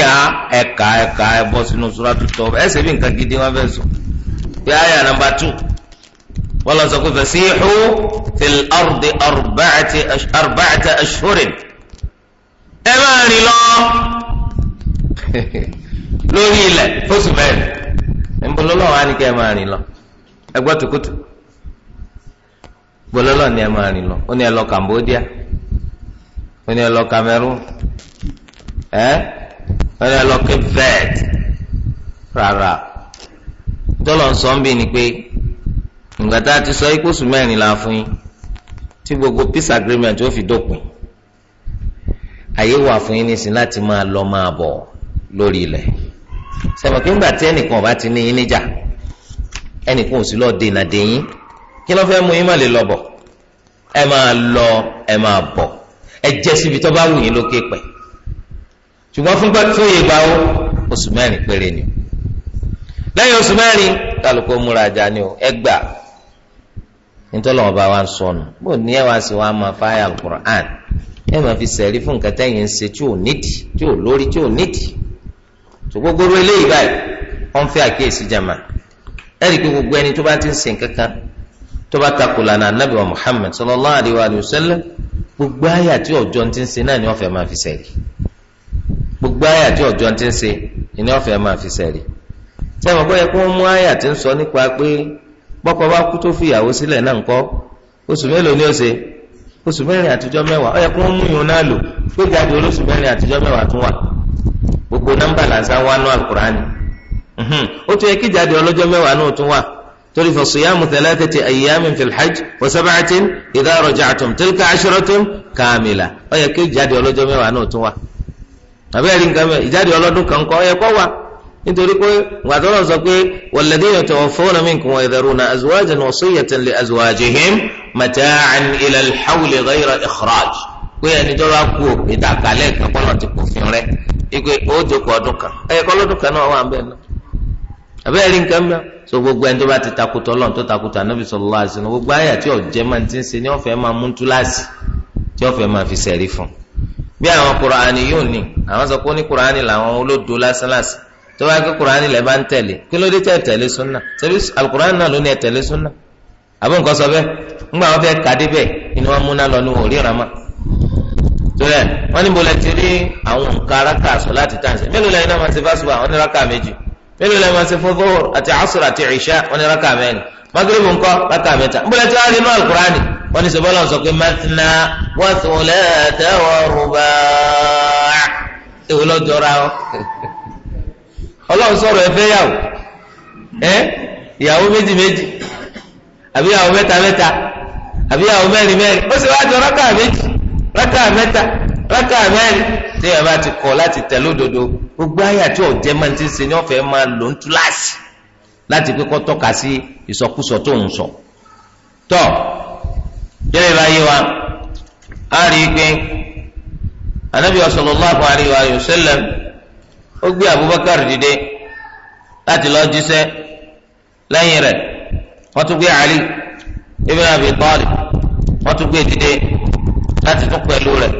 ẹka ah, ẹka ẹ bọ sínú suratu Tawbah ẹ ṣebí nǹkan gidi wọn fẹ́ sọ bí àyà nàmbà tù wọn lọ sọ pé fasihu fil ardi arba'ata ashhurin ẹ máa rìn lọ lórí ilẹ̀ fóṣù mẹ́rin ẹ̀ ń bọ́ lọ́lọ́wọ́ á ní kẹ́ ẹ máa rìn lọ ẹ gbọ́ tukutu gbọ́lọ́lọ́ ni ẹ máa rìn lọ ó ní ẹ lọ Cambodia ó ní ẹ lọ Cameroon ẹ eh? ọyọ lọ kí vet rárá dọlọ sọ ń bì ní pé sọ ikú sùn mẹ́rin la fún yín tí gbogbo peace agreement ó fi dópin àyè wà fún yín nísìn láti máa lọ máa bọ̀ lórí ilẹ sẹmọ kí ngbà tí ẹnìkan ọba ti ní yín níjà ẹnìkan lọ dènà dèyín kí ló fẹ́ mú yín má lọ bọ, ẹ máa lọ ẹ máa bọ, ẹ síbi tó bá wù yín lókè ṣùgbọ́n fún gbàtúyè gbà ó oṣù mẹ́rin péré ni lẹ́yìn oṣù mẹ́rin kálukú múra ajá ni ó ẹgbà nítorí wọn bá wa ń sọnù bó ní ẹ wá sí wa máa fáyà alukur'an ẹ máa fi sẹ̀rí fún nǹkan tẹ́yìn ń ṣe tí ò nídìí tí ò lórí tí ò nídìí tó gbogbo eléyìí báyìí wọ́n fẹ́ àkíyèsí jama ẹ rí i pé gbogbo ẹni tó bá ti ń ṣe kankan tó bá takò lànà anabi wa Muhammad sallallahu alayhi wa sallam gbogbo àyà tí ọjọ́ ti ń ṣe náà ni wọ́n fẹ́ máa fi sẹ̀rí gbogbo àyà tí ọjọ́ ti ń ṣe ìní ọ̀fẹ́ máa fi sẹ̀rí sẹ́wọ̀n bóyá kó mú àyà tí ń sọ nípa pé bọ́kọ bá kú tó fi ìyàwó sílẹ̀ náà ńkọ́ oṣù mélòó ni ó ṣe oṣù mẹ́rin àtijọ́ mẹ́wàá ọ̀yẹ́ kó mú yun náà lò pé jáde olóṣù mẹ́rin àtijọ́ mẹ́wàá tún wà gbogbo nọ́mbà làǹṣà wà nù àlùkùránì ó tún yẹ kí jáde ọlọ́jọ́ mẹ́wàá wa kí jáde ọlọ́jọ́ mẹ́wàá àbẹ́rẹ́ nǹkan mẹ́ ìjáde ọlọ́dún kan kọ́ ẹ kọ́ wa nítorí pé gbàtọ́ náà sọ pé walladhina tawaffawna minkum wa yadharuna azwajan wasiyyatan li azwajihim mata'an ila al-hawli ghayra ikhraj pé ẹni tó bá kú òpìtà kan kọ́ náà ti kò fin rẹ̀ ipe ó jókòó ọdún kan ẹ kọ́ lọ́dún kan náà wà ń bẹ̀ náà àbẹ́rẹ́ nǹkan mẹ́ so gbogbo ẹni tó bá ti takùtọ̀ lọ́n tó takùtọ̀ anábì sallallahu alaihi wasallam gbogbo bí àwọn kùránì yóò ní àwọn sọ pé ní kùránì làwọn olódo lásánlásán tó bá gbé kùránì lẹ bá ń tẹ̀lé kí ló dé tẹ̀ tẹ̀lé súnà ṣebí alukùránì náà ló ní ẹ tẹ̀lé súnà àbọ̀ nǹkan sọ bẹ́ẹ̀ ńgbà wọn fẹ́ bẹ́ẹ̀ inú wọn múná lọ ní wọn magrebu ńkọ́ rákà mẹ́ta nbọlẹ tí wàá rí inú alukurani wọn ní sọbọlọ sọ pé mathna wa thulatha wa ruba' èwo lọ jọra ọ Ọlọ́run sọ̀rọ̀ ẹ fẹ́ yàwó ẹ ìyàwó méjì méjì àbí ìyàwó mẹ́ta mẹ́ta o ìyàwó mẹ́rin mẹ́rin ó sì wá jọ rákà méjì rákà mẹ́ta rákà mẹ́rin tí yàrá ti kọ̀ láti tẹ̀lé òdodo gbogbo àyà tí ọ̀jẹ̀ máa ti ń ṣe ní ọ̀fẹ́ máa lò ń tú láàsì. láti pé kọ́ tọ́ka sí ìsọkúsọ tó ń sọ. tọ́ jẹ́rìí báyìí wa a rí i pé anabi sallallahu alayhi wa sallam ó gbé abubakar dìde láti lọ jíṣẹ́ lẹ́yìn rẹ̀ wọ́n tún gbé ali ibn abi talib wọ́n tún gbé dìde láti tún pẹ̀lú rẹ̀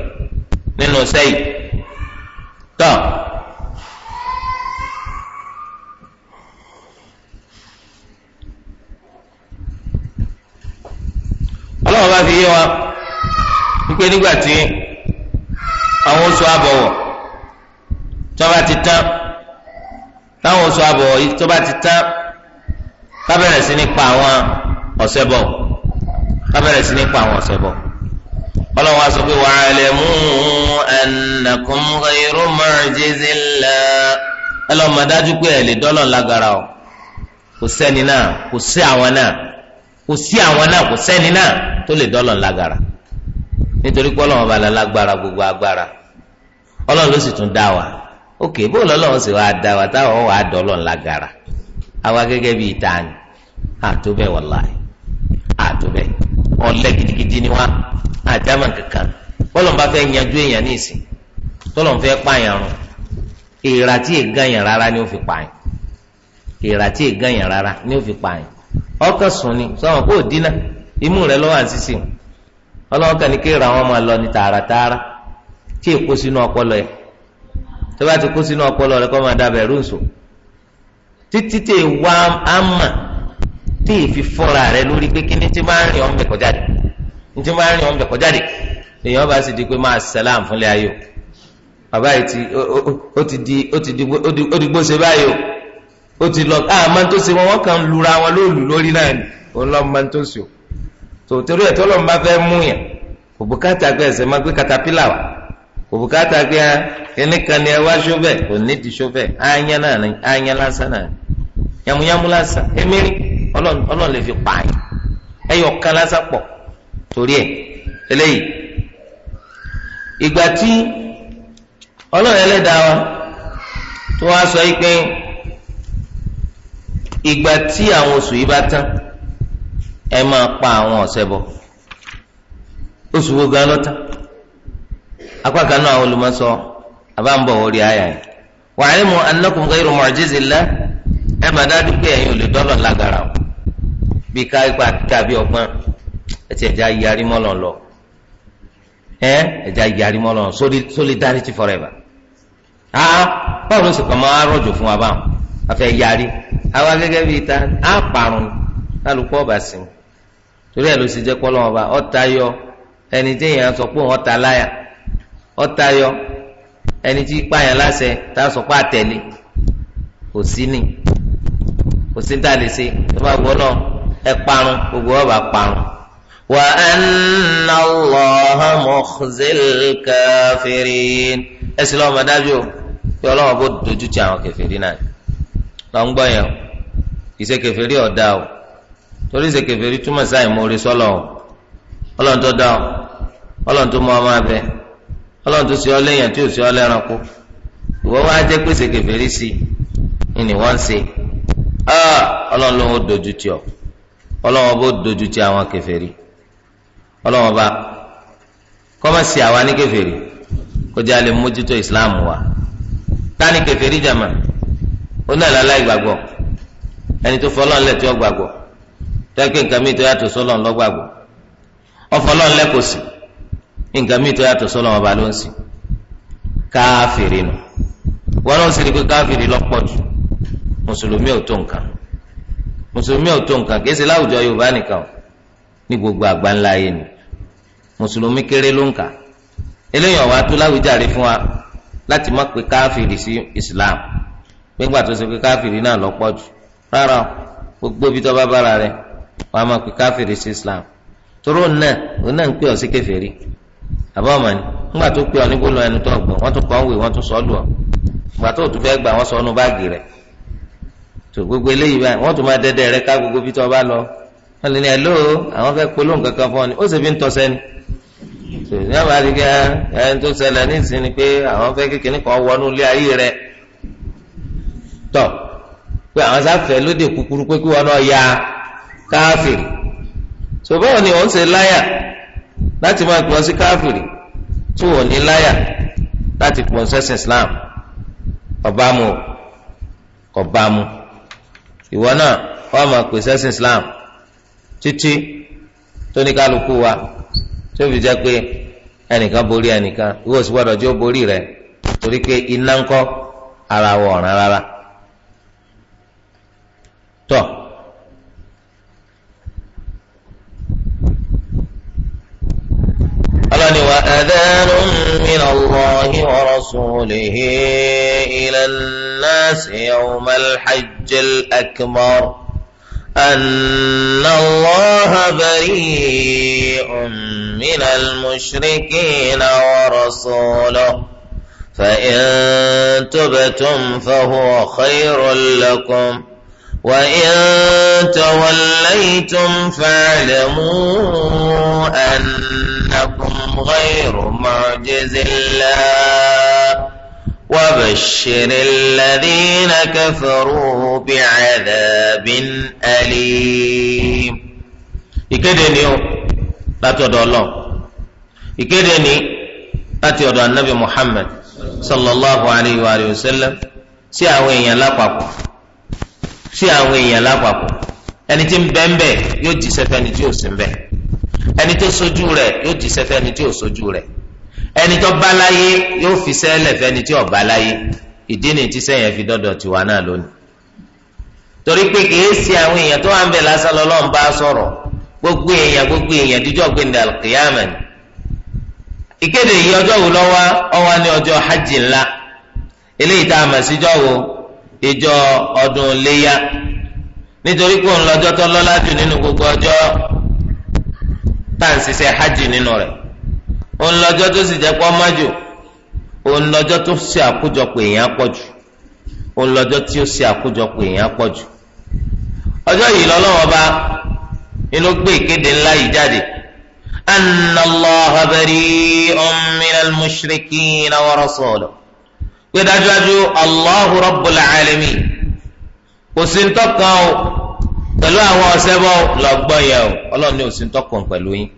nínú sẹ́yìn tọ́. ọlọ́run bá fi yé wa wípé nígbà tí àwọn oṣù àbọ̀wọ̀ tọ́ba ti tán táwọn oṣù àbọ̀wọ̀ yìí tọ́ba ti tán ká sí ní pa àwọn ọ̀sẹ̀ bọ̀ ká sí ní pa àwọn ọ̀sẹ̀ bọ̀ ọlọ́run wa sọ pé wa'alamu annakum ghayru mu'jizillah ẹ lọ́ọ́ mọ̀ dájú pé ẹ̀ lè dọ́lọ́ lágara o kò sẹ́ni náà kò sí àwọn náà. kò sí àwọn náà kò sẹ́ni náà tó lè dọ́lọ̀ lágara nítorí pé ọlọ́run ọba lálágbára gbogbo agbára ọlọ́run ló sì tún dá wa ok bó lọ́lọ́run sì wá dá wa táwọn wàá dọ́lọ̀ lágara àwa gẹ́gẹ́ bíi tani gidigidi ni wa àdámà kankan bọ́lọ̀n bá fẹ́ yanjú èèyàn ní ìsìn tọ́lọ̀n fẹ́ pààyàn èèrà ọkàn sùn ni sọ̀rọ̀ dínà imú rẹ lọ́wọ́ àṣìṣe ọlọ́wọ́ kàn ra wọn lọ ní tààràtààrà kí èkó sínú ọpọlọ yẹ tó bá ti kó sínú ọpọlọ rẹ máa títí wá àmà tí èfi fọra rẹ lórí pé kí ní ti máa ń rìn ọ̀nbẹ̀ ní máa ń rìn èèyàn bá sì di pé máa sẹ́lám ayò bàbá yìí ti ó ti di ó ti ó ti a ah, máa ń tó ṣe wọn ọ kàn lura wọn lóòlù lórí náà ni òun lọ o tó torí ẹ̀ tọ́lọ́ máa fẹ́ mú yàn kò bùkátà ẹsẹ̀ máa katapila wa kò bùkátà pé ẹni ah, kan wá kò ní ti ṣọ́fẹ̀ áyán náà ni lásán náà ni yàmúyàmú lásán emiri ọlọ́run lè fi pààyàn ẹyọ kan lásán pọ̀ torí ẹ̀ eléyìí ìgbà tí ọlọ́run ẹlẹ́dàá wa tó wá sọ ìgbà tí àwọn oṣù yìí bá tán ẹ máa pa àwọn ọ̀sẹ̀ bọ̀ oṣù wo gan ló tán apá kan náà àwọn olùmọ̀sọ àbámbọ̀ orí àyà yìí ẹ dọ́lọ̀ lágara o ipa tàbí ọgbọ́n ẹ ti yarí mọ́lọ̀ lọ ẹ yarí mọ́lọ̀ solidarity forever báwo ló sì fún wa àwa gẹ́gẹ́ bíi ta á parun kálukú ọba sí mi torí ẹ̀ ló sì jẹ́ pọ́lọ́ ọba ọ̀tá yọ ẹni tí èèyàn sọ pé ọ̀tá láyà ọ̀tá yọ ẹni tí pààyàn láṣẹ tá a sọ pé àtẹ̀lé kò sí ni kò sí tá a lè ṣe tó bá gbọ́ náà ẹ parun gbogbo ọba parun. وأن الله مخزي الكافرين ẹsìn lọ́wọ́ mọ̀ dájú o pé ọlọ́wọ́ bó dojú ti àwọn kẹfìrí náà. lọ́n gbọ́ yẹn ìṣèkèfèrí ọ̀dà o torí ìṣèkèfèrí túmọ̀ sáì mórí sọ́lọ̀ o ọlọ́run tó dá o ọlọ́run tó mú ọmọ abẹ ọlọ́run tó ṣe ọ léèyàn tí ò ọ ọ wá jẹ́ pé sí i ni wọ́n ń ọlọ́run ló ń dojú ọlọ́run ọba ó dojú àwọn ọlọ́run ọba àwa ní kó jẹ́ alẹ́ wa onáàlà aláìgbàgbọ́ ẹni tó fọlọ́n lẹ̀ tí ó gbàgbọ́ tẹ́kẹ́ nǹkan mi tó yàtọ̀ sọ́lọ́n ló gbàgbọ́ ọfọlọ́n lẹ̀ kò sí nǹkan mi tó yàtọ̀ sọ́lọ́n ọba ló ń sìn káfìrì nù wọn náà sì rí pé káfìrì lọ́pọ̀ jù mùsùlùmí ò tó nǹkan mùsùlùmí ò tó nǹkan kì í ṣe láwùjọ Yorùbá nìkan ní gbogbo àgbáńlá ayé ni mùsùlùmí kéré ló ń kà eléyìí ọ̀wá tó láwùjáre fún wa láti má pe káfìrì sí Islam. gbégbà tó ṣe pé káfìrí náà lọ pọ̀ gbogbo ibi tó bá bára rẹ máa pe káfìrí sí islam toró náà òun náà ń pè ọ sí kèfèrí àbọ̀mọ̀ ni ńgbà tó pè ọ ní gbólóhùn ẹni tó wọ́n tún kọ́ wọ́n tún lù ọ ìgbà tó tún fẹ́ gbà gbogbo eléyìí báyìí wọ́n tún máa dẹ́dẹ́ rẹ ká gbogbo bí tó bá lọ wọ́n lè ní lóo àwọn fẹ́ polóhùn kankan fún tọ̀ pé àwọn sáfẹ́ lóde kúkúrú pé kí wọn náà ya káfìrì ṣùgbọ́n ni òun ṣe láyà láti máa pọ̀ sí káfìrì tí ò ní láyà láti pọ̀ sẹ́sìn Islam ọ̀bámu ọ̀bámu ìwọ náà wọ́n máa pè sẹ́sìn Islam títí tóníkàlùkù wa tó fi jẹ́ pé ẹnìkan borí ẹnìkan ìwọ sì gbọ́dọ̀ jẹ́ ó borí rẹ̀ torí pé iná ńkọ́ ara wọ̀ ọ̀ràn rárá. طب قال وأذان من الله ورسوله إلى الناس يوم الحج الأكبر أن الله بريء من المشركين ورسوله فإن تبتم فهو خير لكم وإن توليتم فاعلموا أنكم غير معجز الله وبشر الذين كفروا بعذاب أليم إكدني لا تدع الله إكدني لا النبي محمد صلى الله عليه وآله وسلم سيأوين لا بقى. sí àwọn èèyàn lápapọ̀ ẹni tí ń bẹ́ ń bẹ́ yóò jí sẹ́fẹ́ ni tí ò sí ń bẹ́ ẹni tó sojú rẹ̀ yóò jí sẹ́fẹ́ ni tí ò sojú rẹ̀ ẹni tó fi sẹ́lẹ̀ tí ò bá láyé ìdí ni sẹ́yìn fi dọ́dọ̀ tiwa náà lónìí torí pé kìí sí àwọn èèyàn tó wà ń bẹ lásán lọ́lọ́run bá gbogbo èèyàn gbogbo èèyàn díjọ́ gbẹ̀ndẹ̀ ni ìkéde yìí ọjọ́ wo lọ́wọ́ ní ọjọ́ hajj ìjọ ọdún léyà nítorí pé òun lọ́jọ́ tó lọ́lá jù nínú gbogbo ọjọ́ tá à ń ṣiṣẹ́ hajj nínú rẹ̀ òun lọ́jọ́ tó sì jẹ́ pọ́ òun lọ́jọ́ tó ṣe àkójọpọ̀ èèyàn jù òun lọ́jọ́ tí ó ṣe àkójọpọ̀ èèyàn pọ̀ jù ọjọ́ yìí lọ́lọ́wọ́ bá inú gbé ìkéde ńlá pé dájúdájú Allahu Rabbul Alamin kò o pẹ̀lú àwọn ọ̀sẹ́bọ̀ lọ́gbọ́n o ọlọ́run ní ò sí ń tọ́kàn pẹ̀lú yín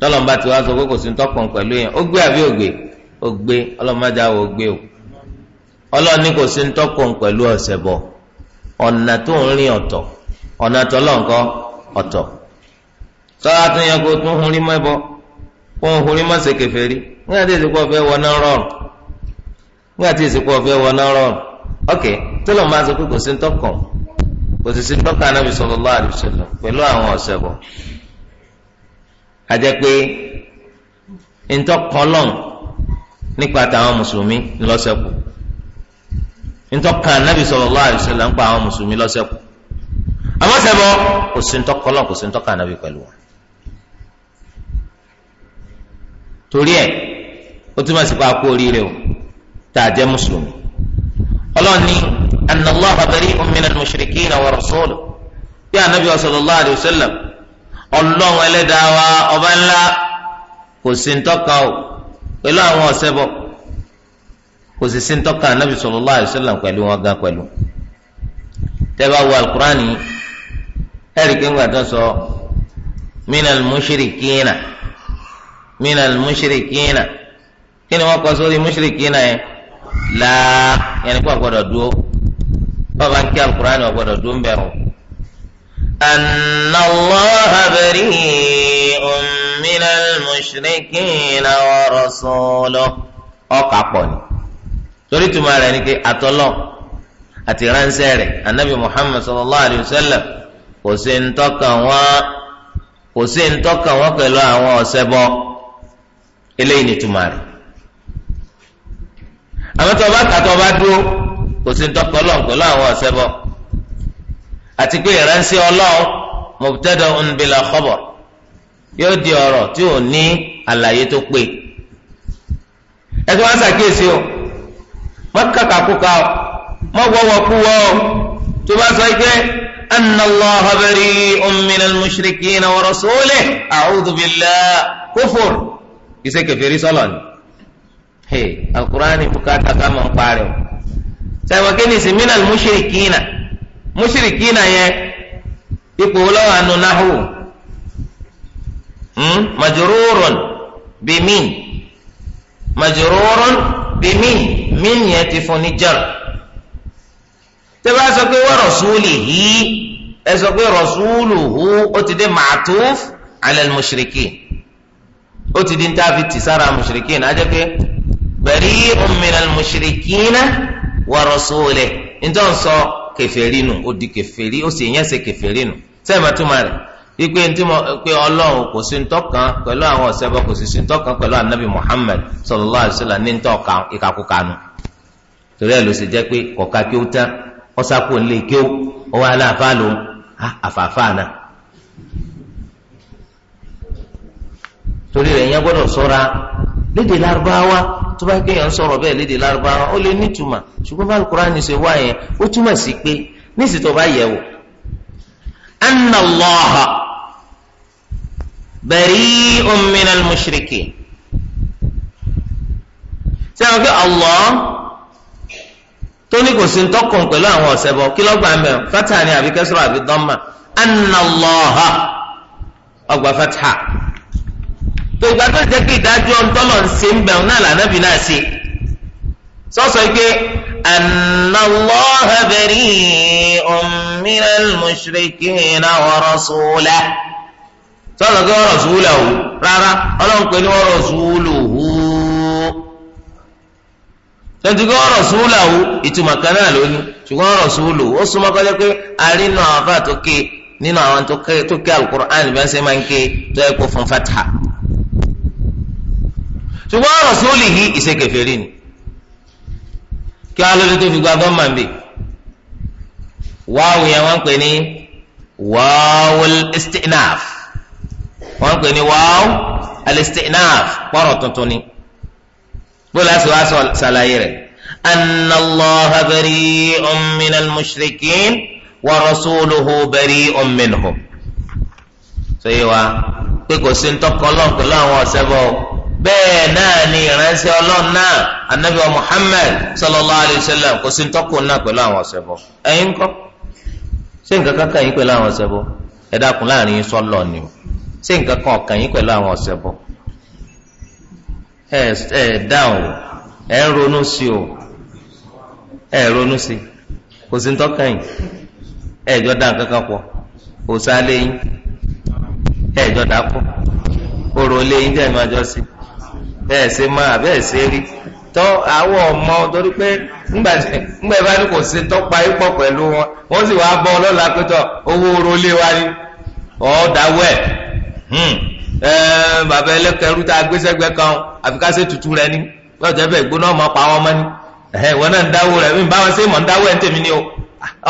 tọ́lọ́mbà tí wàá sọ pé kò sí ń tọ́kàn pẹ̀lú yẹn ó gbé àbí ògbé ó gbé ọlọ́mọdé ń tọ́kàn ɔtɔ hun kó hun nígbà tí ìsìnkú ọ̀fẹ́ wọ náà rọrùn ok tó lọ́ọ́ máa sọ pé kò sí ntọ́kàn kò sì sí ntọ́kàn anábì sallallahu alaihi wasallam pẹ̀lú àwọn ọ̀sẹ̀ bọ̀ àjẹ́ pé ntọ́kàn lọ́n nípa tàwọn mùsùlùmí lọ́sẹ̀kù anábì nípa àwọn mùsùlùmí àwọn kò sí kò o. tá a jẹ́ mùsùlùmí ọlọ́run ní anallahu bari'un minal mushrikina wa rasuluhu bí anabi sallallahu alayhi wa sallam ọlọ́run ẹlẹ́dàá wa ọba ńlá kò sí ntọ́ka o pẹ̀lú àwọn ọ̀sẹ̀ bọ̀ kò sì sí ntọ́ka anabi sallallahu alayhi wa sallam pẹ̀lú wọn gan pẹ̀lú tẹ́bà wọ alukurani ẹ̀rí kéńgbà tó sọ minal mushrikina minal mushrikina kí ni wọ́n kọ sórí mushrikina yẹn láà yẹnni kó ọgbọ́dọ̀ dúró bàbá ń kí alukur'ani ọgbọ́dọ̀ dúró ń bẹ̀rù. anna Allaha bari'un minal mushrikina wa rasuluhu ọkà pọ̀ ni torí tuma rẹ̀ ni pé àtọ́lọ́ àti ránṣẹ́ rẹ̀ anabi Muhammad sallallahu alayhi wa sallam kò sí ń tọ́kàn wọn kò sí ń wọn pẹ̀lú àwọn ọ̀sẹ̀ bọ́ eléyìí ni tuma rẹ̀ àmọ́ tó o bá kàtó o bá dúró kò sí ntọ́kọ ọlọ́run pẹ̀lú àwọn ọ̀sẹ̀ bọ̀ àti pé ìránṣẹ́ ọlọ́run mubtada'un bila khabar yóò di ọ̀rọ̀ tí ò ní àlàyé tó pé ẹ tó wá sàkíyèsí o má kàkà kúkà o má wọ́wọ́ kú wọ́ o tó bá sọ pé anna Allaha bari'un minal mushrikina wa rasulihi a'udhu billah kufur ìṣe kẹfẹ́ he alukurani bukata ká mọ̀ ń parí o sẹ́wọ̀n kí ni ìsìnmínà mùsírìkìnà mùsírìkìnà yẹn ipò lọ́wọ́ àánú náhù majururun bimin majururun bimin min yẹn ti fún ní jar tẹ́lá sọ pé wa rasulihi ẹ sọ pé rasuluhu ó ti dé ma'tuf ala al ó ti di ní tábìtì sára mushrikin pé. gberi minal mushrikina wa rasulihi níjọ́ ń sọ kẹfẹ́rì nù ó di kẹfẹ́rì ó sì yẹn ṣe kẹfẹ́rì nù sẹ́yìn máa túmọ̀ rẹ̀ wípé ntí mo pé ọlọ́run kò sí ntọ́kan pẹ̀lú àwọn ọ̀sẹ̀bọ kò sí ntọ́kan pẹ̀lú anabi muhammed sallallahu alaihi wasallam ní ntọ́ka ìkakúkanu torí ẹ̀ ló sì jẹ́ pé kọ̀ọ̀ka kí ó tán kí ó lédè lárúbáwá tó bá kéèyàn sọ̀rọ̀ bẹ́ẹ̀ lédè lárúbáwá ó lè nítumọ̀ ṣùgbọ́n bá alukurani ṣe wá yẹn ó túmọ̀ sí pé níṣìí tó bá yẹ wò anna Allaha bari'un minal mushrikin sẹ́wọ̀n pé Allah tó ní kò sí ntọ́kùn pẹ̀lú àwọn ọ̀sẹ̀bọ kí ló gbà mẹ́rin ni àbí kẹsìrò àbí dọ́mà anna Allaha ọgbà fatah tó ìgbà tó jẹ́ pé ìdájọ́ ntọ́lọ̀ ń ṣe ń bẹ̀rù náà lànàbì náà ṣe sọ́sọ́ pé annallaha bari'un minal mushrikina wa rasulahu sọ́sọ́ pé wa rasulahu rárá ọlọ́run pè ní wa rasuluhu tẹ̀tù kí ọ̀rọ̀ sùúlà wo ìtumọ̀ kan náà ló ní ṣùgbọ́n ọ̀rọ̀ sùúlù ó kọjá pé àrínú àwọn tó ké nínú àwọn tó ké Al-Qur'an bí wọ́n ṣe máa ń ké tó ẹ̀kọ́ fún fatah ṣùgbọ́n rasulihi ìṣèkèfèrè ni kí wọ́n á lórí tó fi gba gọ́ọ̀mà ń bì wáwù yẹn wọ́n ń pè ní wáwù istinaf wọ́n ń pè ní wáwù alistinaf pọ́rọ̀ tuntun ni bóla sì wá sàlàyé rẹ̀ anna allah bari'un minal wa rasuluhu bari'un minhum. sọ yìí wá pé kò sí ń tọkọ láwọn ọ̀sẹ̀ bọ́ bẹ́ẹ̀ náà ni ìránṣẹ́ ọlọ́run náà anabi muhammed sallallahu alayhi kò sí náà àwọn ọ̀sẹ̀bọ ẹ̀yin ṣé nǹkan kan kàn yín àwọn ọ̀sẹ̀bọ dákun láàrin ni o ṣé nǹkan kan kàn yín pẹ̀lú àwọn ọ̀sẹ̀bọ ẹ ẹ dáhùn ẹ ń ronú sí o ẹ ronú sí kò sí ntọ́kàn yín ẹ jọ dá nǹkan kan pọ̀ òsàlẹ̀ yín ẹ ẹ jọ bẹ́ẹ̀ ṣe máa bẹ́ẹ̀ ṣe rí tọ́ àwọ̀ ọmọ torí pé ńgbà ìbá ní kò ṣe tọ́pa ipò pẹ̀lú wọn wọ́n sì wáá bọ́ ọlọ́la pẹ́tọ́ owó orólé wa ni ọ̀ọ́dáwọ̀ hmm. ẹ̀ bàbá ẹlẹ́kẹ̀rú tá a gbé sẹ́gbẹ́ kan àfi ká ṣe tutù rẹ ni wọ́n jẹ́ bẹ́ẹ̀ gbóná ọmọ pa wọn mọ́ ni ìwọ náà ń dáwó rẹ̀ mí wọn ṣe mọ̀ ń dáwó ẹ̀ ń tèmi ni o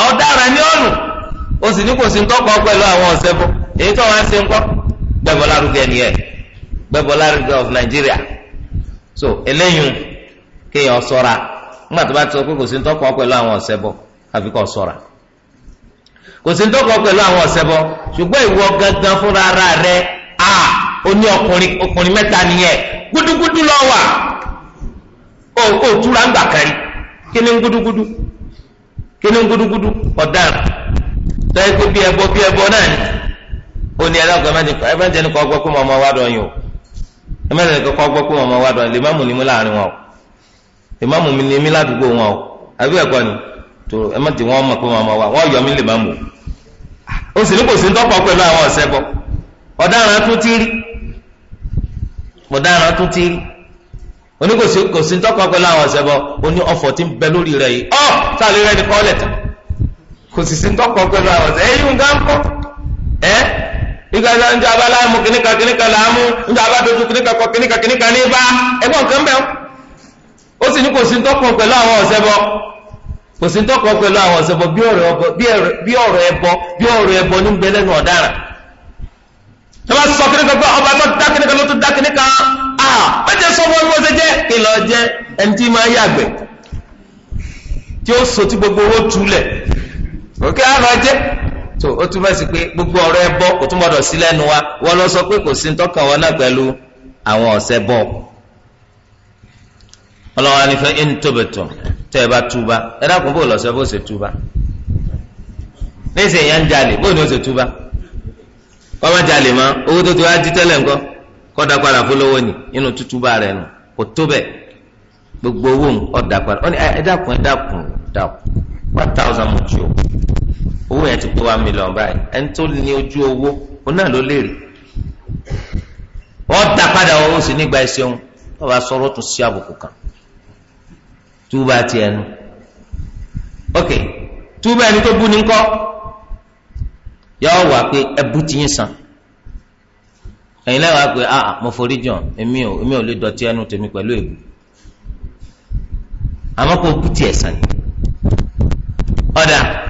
ọ̀daràn ni ọ̀nù o sì ní kò sí pẹ̀lú àwọn ọ̀sẹ̀ bọ̀ èyí tó so eléyìí kéèyàn ṣọ́ra nígbà tó bá ti sọ pé kò sí ntọ́kọ pẹ̀lú àwọn ọ̀ṣẹbọ àfi kó ṣọ́ra kò sí ntọ́kọ pẹ̀lú àwọn ọ̀ṣẹbọ ṣùgbọ́n ìwọ gangan fúnra ara rẹ a ó ní ọkùnrin ọkùnrin mẹ́ta nìyẹn gúdúgúdú lọ wà ó ó túra ń gbà kárí kí ni gúdúgúdú kí ni gúdúgúdú ọ̀daràn tọ́ ẹ pé bí ẹbọ bí ẹbọ náà ni ó ní ẹlẹ́gbẹ̀ẹ́ mẹ́jẹ kọ́ ọgbẹ́ kó mọ ọmọ wa dọ̀ yín o. Emele mẹ́rin ní kọ́kọ́ gbọ́ pé wọn máa wá dùn ni mí láàrin wọn o ni mí ládùúgbò wọn o àbí ẹ̀kọ́ ni tó ẹ má ti wọ́n mọ̀ pé wọn máa wá wọ́n yọ mí o sì ní kò sí ń tọ́pọ̀ pẹ̀lú àwọn ọ̀sẹ̀ bọ̀ ọ̀daràn tún ti rí ọ̀daràn tún ti rí kò sí kò sí ń ìgbà ìgbà ńjọ abala mu kìnìkan kìnìkan là á mú ńjọ abadodo kìnìkan kọ kìnìkan kìnìkan ní bá ẹ̀gbọ́n nǹkan bẹ ó sì ní kò sí ntọ́kùn pẹ̀lú àwọn ọ̀sẹ̀ bọ kò sí pẹ̀lú àwọn ọ̀sẹ̀ bí ọ̀rọ̀ ẹbọ bí ọ̀rọ̀ ní ọ̀daràn sọ pé ọba tó dá ló tó dá a mẹ́jẹ sọ so ó túmọ̀ sí pé gbogbo ọ̀rọ̀ ẹbọ kò tún gbọdọ̀ sí lẹ́nu wa lọ sọ pé kò sí ntọ́kàn wọn náà pẹ̀lú àwọn ọ̀sẹ̀ bọ̀ ọlọ́wọ́ ni fẹ́ ń tóbẹ̀tọ̀ tẹ́ ẹ bá túba ẹ dákun bó lọ́sẹ̀ bó ṣe túba níṣẹ́ da padà ni rẹ̀ nù gbogbo owó padà ẹ dákun ẹ dákun owó yẹn ti pé one million báyìí ẹni tó ní ojú owó òun náà ló léèrè wọ́n dá padà owó sí nígbà ẹsẹ̀ òun wọ́n bá sọ̀rọ̀ tún sí àbùkù kan túbà ti ẹnu ok túbà ẹni tó bú ní kọ́ yọ wà pé ẹbú ti yín san ẹ̀yin lẹ́wàá pé ah, ah mo forí jàn èmi ò èmi ò lè dọ̀tí ẹnu tèmi pẹ̀lú èbú àmọ́ bú tiẹ̀ ọ̀dà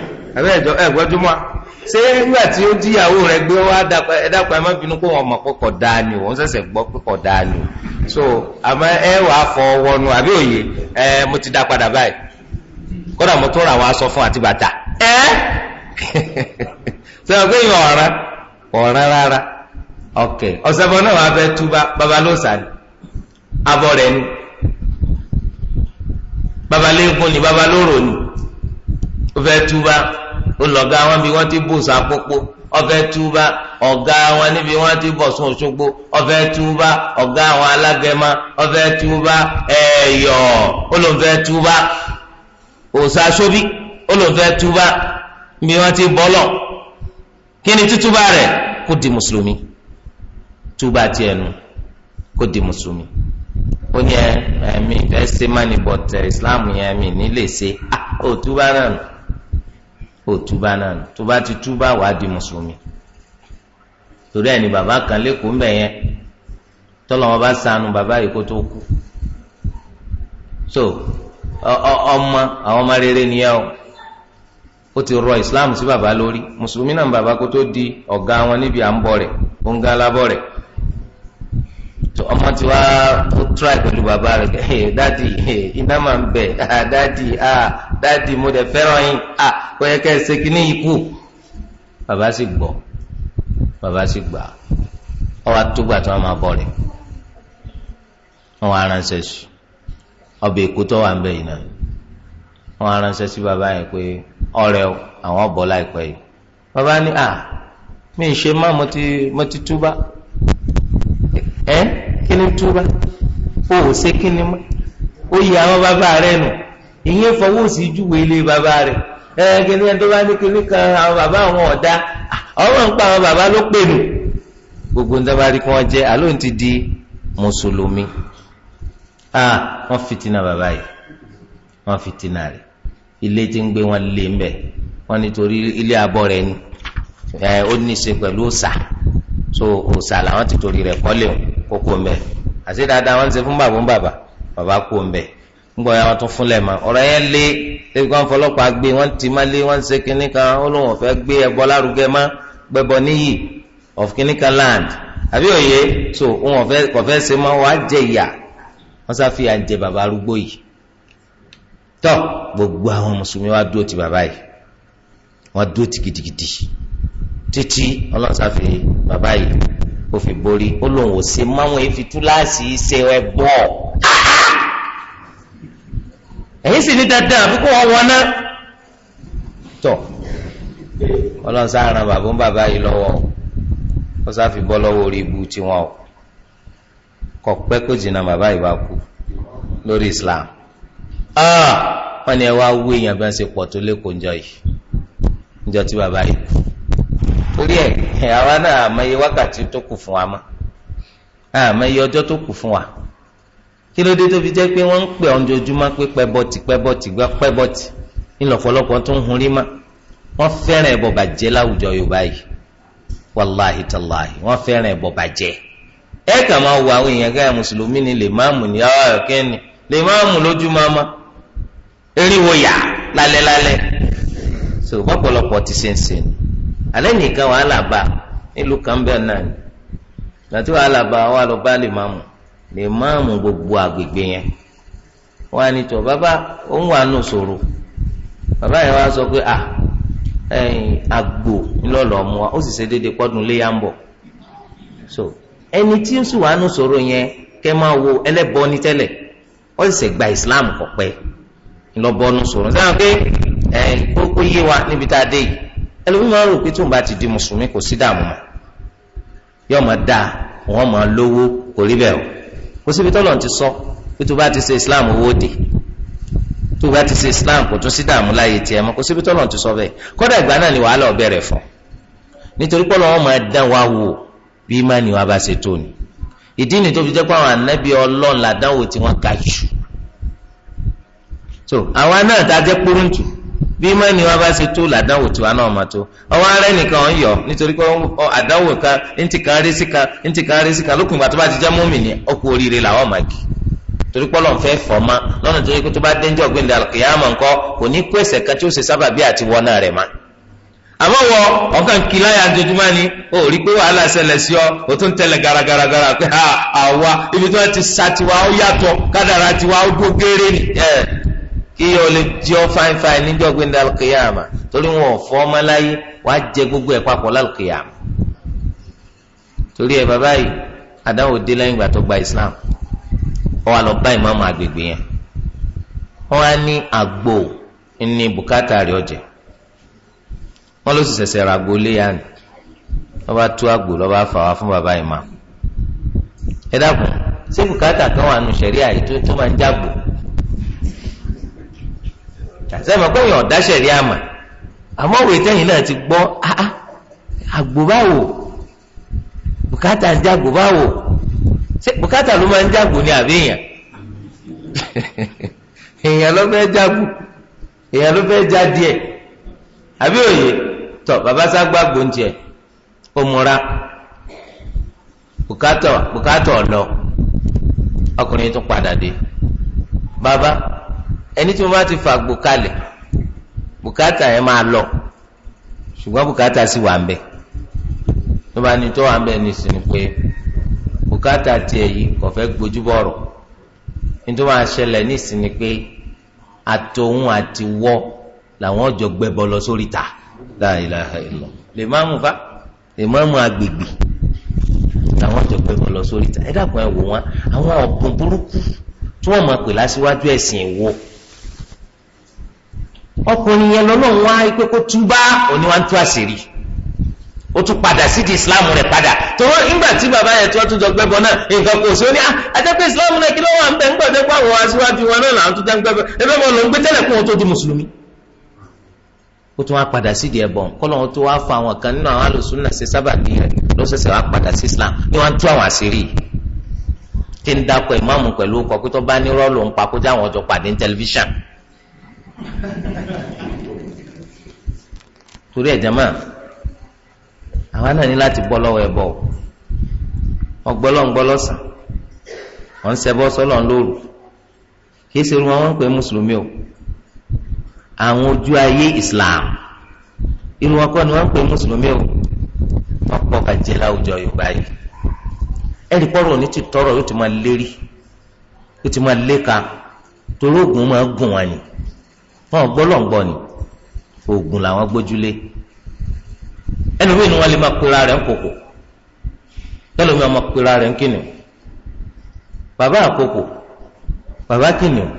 abẹ́ ẹ̀jọ ẹ̀gbọ́dúnmọ́ ṣé nígbà tí ó díyàwó rẹ̀ gbé wá bínú kó wọn mọ̀ gbọ́ so àmọ́ àbí òye ẹ mo ti dá padà báyìí kódà mo ra aṣọ fún àti bàtà ẹ ṣe rárá ọ̀sẹ̀bọ náà ni abọ́ rẹ̀ ni ni ni ó fẹ́ ó lọ̀gá wọn bí wọ́n ti bù sápópó ọfẹ́ túbá ọ̀gá wọn níbi wọ́n ti bọ̀ sún Òṣogbo ọfẹ́ túbá ọ̀gá wọn alágẹmọ ọfẹ́ túbá ẹ̀yọ̀ ó lòun fẹ́ túbá òòsà sóbí ó lòun fẹ́ túbá bí wọ́n ti bọ́ kí ni títúbà rẹ̀ kó di mùsùlùmí túbà tiẹ̀ nu kó di mùsùlùmí ó ní ẹ̀mí ẹ̀ ṣe eh, Islam yẹn mi nílé ṣe ah, ó túbà náà nù. ó túbá náà nù tó bá ti túbá di mùsùlùmí torí ẹni bàbá kan lẹ́kọ̀ọ́ mbẹ̀ yẹn tọ́lọ́wọ́ bá sanu bàbá yìí kó tó kú so ọmọ àwọn ọmọ rere nìyẹn o ó ti rọ Islam sí bàbá lórí mùsùlùmí náà bàbá kó tó di ọ̀gá wọn níbi à ń bọ̀ rẹ̀ ó ń gá alábọ̀ rẹ̀ tó ọmọ tí wàá ó tíráì pẹ̀lú bàbá rẹ̀ dáàdì iná dáàdi mo dẹ̀ fẹ́ràn yín à kò yẹ kẹ́ ẹ ṣe kíní yìí kù bàbá sì gbọ́ bàbá sì gbà ọ wa tó gbà tí wọ́n máa bọ̀ rẹ̀ wọ́n aránṣẹ́ sí ọbẹ̀ èkó tó wà ń bẹ̀ yìí náà wọ́n aránṣẹ́ sí bàbá yẹn pé ọ̀rẹ́ àwọn bọ̀ láìpẹ́ yìí bàbá ní à mi ì ṣe má mo ti mo ti túbá ẹ kí ni túbá o ò ṣe kí ni mọ́ ó yẹ àwọn bàbá rẹ nù. Ihe fọwọ́ sí júwe ilé bàbá rẹ ẹ kíní tó bá ní kíní kan àwọn bàbá àwọn ọ̀dá ń pa àwọn bàbá ló pè nù gbogbo ń dábàá rí kí wọ́n jẹ́ ti di mùsùlùmí ah wọ́n fìtínà bàbá yìí wọ́n rẹ̀ ilé ti ń gbé wọn lé nítorí ilé abọ́ ni ẹ ó ní ṣe pẹ̀lú so làwọn ti torí kọ́lé kókó àti dáadáa fún bàbá ń ngbọ ya wọn tún fúnlẹ̀ ma ọ̀rọ̀ yẹn lé lẹ́yìn kan fọlọ́pàá gbé wọn ti má lé wọn ṣe kínní kan ó lóun gbé ẹbọ lárugẹ má gbẹbọ níyì of kínní kan land àbí òye so òun ọ̀fẹ́ kọ̀fẹ́ ṣe má wàá jẹ ìyà wọn sá fi àjẹ bàbá arúgbó yìí tọ gbogbo àwọn mùsùlùmí wa dúró ti bàbá yìí wọn dúró ti gidigidi títí ọlọ́sà fi bàbá yìí ó fi borí ó lóun ṣe máwọn èéfi túláàsì ṣe ẹbọ á. Ah! ẹ̀yin sì ní dandan àbí kó wọ́n wọná tọ̀ ọlọ́run sáàràn bàbá ń bàbá yìí lọ́wọ́ wọ́n sáfi bọ́ lọ́wọ́ orí ibu tiwọn o kọ̀ pẹ́ kó jìnnà bàbá yìí bá kú Islam wọ́n ní ẹ wá wú èèyàn bí wọ́n ṣe pọ̀ tó lẹ́kọ̀ọ́ njọ́ yìí njọ́ tí bàbá yìí kú torí ẹ̀ àwa náà àmọ́ iye wákàtí tó kù fún wa kí ló dé tó fi jẹ́ pé wọ́n ń pè ọ̀njọ́júmọ́ pé pẹ́bọ́tì pẹ́bọ́tì gbá pẹ́bọ́tì ńlọ̀fọ̀lọpọ̀ tó ń hun rí má wọ́n fẹ́ràn ẹbọ bàjẹ́ láwùjọ yorùbá yìí wàláhì tàláhì wọ́n fẹ́ràn ẹbọ bàjẹ́ ẹ kà máa wo àwọn èèyàn gáyà mùsùlùmí ni lè máàmù ní ọ̀rọ̀ ah, kẹ́ni lè máàmù lójú máma eriwo yà lálẹ́ lálẹ́ so bọ́pọ̀lọpọ̀ ti ṣe ń ṣe ni alẹ́ nìkan wàhálà bá nílùú kan lè máàmù gbogbo àgbègbè yẹn wọn á ní tọ bàbá òun wà nù sòrò bàbá yẹn wá sọ pé à ẹyìn àgbò ńlọlọ mu wa ó sì ṣe déédéé pọdún léyà ń bọ so ẹni tí ń sùn wà nù sòrò yẹn kẹ máa wo ẹlẹbọ ní tẹ́lẹ̀ ó sì ṣe gba Islam kọpẹ ńlọbọ nù sòrò sẹ́wọ̀n pé ẹyìn kókó yé wa níbi tá a dé yìí ẹlòmíràn rò pé tóun bá ti di mùsùlùmí kò sí dààmú mọ́ yọọ máa dáa wọn máa lówó kò rí bẹ́ẹ̀ o kò síbi tọ́lọ̀ ti sọ pé tó bá ti ṣe islam owó dé tó bá ti ṣe islam kò tún sí dààmú láyé tiẹ̀ mọ́ kò síbi tọ́lọ̀ ti sọ bẹ́ẹ̀ kódà ìgbà náà ni wàhálà ó bẹ̀rẹ̀ fún nítorí pé Ọlọ́run máa dán wa wò bí ìmánì wa bá ṣe tó ni ìdí ni tó fi jẹ́ pé àwọn anábì Ọlọ́run làdánwò tí wọ́n ga jù so àwa náà ta jẹ́ kúrúntù bí ni wa bá ṣe tó làdánwò tiwa náà máa tó ọwọ́ ara ẹnìkan ọ̀hún yọ nítorí pé àdánwò kan ntì kan rí sí ntì kan rí sí lókùn ìgbà tó bá ti jẹ́ mọ́mì ni ọkọ̀ oríire làwọn máa kì torí pé ọlọ́run fẹ́ fọ́ ma lọ́nà tó yẹ kó tó bá dénjọ́ gbẹ̀ndẹ̀ àlùkìyàmọ̀ nǹkan kò ní kó ẹ̀ṣẹ̀ kan tí ó ṣe sábà bí àti wọ́n náà rẹ̀ ma àmọ́ wọ ọ̀kan kí láyà dojúmọ́ ni ó rí pé wàhálà ṣẹlẹ̀ sí ọ ó tún tẹ̀lé garagaragara pé àwa ibi tí wọ́n ti sa tiwa ó yàtọ̀ kádàrá tiwa ó dúró ni iye ole ji jí ọ fáinfáin níjọ́ gbẹndé alùkìyàmà torí wọn ò fọ ọmọ láyé wàá jẹ gbogbo ẹ̀ papọ̀ lálùkìyàmà torí ẹ̀ bàbá yìí adáwò dé lẹ́yìn ìgbà tó gba Islam ó wá lọ bá ìmáàmù agbègbè yẹn wọn á ní agbo ní bukata rẹ̀ ọjẹ wọn ló sì ṣẹ̀ṣẹ̀ ra àgbo léyà ni wọn bá tú àgbo lọ bá fà wá fún bàbá ìmáàmù ẹ kan wà nù sẹ́mi ọ̀pẹ́yìn ọ̀dá ṣẹ̀rí àmà àmọ́ òwe tẹ́yìn náà ti gbọ́ ah, ah, àgbòbáwò bùkátà ń jágbó báwò bùkátà ló máa ń jágbó ní àbíyàn èèyàn ló fẹ́ jágbó èèyàn ló fẹ́ já díẹ̀ àbí òye tọ bàbá ságbá gbòǹtiẹ̀ ó múra bùkátà bùkátà ọkùnrin tún padà dé bàbá ẹni tí mo bá ti fà gbò kalẹ̀ bùkátà yẹn máa lọ ṣùgbọ́n bùkátà sì wà ń bẹ̀ tó bá ní tó wà ń bẹ̀ ní ìsìn pé bùkátà tiẹ̀ yìí kò fẹ́ gbójú ní tó máa ṣẹlẹ̀ ní ìsìn pé àtòun àti wọ́ làwọn ọjọ́ gbẹ́bọ lọ sórí ta lè má mú fa lè má mú agbègbè làwọn ọjọ́ gbẹ́bọ lọ sórí ta ẹ dàgbọ́n ẹ wò wọn àwọn ọ̀gbìn burúkú tí wọ́n máa pè láṣíwájú ẹ̀sìn ìwọ. ọkùnrin yẹn lọ́nà wá pé kó túbá òní otu àṣírí ó tún padà sídìí islam rẹ̀ padà tòwọ́ tí náà nǹkan kò sí ó ní ah, islam náà kí ló wà ń bẹ̀ ń gbọ́dọ̀ pé aṣíwájú wọn náà làwọn tún jẹ́ ń gbẹ́bọ ẹgbẹ́ wọn ló ń gbé tẹ́lẹ̀ wọn tó di mùsùlùmí. ó tún wá padà sídìí ẹ̀bọ̀n kọ́lọ́ wọn tó wá fa àwọn kan nínú àwọn alùsùnà ṣe sábàbí wá padà sí islam ni wọ́n tú àwọn àṣírí tí ń dákọ̀ ìmáàmù pẹ̀lú ọkọ̀ pé tó bá nírọ́ lòún pa torí ẹ̀ jama àwa náà ní láti bọ́ lọ́wọ́ ẹbọ ọgbọ́lọ́ ńgbọ́lọ́ sàn wọ́n ń ṣẹbọ sọ́lọ́ ńlóru kìí ṣe wọn wọ́n pè mùsùlùmí o àwọn ojú ayé Islam inú wọn kọ́ ni wọ́n pè mùsùlùmí o wọ́n pọ̀ bàjẹ́ láwùjọ Yorùbá yìí ẹ̀rí pọ́rọ̀ ní ti tọrọ yóò ti máa lérí yóò ti máa léka torí oògùn máa gùn wọn ni wọn gbọ́lọ́ngbọ́ ni oògùn làwọn gbójúlé ẹlòmíì ni wọn lè máa pera rẹ̀ ń kòkò ẹlòmíì wọn máa pera rẹ̀ ń bàbá àkókò bàbá kìnìún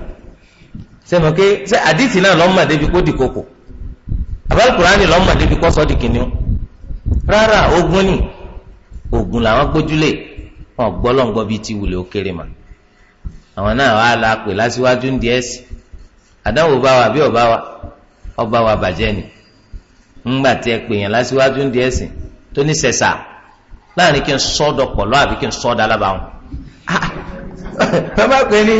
sẹ́mi ké sẹ́ àdìsí náà lọ́mọ débi kó di kòkò àbálùkùránì lọ́mọ débi kó sọ́ di kìnìún rárá ogun ni oògùn làwọn gbójúlé wọn gbọ́lọ́ngbọ́ bíi ti wulẹ̀ ó kéré àwọn náà wà á la pè lásìwájú ń àdáwò bá wa àbí ọba wa ọba wa bàjẹ́ ni ńgbà tí ẹ pè yàn lásìwájú ń di ẹ̀sìn tó ní sẹ̀sà láàrin kí n sọ́dọ̀ pọ̀lọ́ àbí kí n sọ́dọ̀ alábàáhùn. bàbá ah! pé ní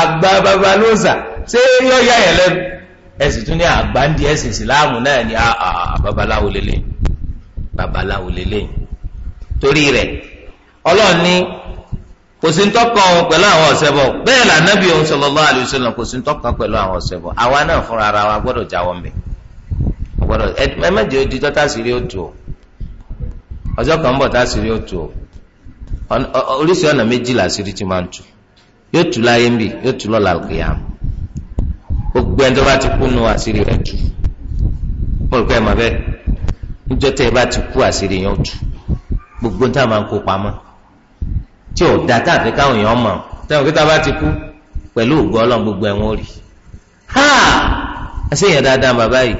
àgbà bàbá ló sà ṣé yóò yá yẹn lẹ́nu ẹ̀sìn tún ní àgbà ń di ẹ̀sìn ìsìláàmù náà ni ah, ah, babaláwo lélẹ̀ babaláwo lélẹ̀ torí rẹ̀ ọlọ́ọ̀ni. kò sí ntọ́kọ̀ wọn pẹ̀lú àwọn ọ̀sẹ̀bọ bẹ́ẹ̀ là nábì ọ̀hún sallallahu alaihi wasallam kò sí ntọ́kọ̀ pẹ̀lú àwọn ọ̀sẹ̀bọ àwa náà fúnra ara wa gbọ́dọ̀ jáwọ́ mbẹ̀ gbọ́dọ̀ ẹ mẹ́jọ di tọ́ta rí òtù o ọjọ́ kan ń bọ̀ tá rí òtù o oríṣi ọ̀nà méjì máa ń yóò láyé mbì yóò lọ́la gbogbo ẹni tó bá ti kú tí ò dá tá àfi káwọn èèyàn mọ̀ tẹ́wọ̀n kí tá ti kú pẹ̀lú ògbọ́ ọlọ́run gbogbo ẹ̀wọ̀n rì ha ẹsẹ̀ yẹn dáadáa bàbá yìí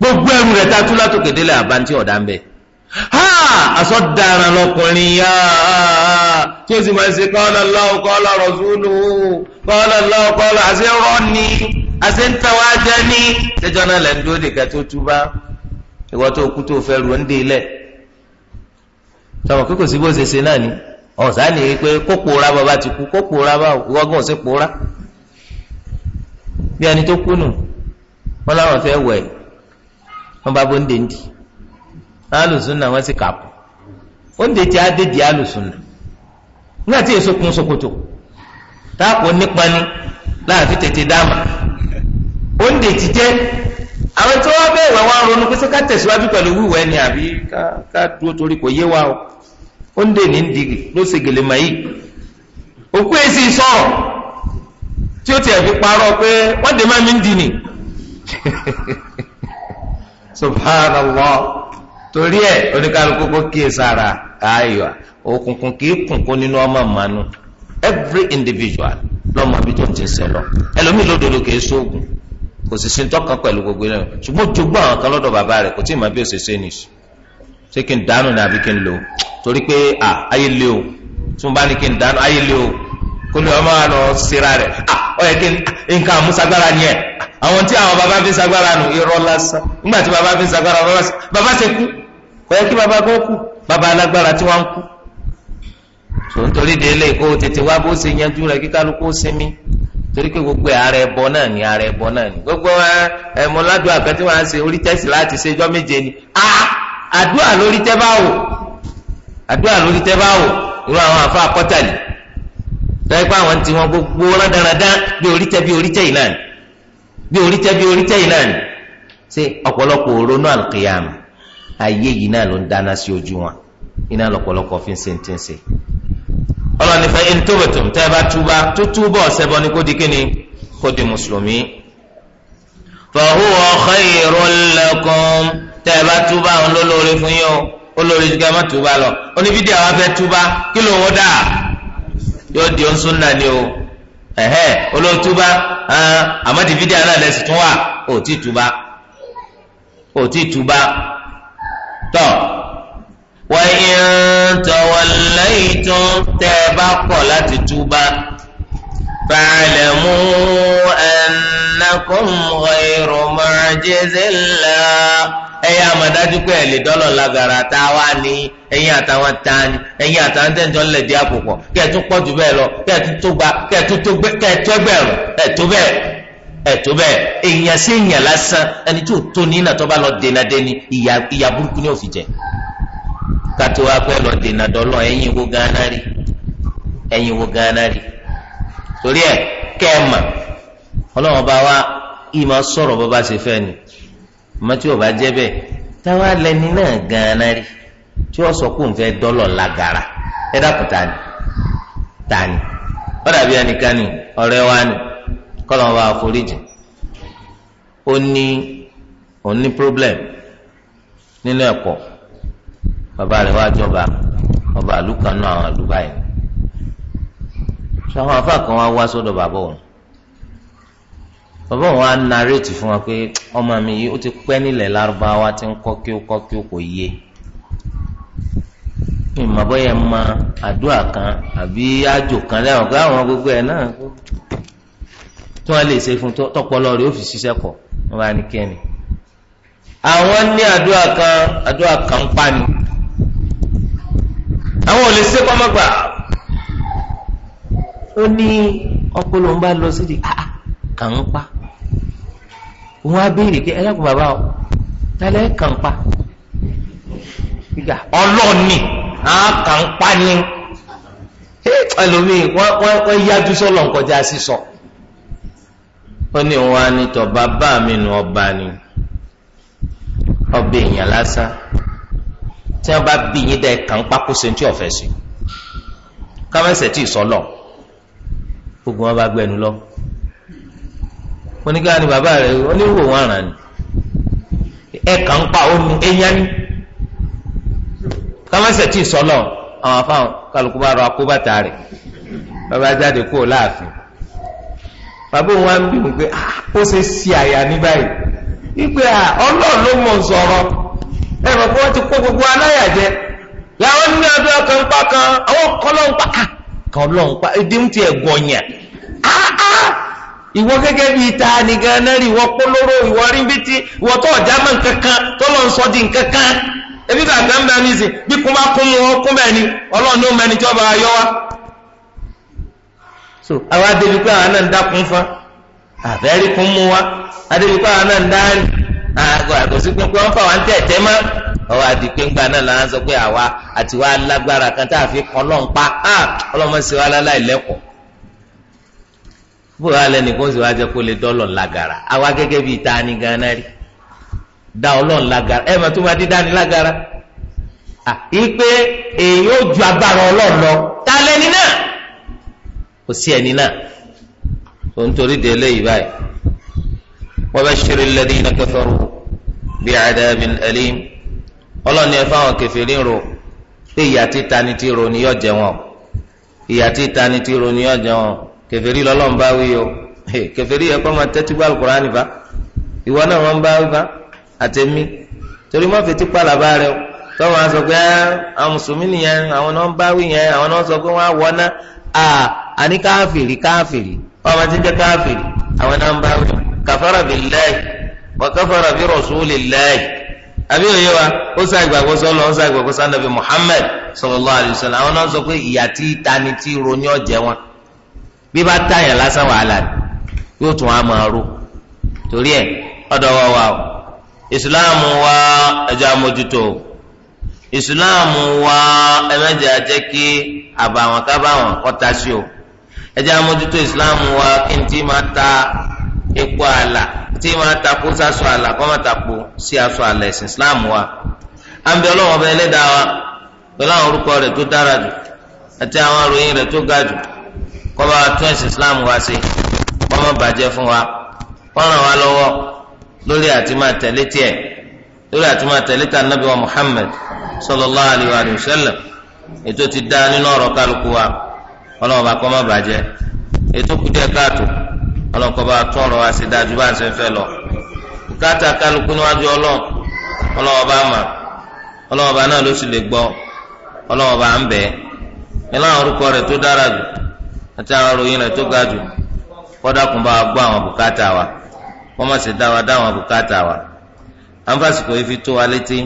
gbogbo ẹrù rẹ̀ tá tú látòkè délẹ̀ àbá tí ọ̀dà ń bẹ̀ ha aṣọ dára lọkùnrin yá tí o sì máa ń ṣe qala Allahu qala rasuluhu qala Allahu qala àṣẹ rọ́ ni àṣẹ ń tàwa jẹ́ ní ṣẹjọ́ náà lẹ́nu dúró dèkẹ́ tó túbá ìwọ́ tó kú tó fẹ́ ru ń délẹ̀ sọmọ kíkò sí bó ṣe ṣe náà ni ọ̀sán ni pé kó pòórá bàbá ti kú kó pòórá bá ìwọ́gàn ṣe pòórá bí ẹni tó kúnù wọn láwọn fẹ́ wẹ̀ wọn bá bó ń dè ń dì alùsùn náà wọ́n sì kàpọ̀ ó ń dè tí a di alùsùn náà nígbà tí èso kun ṣòkòtò táàpù nípanu láàfin tètè dáàmà ó ń dè ti jẹ́ àwọn tí wọ́n bẹ̀rẹ̀ wọn ronú pé ká tẹ̀síwájú pẹ̀lú wíwẹ̀ ni àbí ká torí kò yé wa o ó ń dè ní ń digi ló ṣe gèlè mọ́ yìí òkú èsì sọ̀rọ̀ tí ó parọ́ pé wọ́n dè mi ń di nì subhanallah torí ẹ̀ oníkálukú kó kíyè sára ayọ̀ òkùnkùn kì í kùn nínú ọmọ mànú every individual lọ́mọ kò sì ṣe ń tọ́ka pẹ̀lú gbogbo náà ṣùgbọ́n jogún àwọn kan lọ́dọ̀ bàbá rẹ̀ kò tí ì mọ bí ó ṣe ṣe nìṣ ṣé kí n dànù ní àbí kí n lò torí pé à ayé lé o tún bá ní kí n dànù ayé lé o kó ní ọmọ wa lọ síra rẹ̀ à ọ yẹ kí nǹkan àmúṣagbára ni ẹ àwọn tí àwọn bàbá fi ṣagbára nù irọ́ lásán nígbà tí bàbá fi ṣagbára irọ́ lásán bàbá ṣe kú kò yẹ kí bàbá gbọ́ kú bàbá alágbára tí wọ́n ń kú. sòǹtòrí délé kó tètè wá bó ṣe yanjú rẹ̀ kíkálukú ó sinmi torí pé gbogbo ara ẹbọ náà ni ara ẹbọ náà ni gbogbo ẹmọ ládùú àkàtí wọn á ṣe orí tẹsí láti ṣe ọjọ́ méje ni a àdúrà lórí tẹ bá wò àdúrà lórí tẹ bá wò irú àwọn àfa àkọtàlì tọ́yẹ pé àwọn tí wọn gbogbo rádaràdán bí orí tẹ bí orí tẹ yìí náà ni bí orí tẹ bí orí tẹ yìí náà ni ṣe ọ̀pọ̀lọpọ̀ ronú àlùkìyàmù ayé yìí náà ló ń dáná sí ojú wọn iná lọ̀pọ̀lọpọ̀ fi ń ṣe ń ti ń ṣe ọlọ́ni fẹ́ intobetum tẹ́ ẹ bá túbá tó túbọ̀ ọ̀sẹ̀bọ ni kó di kíni kó di mùsùlùmí. fahuwa khayrun lakum tẹ́ ẹ bá túbá òun ló lóore fún yín o ó lóore jù ká má túbá lọ oníbídì àwọn afẹ́ túbá kí ló wọ́n dà yóò di oṣù nà o ẹ̀hẹ́ olóòtúbá àmọ́ ti fídíà náà lẹ́sìn tún wà ó ti túbá ó ti túbá tọ́ wọ́n tọ́wọ́ lẹ́yìn tó ń tẹ́ ẹ bá kọ̀ láti túbá fàlẹ́mú ẹnakùn ọ̀rọ̀ mọ̀jẹ́sẹ̀lá. ẹ yá àmọ́ dájú pé ẹ lè dọ́lọ̀ lágara tá a wá ní ẹ̀yin àtàwọn tani ẹ̀yin àtàwọn tẹ̀jọ́ ńlẹ̀ dí àpòpọ̀ kí pọ̀ jù bẹ́ẹ̀ lọ kí tó gba kí tó gbẹ kí ẹ tó bẹ́ẹ̀ ẹ tó èèyàn sí èèyàn lásán ẹni tó tó ní ìnà tó bá lọ dènà dẹni ìyà burúkú ni ó fi jẹ. kátó wá pẹ́ lọ dènà dọ́lọ́ ẹ̀yin wo gánà rí wo gánà rí torí ẹ kẹma ọlọ́run bá wa yìí máa bó bá ṣe ni tí ò bá jẹ́ bẹ táwa lẹni náà gánà tí sọ pé ẹ dákun ta ni ta ni ó dàbí ẹnìkan ni wa ni bá ó problem nínú bàbá rẹ̀ wá jọba ọba àlùkàn náà àwọn àlùbá yìí sọ́wọ́n afá kan wá wá sọ́dọ̀ bàbá òun bàbá òun á nàrètì fún wa pé ọmọ mi yìí ó ti pẹ́ nílẹ̀ lárúbáwá tí ń kọ́ kí ó kọ́ kí ó kò yé ìmọ̀ ma àdúrà kan àbí àjò kan lẹ́wọ̀n pé àwọn gbogbo ẹ̀ náà tí wọ́n lè ṣe fún tọpọlọ rẹ̀ ó fi ṣiṣẹ́ pọ̀ wọ́n bá ní kẹ́ni. àwọn ní àdúrà kan àdúrà kan pa ni àwọn ò lè ṣe kọ́mọ́gbà ó ní ọpọlọ ń bá lọ sí di ah, ah kà ń pa òun á béèrè pé ẹlẹ́kùn bàbá ọ tẹ́lẹ̀ kàn ń pa ọlọ́ọ̀ni á kà ń pa ni ẹlòmíì wọ́n yájú sọ́lọ̀ nkọjá sísọ ó ní wọn á ní tọ́ bàbá mi nù ọba ni tí wọ́n bá bí yín dẹ kàn pákó sentí ọ̀fẹ́ sí kámẹ́sẹ̀ tí ì sọlọ gbogbo wọn bá gbẹnu lọ mo ní káwọn ni bàbá rẹ oníwò wọn àràn ni ẹ kàn pa omi ẹyá ni kámẹ́sẹ̀ tí ì sọlọ àwọn afáwọn kálukú bá rọ akóbàtà rẹ bàbá jáde kúrò láàfin bàbá òun wá ń bí mi pé ah, ó ṣe ṣí àyà ní báyìí wípé ah, ọlọ́ọ̀ ló mọ̀ sọ̀rọ̀. ẹ mọ̀ pé ti kó gbogbo aláyàjẹ làwọn ní ọdún ọkàn kan àwọn kọlọ́ ńpá kọlọ́ èdè ń tiẹ̀ ìwọ gẹ́gẹ́ bíi ta ni ganan rí ìwọ polówó ìwọ ìwọ tó ọjà mọ nǹkan kan tó lọ sọ di nǹkan kan ebi bàtà ń bẹ ní sè bí kún bá kún mu kún bẹ ni Ọlọ́run ní òmẹni tí ọba ayọ wa so àwọn náà ń aago àgòsí pínpín wọn fà wọn tẹ̀tẹ̀ mọ́ ọwọ́ àdìpéǹgbà náà là ń sọ pé àwa àti wa lágbára kan tá a fi kọ́ lọ́n pa á ọlọ́mọ sí wa láláì lẹ́kọ̀ọ́ bó wa lẹ́nu kó sì wá jẹ́ kó lè dọ́lọ̀ lágara àwa gẹ́gẹ́ bíi ta ni gánà rí da ọlọ́run lágara ẹ̀ mà tó máa di dání lágara ìpè ah! èyí ó ju agbára ọlọ́run lọ ta lẹ́ni náà kò sí ẹni náà tó ń torí de eléyìí báyìí. وبشر الذين كفروا بعذاب أليم Ọlọ́run ní ẹ fáwọn kẹfìrí rò pé ìyà tí tani ti rò ni yóò jẹ wọn ìyà tí tani ti rò ni yóò jẹ wọn kẹfìrí lọ́lọ́run bá wí o kẹfìrí yẹ kó máa tẹ́tí gbá Al-Qur'ani bá ìwọ náà wọn bá wí bá àtẹmí torí má fetí pàlà bá rẹ o tọ́wọ́n á sọ pé ah, àwọn mùsùlùmí nìyẹn àwọn náà ń bá wí yẹn àwọn náà sọ pé wọ́n á wọ́n náà àní káfìrí káfìrí ọmọ tí ń jẹ́ káfìrí àwọn náà ń bá wí kàfàrà billahi wà kàfàrà bi rasulillahi àbí òye wa ó ṣàgbàgbọ́ sọ́nà ó ṣàgbàgbọ́ sọ́nà bíi Muhammad sallallahu alaihi wasallam àwọn náà sọ pé ìyà tí tani tí ronú ọ̀jẹ̀ wọn bí bá tààyàn lásán wàhálà yóò tún á máa ro torí ẹ ọ̀dọ̀ wa wa o ìsìláàmù wa ẹjọ́ amójútó o wa ẹlẹ́jẹ̀ ajẹ́ kí àbàwọ̀n kábàwọ̀n kọ́ta sí o ẹjọ́ amójútó ìsìláàmù wa kí n ti máa ta epo ala tí máa takò sásọ ala kọ́ máa takò sí asọ ala ẹ̀sìn Islam wa à ń bẹ ọlọ́wọ́n wa pẹ̀lú àwọn orúkọ rẹ̀ tó dára jù àti àwọn àròyìn rẹ̀ tó ga jù kọ́ máa tún ẹ̀sìn Islam wa ṣe kọ́ máa bàjẹ́ fún wa wọ́n ràn wá lọ́wọ́ lórí àti máa tẹ̀lé tiẹ̀ lórí àti nabi wa sallallahu alayhi wa sallam ètò ti dá nínú ọ̀rọ̀ wa bá kọ́ bàjẹ́ ètò ọlọ́kọ̀ọ́ba tọrọ àṣedájú bá ń ṣe fẹ́ lọ bùkátà kálukú níwájú ọlọ́ọ̀ ọlọ́ọ̀ba mà ọlọ́ọ̀ba náà ló sì lè gbọ́ ọlọ́ọ̀ba ń bẹ́ẹ̀ nínú orúkọ rẹ̀ tó dára jù àti àwọn òròyìn rẹ̀ tó ga jù bá gbọ́ àwọn bùkátà wa wọ́n wa dá àwọn bùkátà wa yìí fi tó wa létí.